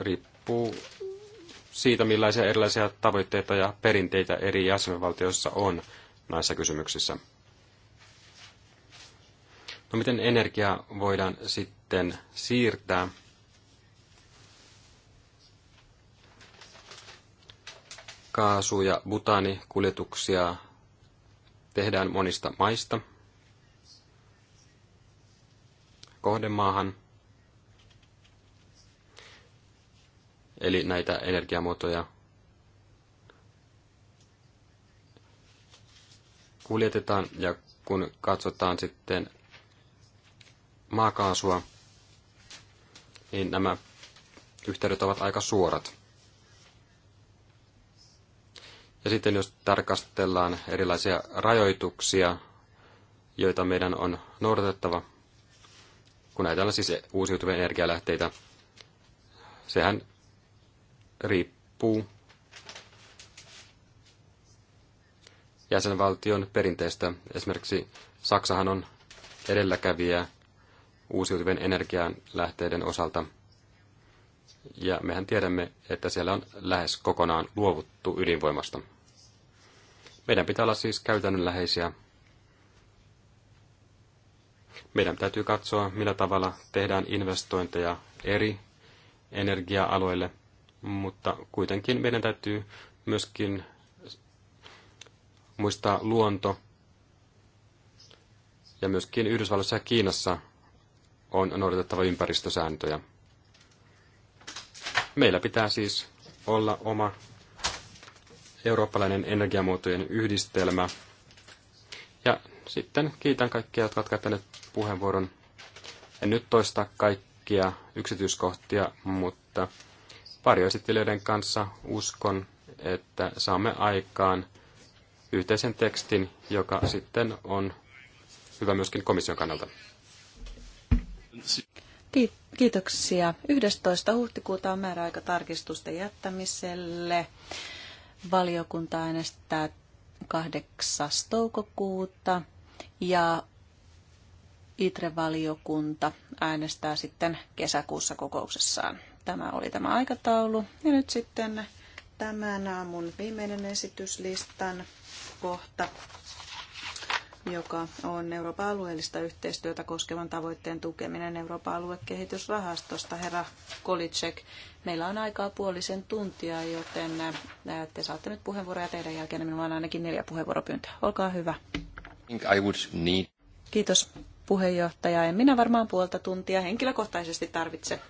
riippuu siitä, millaisia erilaisia tavoitteita ja perinteitä eri jäsenvaltioissa on näissä kysymyksissä. No miten energiaa voidaan sitten siirtää? Kaasu- ja butaanikuljetuksia tehdään monista maista – kohdemaahan. Eli näitä energiamuotoja kuljetetaan ja kun katsotaan sitten maakaasua, niin nämä yhteydet ovat aika suorat. Ja sitten jos tarkastellaan erilaisia rajoituksia, joita meidän on noudatettava, kun ajatellaan siis uusiutuvia energialähteitä, sehän riippuu jäsenvaltion perinteestä. Esimerkiksi Saksahan on edelläkävijä uusiutuvien energianlähteiden osalta. Ja mehän tiedämme, että siellä on lähes kokonaan luovuttu ydinvoimasta. Meidän pitää olla siis käytännönläheisiä meidän täytyy katsoa, millä tavalla tehdään investointeja eri energia-aloille, mutta kuitenkin meidän täytyy myöskin muistaa luonto. Ja myöskin Yhdysvalloissa ja Kiinassa on noudatettava ympäristösääntöjä. Meillä pitää siis olla oma eurooppalainen energiamuotojen yhdistelmä. Ja sitten kiitän kaikkia, jotka ovat käyttäneet puheenvuoron. En nyt toista kaikkia yksityiskohtia, mutta varjoesittelijöiden kanssa uskon, että saamme aikaan yhteisen tekstin, joka sitten on hyvä myöskin komission kannalta. Kiitoksia. 11. huhtikuuta on määräaika tarkistusten jättämiselle. Valiokunta äänestää 8. toukokuuta ja ITRE-valiokunta äänestää sitten kesäkuussa kokouksessaan. Tämä oli tämä aikataulu. Ja nyt sitten tämän aamun viimeinen esityslistan kohta, joka on Euroopan alueellista yhteistyötä koskevan tavoitteen tukeminen Euroopan aluekehitysrahastosta. Herra Kolicek, meillä on aikaa puolisen tuntia, joten te saatte nyt puheenvuoroja teidän jälkeen. Minulla on ainakin neljä puheenvuoropyyntöä. Olkaa hyvä. I would need. Kiitos puheenjohtaja. En minä varmaan puolta tuntia henkilökohtaisesti tarvitse.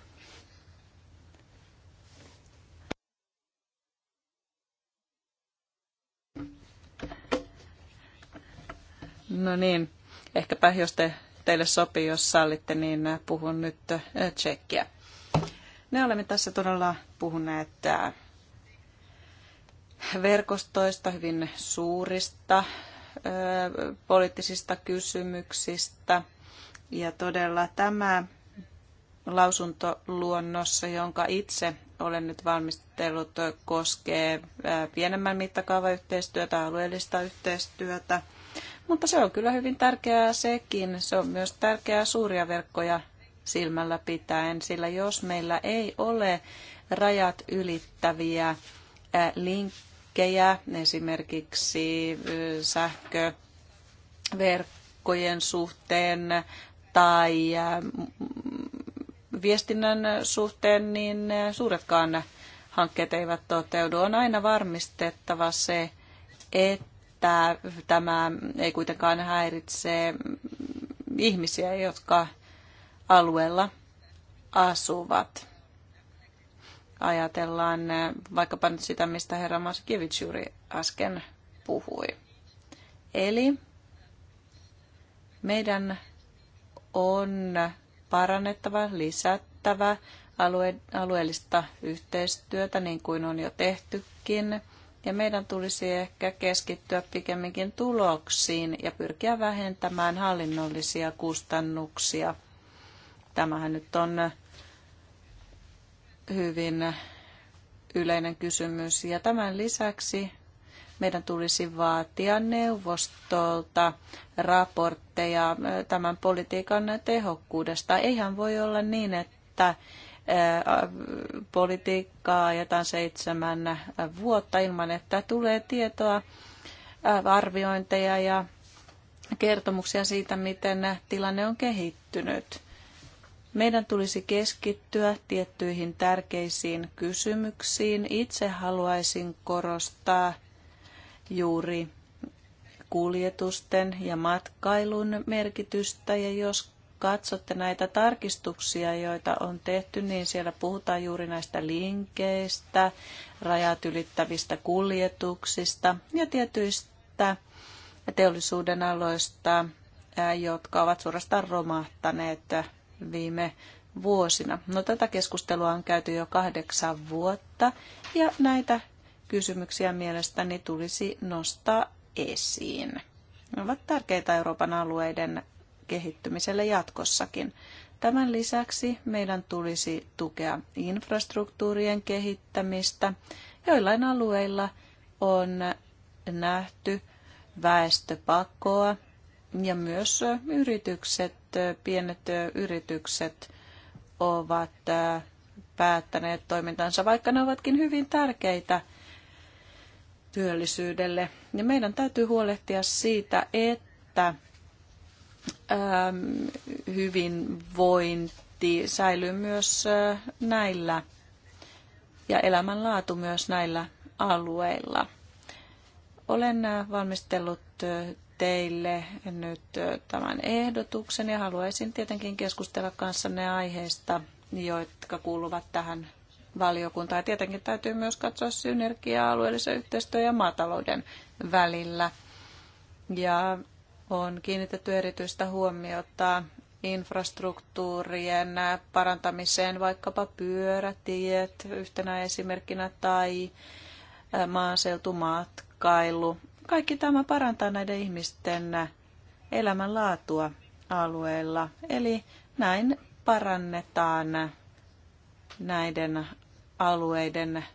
No niin, ehkäpä jos te, teille sopii, jos sallitte, niin puhun nyt äh, tsekkiä. Me olemme tässä todella puhuneet äh, verkostoista, hyvin suurista poliittisista kysymyksistä. Ja todella tämä lausuntoluonnos, jonka itse olen nyt valmistellut, koskee pienemmän yhteistyötä, alueellista yhteistyötä. Mutta se on kyllä hyvin tärkeää sekin. Se on myös tärkeää suuria verkkoja silmällä pitäen, sillä jos meillä ei ole rajat ylittäviä linkkejä, riskejä, esimerkiksi sähköverkkojen suhteen tai viestinnän suhteen, niin suuretkaan hankkeet eivät toteudu. On aina varmistettava se, että tämä ei kuitenkaan häiritse mm, ihmisiä, jotka alueella asuvat ajatellaan eh, vaikkapa nyt sitä, mistä herra Maskevich juuri äsken puhui. Eli meidän on parannettava, lisättävä alue, alueellista yhteistyötä, niin kuin on jo tehtykin. Ja meidän tulisi ehkä keskittyä pikemminkin tuloksiin ja pyrkiä vähentämään hallinnollisia kustannuksia. Tämähän nyt on hyvin yleinen kysymys. Ja tämän lisäksi meidän tulisi vaatia neuvostolta raportteja tämän politiikan tehokkuudesta. Eihän voi olla niin, että politiikkaa ajetaan seitsemän vuotta ilman, että tulee tietoa, arviointeja ja kertomuksia siitä, miten tilanne on kehittynyt. Meidän tulisi keskittyä tiettyihin tärkeisiin kysymyksiin. Itse haluaisin korostaa juuri kuljetusten ja matkailun merkitystä. Ja jos katsotte näitä tarkistuksia, joita on tehty, niin siellä puhutaan juuri näistä linkeistä, rajat ylittävistä kuljetuksista ja tietyistä teollisuuden aloista, jotka ovat suorastaan romahtaneet viime vuosina. No, tätä keskustelua on käyty jo kahdeksan vuotta ja näitä kysymyksiä mielestäni tulisi nostaa esiin. Ne ovat tärkeitä Euroopan alueiden kehittymiselle jatkossakin. Tämän lisäksi meidän tulisi tukea infrastruktuurien kehittämistä. Joillain alueilla on nähty väestöpakoa ja myös yritykset, pienet yritykset ovat päättäneet toimintansa, vaikka ne ovatkin hyvin tärkeitä työllisyydelle. Ja meidän täytyy huolehtia siitä, että hyvinvointi säilyy myös näillä ja elämänlaatu myös näillä alueilla. Olen valmistellut teille nyt tämän ehdotuksen ja haluaisin tietenkin keskustella kanssanne aiheista, jotka kuuluvat tähän valiokuntaan. Ja tietenkin täytyy myös katsoa synergiaa alueellisen yhteistyön ja maatalouden välillä. Ja on kiinnitetty erityistä huomiota infrastruktuurien parantamiseen, vaikkapa pyörätiet yhtenä esimerkkinä tai maaseutumatkailu kaikki tämä parantaa näiden ihmisten elämänlaatua alueella. Eli näin parannetaan näiden alueiden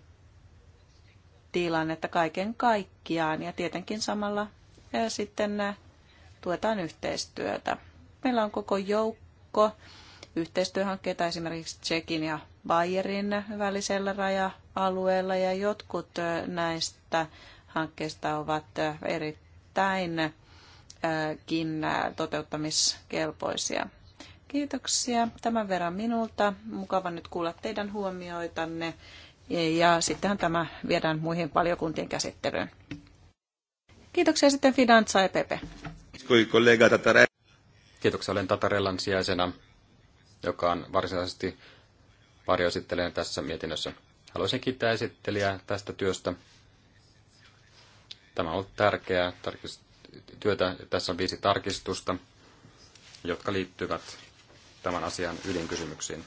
tilannetta kaiken kaikkiaan ja tietenkin samalla sitten tuetaan yhteistyötä. Meillä on koko joukko yhteistyöhankkeita esimerkiksi Tsekin ja Bayerin välisellä raja-alueella ja jotkut näistä hankkeesta ovat äh, erittäinkin äh, äh, toteuttamiskelpoisia. Kiitoksia tämän verran minulta. Mukava nyt kuulla teidän huomioitanne. Ja sittenhän tämä viedään muihin valiokuntien käsittelyyn. Kiitoksia sitten Fidanza ja Pepe. Kiitoksia, olen Tatarellan sijaisena, joka on varsinaisesti varjoesittelijänä tässä mietinnössä. Haluaisin kiittää esittelijää tästä työstä. Tämä on ollut tärkeää työtä. Tässä on viisi tarkistusta, jotka liittyvät tämän asian ydinkysymyksiin.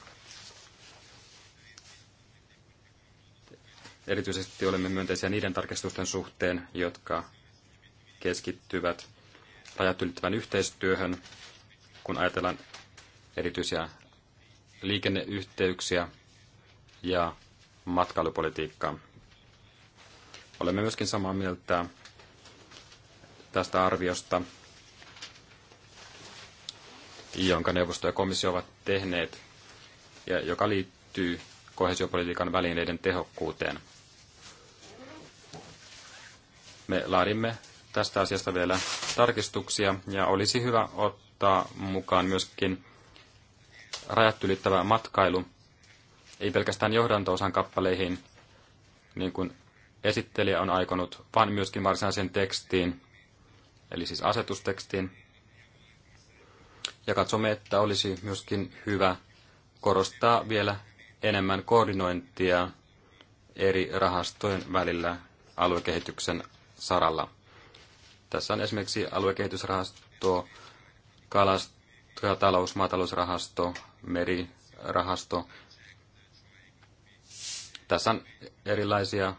Erityisesti olemme myönteisiä niiden tarkistusten suhteen, jotka keskittyvät rajat ylittävän yhteistyöhön, kun ajatellaan erityisiä liikenneyhteyksiä ja matkailupolitiikkaa. Olemme myöskin samaa mieltä tästä arviosta, jonka neuvosto ja komissio ovat tehneet, ja joka liittyy kohesiopolitiikan välineiden tehokkuuteen. Me laadimme tästä asiasta vielä tarkistuksia, ja olisi hyvä ottaa mukaan myöskin rajat ylittävä matkailu, ei pelkästään johdantoosan kappaleihin, niin kuin esittelijä on aikonut, vaan myöskin varsinaiseen tekstiin, eli siis asetustekstiin. Ja katsomme, että olisi myöskin hyvä korostaa vielä enemmän koordinointia eri rahastojen välillä aluekehityksen saralla. Tässä on esimerkiksi aluekehitysrahasto, ja maatalousrahasto, merirahasto. Tässä on erilaisia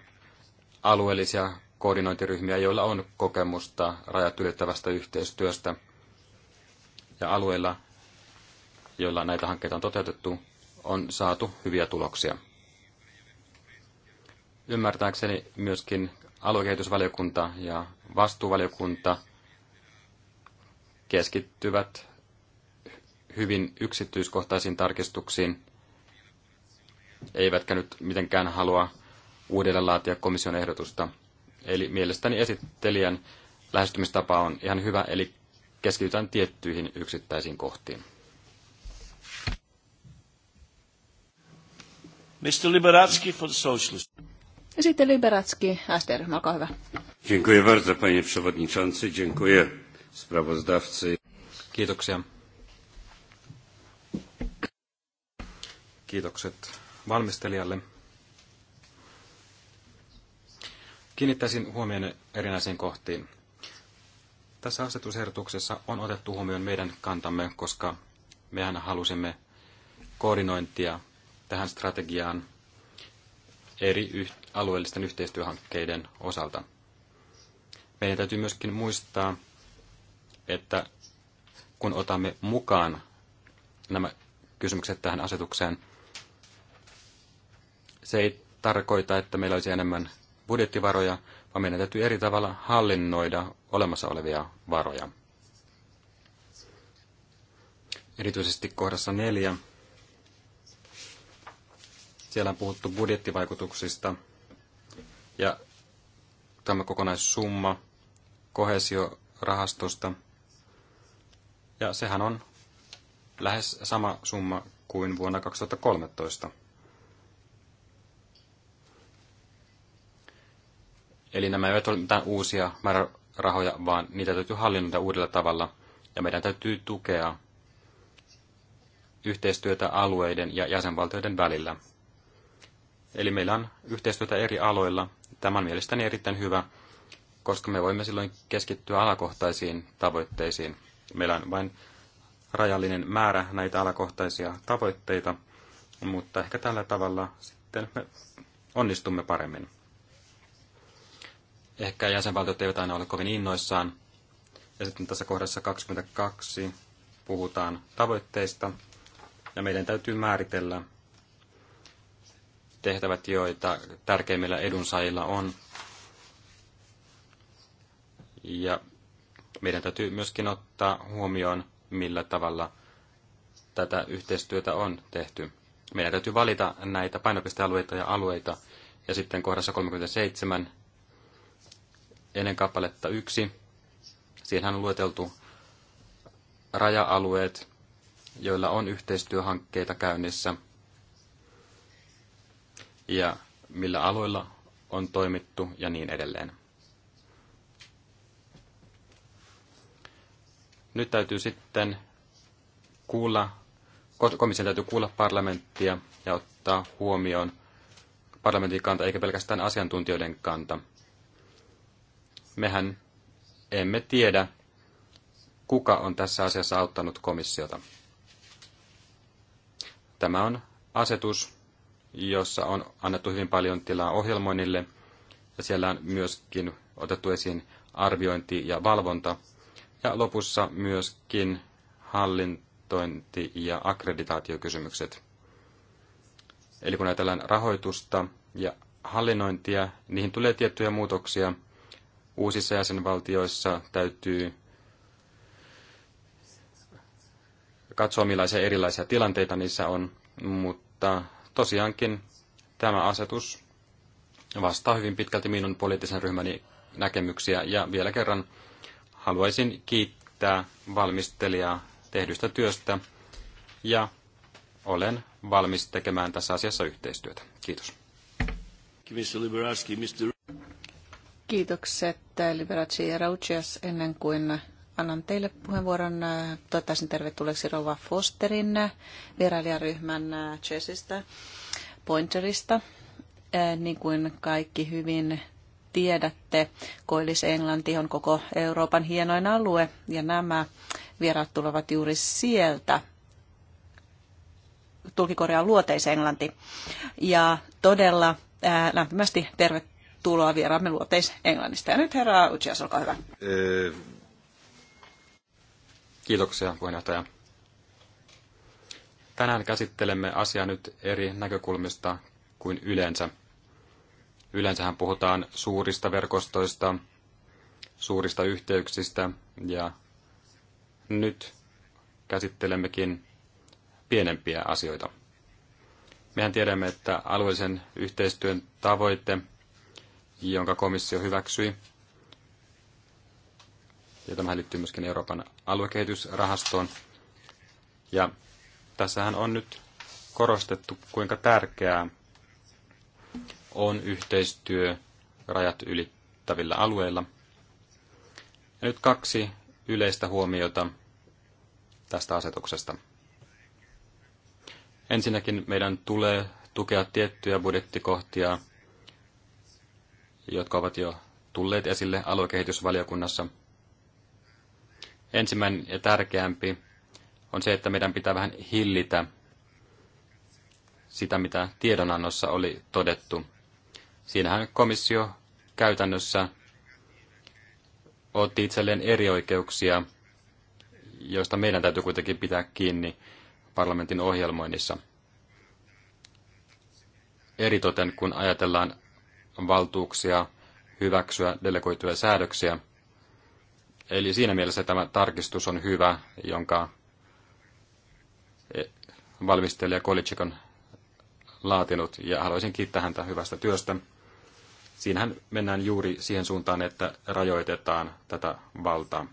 alueellisia koordinointiryhmiä, joilla on kokemusta rajat ylittävästä yhteistyöstä. Ja alueilla, joilla näitä hankkeita on toteutettu, on saatu hyviä tuloksia. Ymmärtääkseni myöskin aluekehitysvaliokunta ja vastuuvaliokunta keskittyvät hyvin yksityiskohtaisiin tarkistuksiin, eivätkä nyt mitenkään halua uudelleen laatia komission ehdotusta. Eli mielestäni esittelijän lähestymistapa on ihan hyvä, eli keskitytään tiettyihin yksittäisiin kohtiin. Mr. Liberatski for the Socialist. Ja sitten Liberacki, SDR, olkaa hyvä. Dziękuję bardzo, panie przewodniczący. Dziękuję sprawozdawcy. Kiitoksia. Kiitokset valmistelijalle. Kiinnittäisin huomioon erinäisiin kohtiin. Tässä asetusehdotuksessa on otettu huomioon meidän kantamme, koska mehän halusimme koordinointia tähän strategiaan eri yh- alueellisten yhteistyöhankkeiden osalta. Meidän täytyy myöskin muistaa, että kun otamme mukaan nämä kysymykset tähän asetukseen, se ei tarkoita, että meillä olisi enemmän budjettivaroja, vaan meidän täytyy eri tavalla hallinnoida olemassa olevia varoja. Erityisesti kohdassa neljä. Siellä on puhuttu budjettivaikutuksista ja tämä kokonaissumma kohesiorahastosta. Ja sehän on lähes sama summa kuin vuonna 2013. Eli nämä eivät ole mitään uusia määrärahoja, vaan niitä täytyy hallinnoida uudella tavalla. Ja meidän täytyy tukea yhteistyötä alueiden ja jäsenvaltioiden välillä. Eli meillä on yhteistyötä eri aloilla. Tämä on mielestäni erittäin hyvä, koska me voimme silloin keskittyä alakohtaisiin tavoitteisiin. Meillä on vain rajallinen määrä näitä alakohtaisia tavoitteita, mutta ehkä tällä tavalla sitten me onnistumme paremmin. Ehkä jäsenvaltiot eivät aina ole kovin innoissaan. Ja sitten tässä kohdassa 22 puhutaan tavoitteista. Ja meidän täytyy määritellä tehtävät, joita tärkeimmillä edunsaajilla on. Ja meidän täytyy myöskin ottaa huomioon, millä tavalla tätä yhteistyötä on tehty. Meidän täytyy valita näitä painopistealueita ja alueita. Ja sitten kohdassa 37 ennen kappaletta yksi. Siinähän on lueteltu raja-alueet, joilla on yhteistyöhankkeita käynnissä ja millä alueilla on toimittu ja niin edelleen. Nyt täytyy sitten kuulla, komission täytyy kuulla parlamenttia ja ottaa huomioon parlamentin kanta, eikä pelkästään asiantuntijoiden kanta mehän emme tiedä, kuka on tässä asiassa auttanut komissiota. Tämä on asetus, jossa on annettu hyvin paljon tilaa ohjelmoinnille, ja siellä on myöskin otettu esiin arviointi ja valvonta, ja lopussa myöskin hallintointi- ja akkreditaatiokysymykset. Eli kun ajatellaan rahoitusta ja hallinnointia, niihin tulee tiettyjä muutoksia – uusissa jäsenvaltioissa täytyy katsoa, millaisia erilaisia tilanteita niissä on, mutta tosiaankin tämä asetus vastaa hyvin pitkälti minun poliittisen ryhmäni näkemyksiä. Ja vielä kerran haluaisin kiittää valmistelijaa tehdystä työstä ja olen valmis tekemään tässä asiassa yhteistyötä. Kiitos. Kiitokset eh, Liberace ja ennen kuin annan teille puheenvuoron. Eh, toivottaisin tervetulleeksi Rova Fosterin eh, vierailijaryhmän Chessistä, Pointerista. Niin kuin kaikki hyvin tiedätte, Koillis-Englanti on koko Euroopan hienoin alue ja nämä vieraat tulevat juuri sieltä. tulkikorjaan luoteis-Englanti. Ja todella lämpimästi tervetuloa Tervetuloa vieraamme luoteis Englannista. Ja nyt herra Uchias, olkaa hyvä. Kiitoksia puheenjohtaja. Tänään käsittelemme asiaa nyt eri näkökulmista kuin yleensä. Yleensähän puhutaan suurista verkostoista, suurista yhteyksistä ja nyt käsittelemmekin pienempiä asioita. Mehän tiedämme, että alueellisen yhteistyön tavoite – jonka komissio hyväksyi. Ja tämä liittyy myöskin Euroopan aluekehitysrahastoon. Ja tässähän on nyt korostettu, kuinka tärkeää on yhteistyö rajat ylittävillä alueilla. Ja nyt kaksi yleistä huomiota tästä asetuksesta. Ensinnäkin meidän tulee tukea tiettyjä budjettikohtia jotka ovat jo tulleet esille aluekehitysvaliokunnassa. Ensimmäinen ja tärkeämpi on se, että meidän pitää vähän hillitä sitä, mitä tiedonannossa oli todettu. Siinähän komissio käytännössä otti itselleen eri oikeuksia, joista meidän täytyy kuitenkin pitää kiinni parlamentin ohjelmoinnissa. Eritoten kun ajatellaan valtuuksia hyväksyä delegoituja säädöksiä. Eli siinä mielessä tämä tarkistus on hyvä, jonka e, valmistelija Kolitsik on laatinut, ja haluaisin kiittää häntä hyvästä työstä. Siinähän mennään juuri siihen suuntaan, että rajoitetaan tätä valtaa.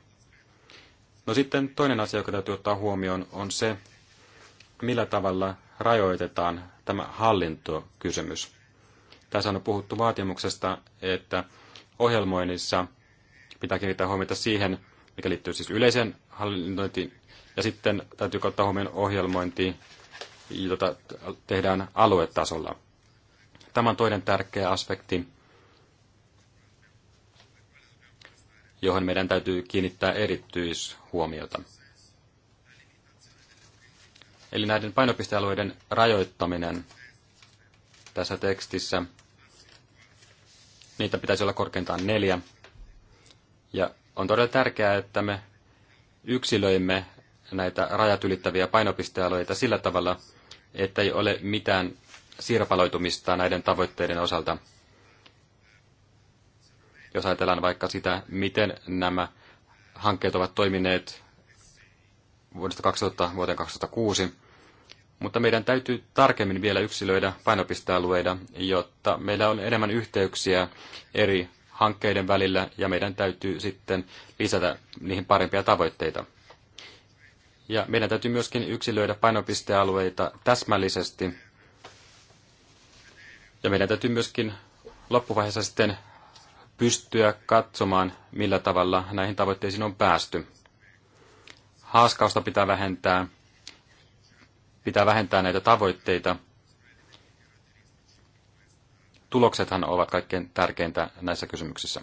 No sitten toinen asia, joka täytyy ottaa huomioon, on se, millä tavalla rajoitetaan tämä hallintokysymys. Tässä on puhuttu vaatimuksesta, että ohjelmoinnissa pitää kiinnittää huomiota siihen, mikä liittyy siis yleiseen hallinnointiin, ja sitten täytyy ottaa huomioon ohjelmointi, jota tehdään aluetasolla. Tämä on toinen tärkeä aspekti, johon meidän täytyy kiinnittää erityishuomiota. Eli näiden painopistealueiden rajoittaminen tässä tekstissä – Niitä pitäisi olla korkeintaan neljä. Ja on todella tärkeää, että me yksilöimme näitä rajat ylittäviä painopistealueita sillä tavalla, että ei ole mitään sirpaloitumista näiden tavoitteiden osalta. Jos ajatellaan vaikka sitä, miten nämä hankkeet ovat toimineet vuodesta 2000 vuoteen 2006, mutta meidän täytyy tarkemmin vielä yksilöidä painopistealueita, jotta meillä on enemmän yhteyksiä eri hankkeiden välillä ja meidän täytyy sitten lisätä niihin parempia tavoitteita. Ja meidän täytyy myöskin yksilöidä painopistealueita täsmällisesti. Ja meidän täytyy myöskin loppuvaiheessa sitten pystyä katsomaan, millä tavalla näihin tavoitteisiin on päästy. Haaskausta pitää vähentää pitää vähentää näitä tavoitteita. Tuloksethan ovat kaikkein tärkeintä näissä kysymyksissä.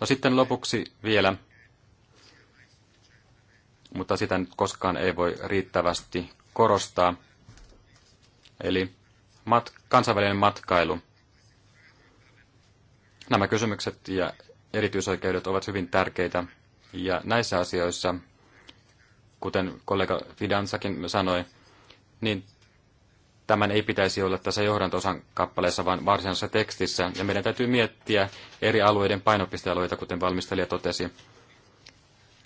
No sitten lopuksi vielä, mutta sitä nyt koskaan ei voi riittävästi korostaa. Eli mat- kansainvälinen matkailu. Nämä kysymykset ja erityisoikeudet ovat hyvin tärkeitä. Ja näissä asioissa, kuten kollega Fidansakin sanoi, niin tämän ei pitäisi olla tässä johdantosan kappaleessa, vaan varsinaisessa tekstissä. Ja meidän täytyy miettiä eri alueiden painopistealueita, kuten valmistelija totesi.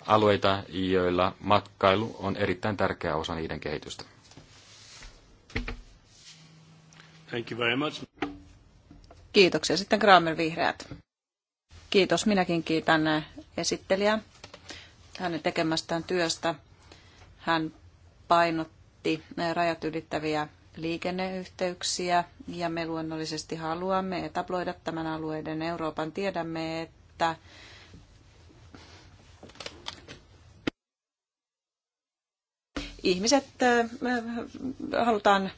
Alueita, joilla matkailu on erittäin tärkeä osa niiden kehitystä. Thank you very much. Kiitoksia. Sitten Kramer Vihreät. Kiitos. Minäkin kiitän esittelijää hänen tekemästään työstä. Hän painottaa miettii rajat ylittäviä liikenneyhteyksiä ja me luonnollisesti haluamme etabloida tämän alueiden Euroopan. Tiedämme, että ihmiset halutaan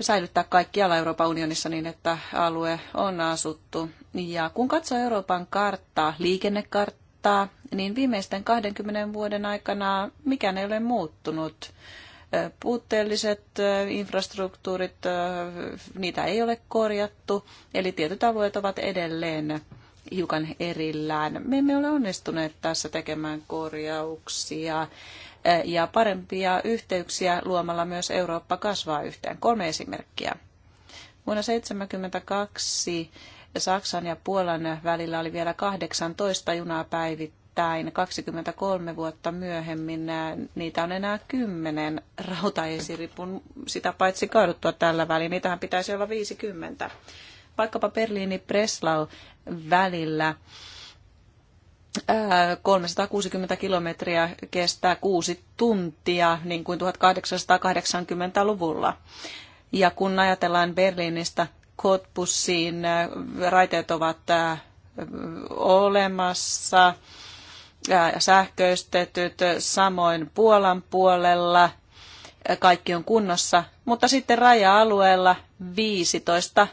säilyttää kaikkialla Euroopan unionissa niin, että alue on asuttu. Ja kun katsoo Euroopan karttaa, liikennekarttaa, mutta niin viimeisten 20 vuoden aikana mikään ei ole muuttunut. Puutteelliset infrastruktuurit, niitä ei ole korjattu, eli tietyt alueet ovat edelleen hiukan erillään. Me emme ole onnistuneet tässä tekemään korjauksia ja parempia yhteyksiä luomalla myös Eurooppa kasvaa yhteen. Kolme esimerkkiä. Vuonna 1972 Saksan ja Puolan välillä oli vielä 18 junaa päivittäin. 23 vuotta myöhemmin niitä on enää 10 rautaesiripun sitä paitsi kaaduttua tällä välin. Niitähän pitäisi olla 50. Vaikkapa Berliini-Breslau välillä 360 kilometriä kestää kuusi tuntia, niin kuin 1880-luvulla. Ja kun ajatellaan Berliinistä Kotpussiin. Raiteet ovat äh, olemassa, äh, sähköistetyt, samoin Puolan puolella kaikki on kunnossa, mutta sitten raja-alueella 15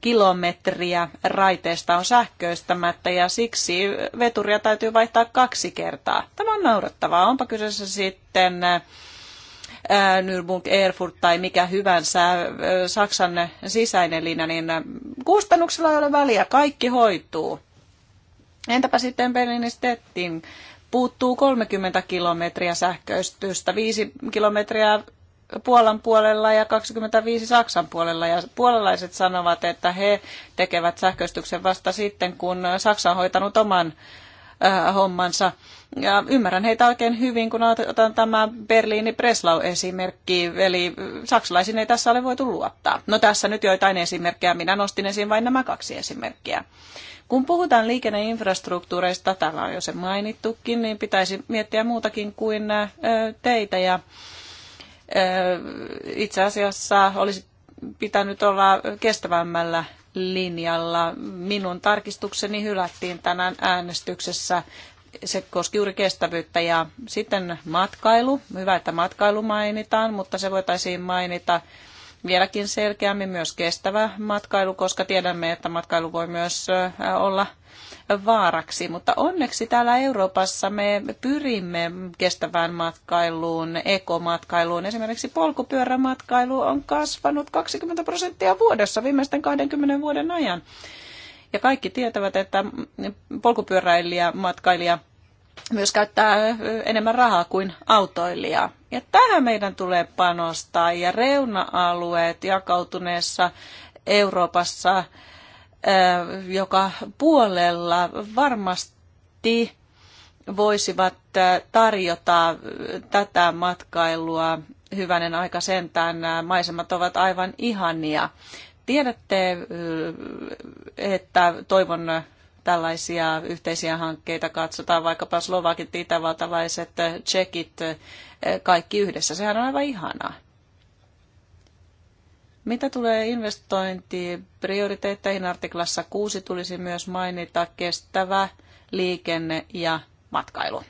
kilometriä raiteesta on sähköistämättä ja siksi veturia täytyy vaihtaa kaksi kertaa. Tämä on naurattavaa. Onpa kyseessä sitten äh, Nürburgring, Erfurt tai mikä hyvänsä Saksan sisäinen linja, niin kustannuksella ei ole väliä, kaikki hoituu. Entäpä sitten Berlinistettiin? Puuttuu 30 kilometriä sähköistystä, 5 kilometriä Puolan puolella ja 25 Saksan puolella. Ja puolalaiset sanovat, että he tekevät sähköistyksen vasta sitten, kun Saksa on hoitanut oman Äh, hommansa. Ja ymmärrän heitä oikein hyvin, kun otan tämä Berliini-Breslau-esimerkki, eli äh, saksalaisiin ei tässä ole voitu luottaa. No tässä nyt joitain esimerkkejä, minä nostin esiin vain nämä kaksi esimerkkiä. Kun puhutaan liikenneinfrastruktuureista, täällä on jo se mainittukin, niin pitäisi miettiä muutakin kuin äh, teitä. Ja itse asiassa olisi pitänyt olla kestävämmällä linjalla. Minun tarkistukseni hylättiin tänään äänestyksessä. Se koski juuri kestävyyttä ja sitten matkailu. Hyvä, että matkailu mainitaan, mutta se voitaisiin mainita vieläkin selkeämmin myös kestävä matkailu, koska tiedämme, että matkailu voi myös olla vaaraksi. Mutta onneksi täällä Euroopassa me pyrimme kestävään matkailuun, ekomatkailuun. Esimerkiksi polkupyörämatkailu on kasvanut 20 prosenttia vuodessa viimeisten 20 vuoden ajan. Ja kaikki tietävät, että polkupyöräilijä, matkailija – myös käyttää enemmän rahaa kuin autoilija Ja tähän meidän tulee panostaa ja reuna-alueet jakautuneessa Euroopassa joka puolella varmasti voisivat tarjota tätä matkailua hyvänen aika sentään. Nämä maisemat ovat aivan ihania. Tiedätte, että toivon tällaisia yhteisiä hankkeita, katsotaan vaikkapa slovakit, itävaltalaiset, tsekit, eh, kaikki yhdessä. Sehän on aivan ihanaa. Mitä tulee investointiprioriteetteihin, artiklassa 6 tulisi myös mainita kestävä liikenne ja matkailu.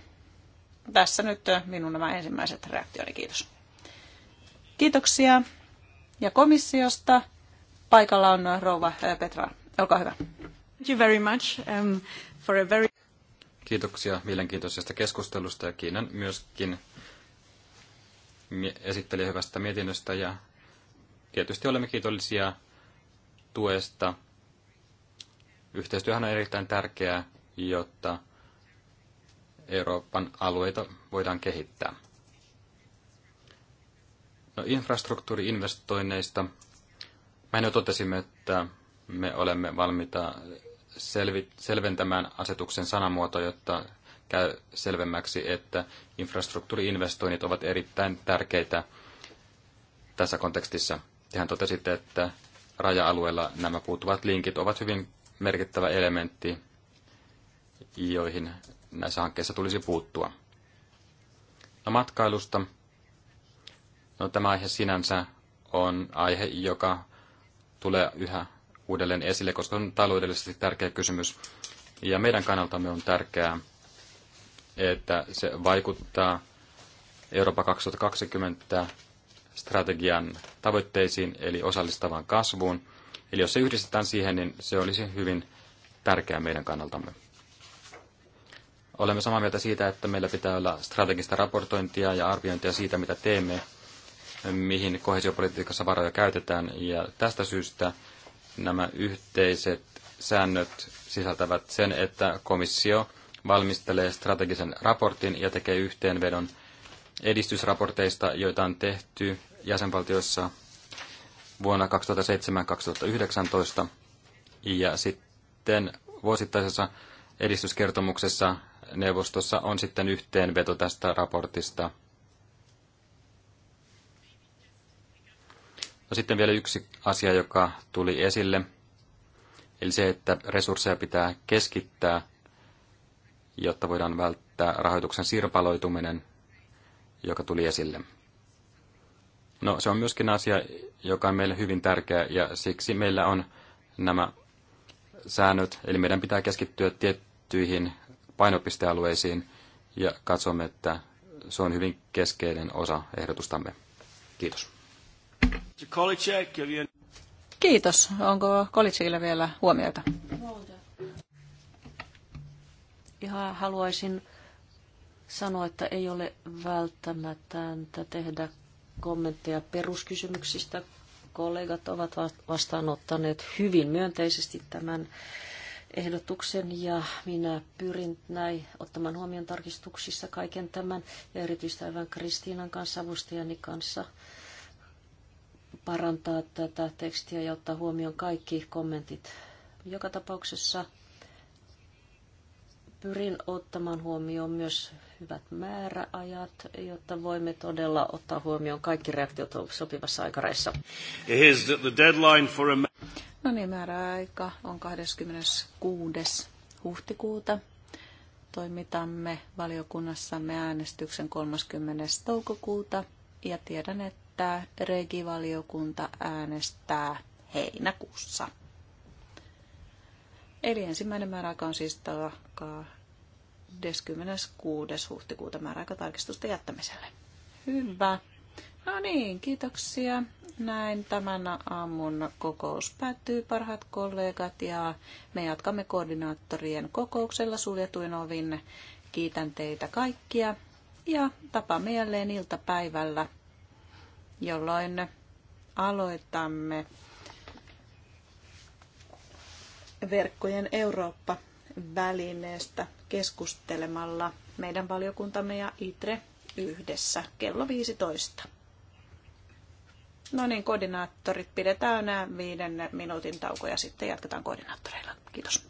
Tässä nyt eh, minun nämä ensimmäiset reaktioni. Kiitos. Kiitoksia. Ja komissiosta paikalla on rouva eh, Petra. Olkaa hyvä. Thank you very much, um, for a very... Kiitoksia mielenkiintoisesta keskustelusta ja kiinnän myöskin esittelijä hyvästä mietinnöstä ja tietysti olemme kiitollisia tuesta. Yhteistyöhän on erittäin tärkeää, jotta Euroopan alueita voidaan kehittää. No, infrastruktuuriinvestoinneista. Mä jo totesimme, että me olemme valmiita selventämään asetuksen sanamuoto, jotta käy selvemmäksi, että infrastruktuuriinvestoinnit ovat erittäin tärkeitä tässä kontekstissa. Tehän totesitte, että raja-alueella nämä puuttuvat linkit ovat hyvin merkittävä elementti, joihin näissä hankkeissa tulisi puuttua. No matkailusta. No, tämä aihe sinänsä on aihe, joka tulee yhä uudelleen esille, koska on taloudellisesti tärkeä kysymys. Ja meidän kannaltamme on tärkeää, että se vaikuttaa Eurooppa 2020 strategian tavoitteisiin, eli osallistavaan kasvuun. Eli jos se yhdistetään siihen, niin se olisi hyvin tärkeää meidän kannaltamme. Olemme samaa mieltä siitä, että meillä pitää olla strategista raportointia ja arviointia siitä, mitä teemme, mihin kohesiopolitiikassa varoja käytetään, ja tästä syystä nämä yhteiset säännöt sisältävät sen, että komissio valmistelee strategisen raportin ja tekee yhteenvedon edistysraporteista, joita on tehty jäsenvaltioissa vuonna 2007-2019. Ja sitten vuosittaisessa edistyskertomuksessa neuvostossa on sitten yhteenveto tästä raportista – No sitten vielä yksi asia, joka tuli esille, eli se, että resursseja pitää keskittää, jotta voidaan välttää rahoituksen sirpaloituminen, joka tuli esille. No se on myöskin asia, joka on meille hyvin tärkeä ja siksi meillä on nämä säännöt, eli meidän pitää keskittyä tiettyihin painopistealueisiin ja katsomme, että se on hyvin keskeinen osa ehdotustamme. Kiitos. Kiitos. Onko Kolicekilla vielä huomioita? Ihan haluaisin sanoa, että ei ole välttämätöntä tehdä kommentteja peruskysymyksistä. Kollegat ovat vastaanottaneet hyvin myönteisesti tämän ehdotuksen ja minä pyrin näin ottamaan huomioon tarkistuksissa kaiken tämän ja erityisesti aivan Kristiinan kanssa, avustajani kanssa parantaa tätä tekstiä ja ottaa huomioon kaikki kommentit. Joka tapauksessa pyrin ottamaan huomioon myös hyvät määräajat, jotta voimme todella ottaa huomioon kaikki reaktiot sopivassa aikareissa. No niin, määräaika on 26. huhtikuuta. Toimitamme valiokunnassamme äänestyksen 30. toukokuuta ja tiedän, että että regivaliokunta äänestää heinäkuussa. Eli ensimmäinen määräaika on siis takaa 26. huhtikuuta tarkistusta jättämiselle. Hyvä. No niin, kiitoksia. Näin tämän aamun kokous päättyy, parhaat kollegat, ja me jatkamme koordinaattorien kokouksella suljetuin ovin. Kiitän teitä kaikkia ja tapaamme jälleen iltapäivällä jolloin aloitamme verkkojen Eurooppa-välineestä keskustelemalla meidän valiokuntamme ja ITRE yhdessä kello 15. No niin, koordinaattorit pidetään nämä viiden minuutin tauko ja sitten jatketaan koordinaattoreilla. Kiitos.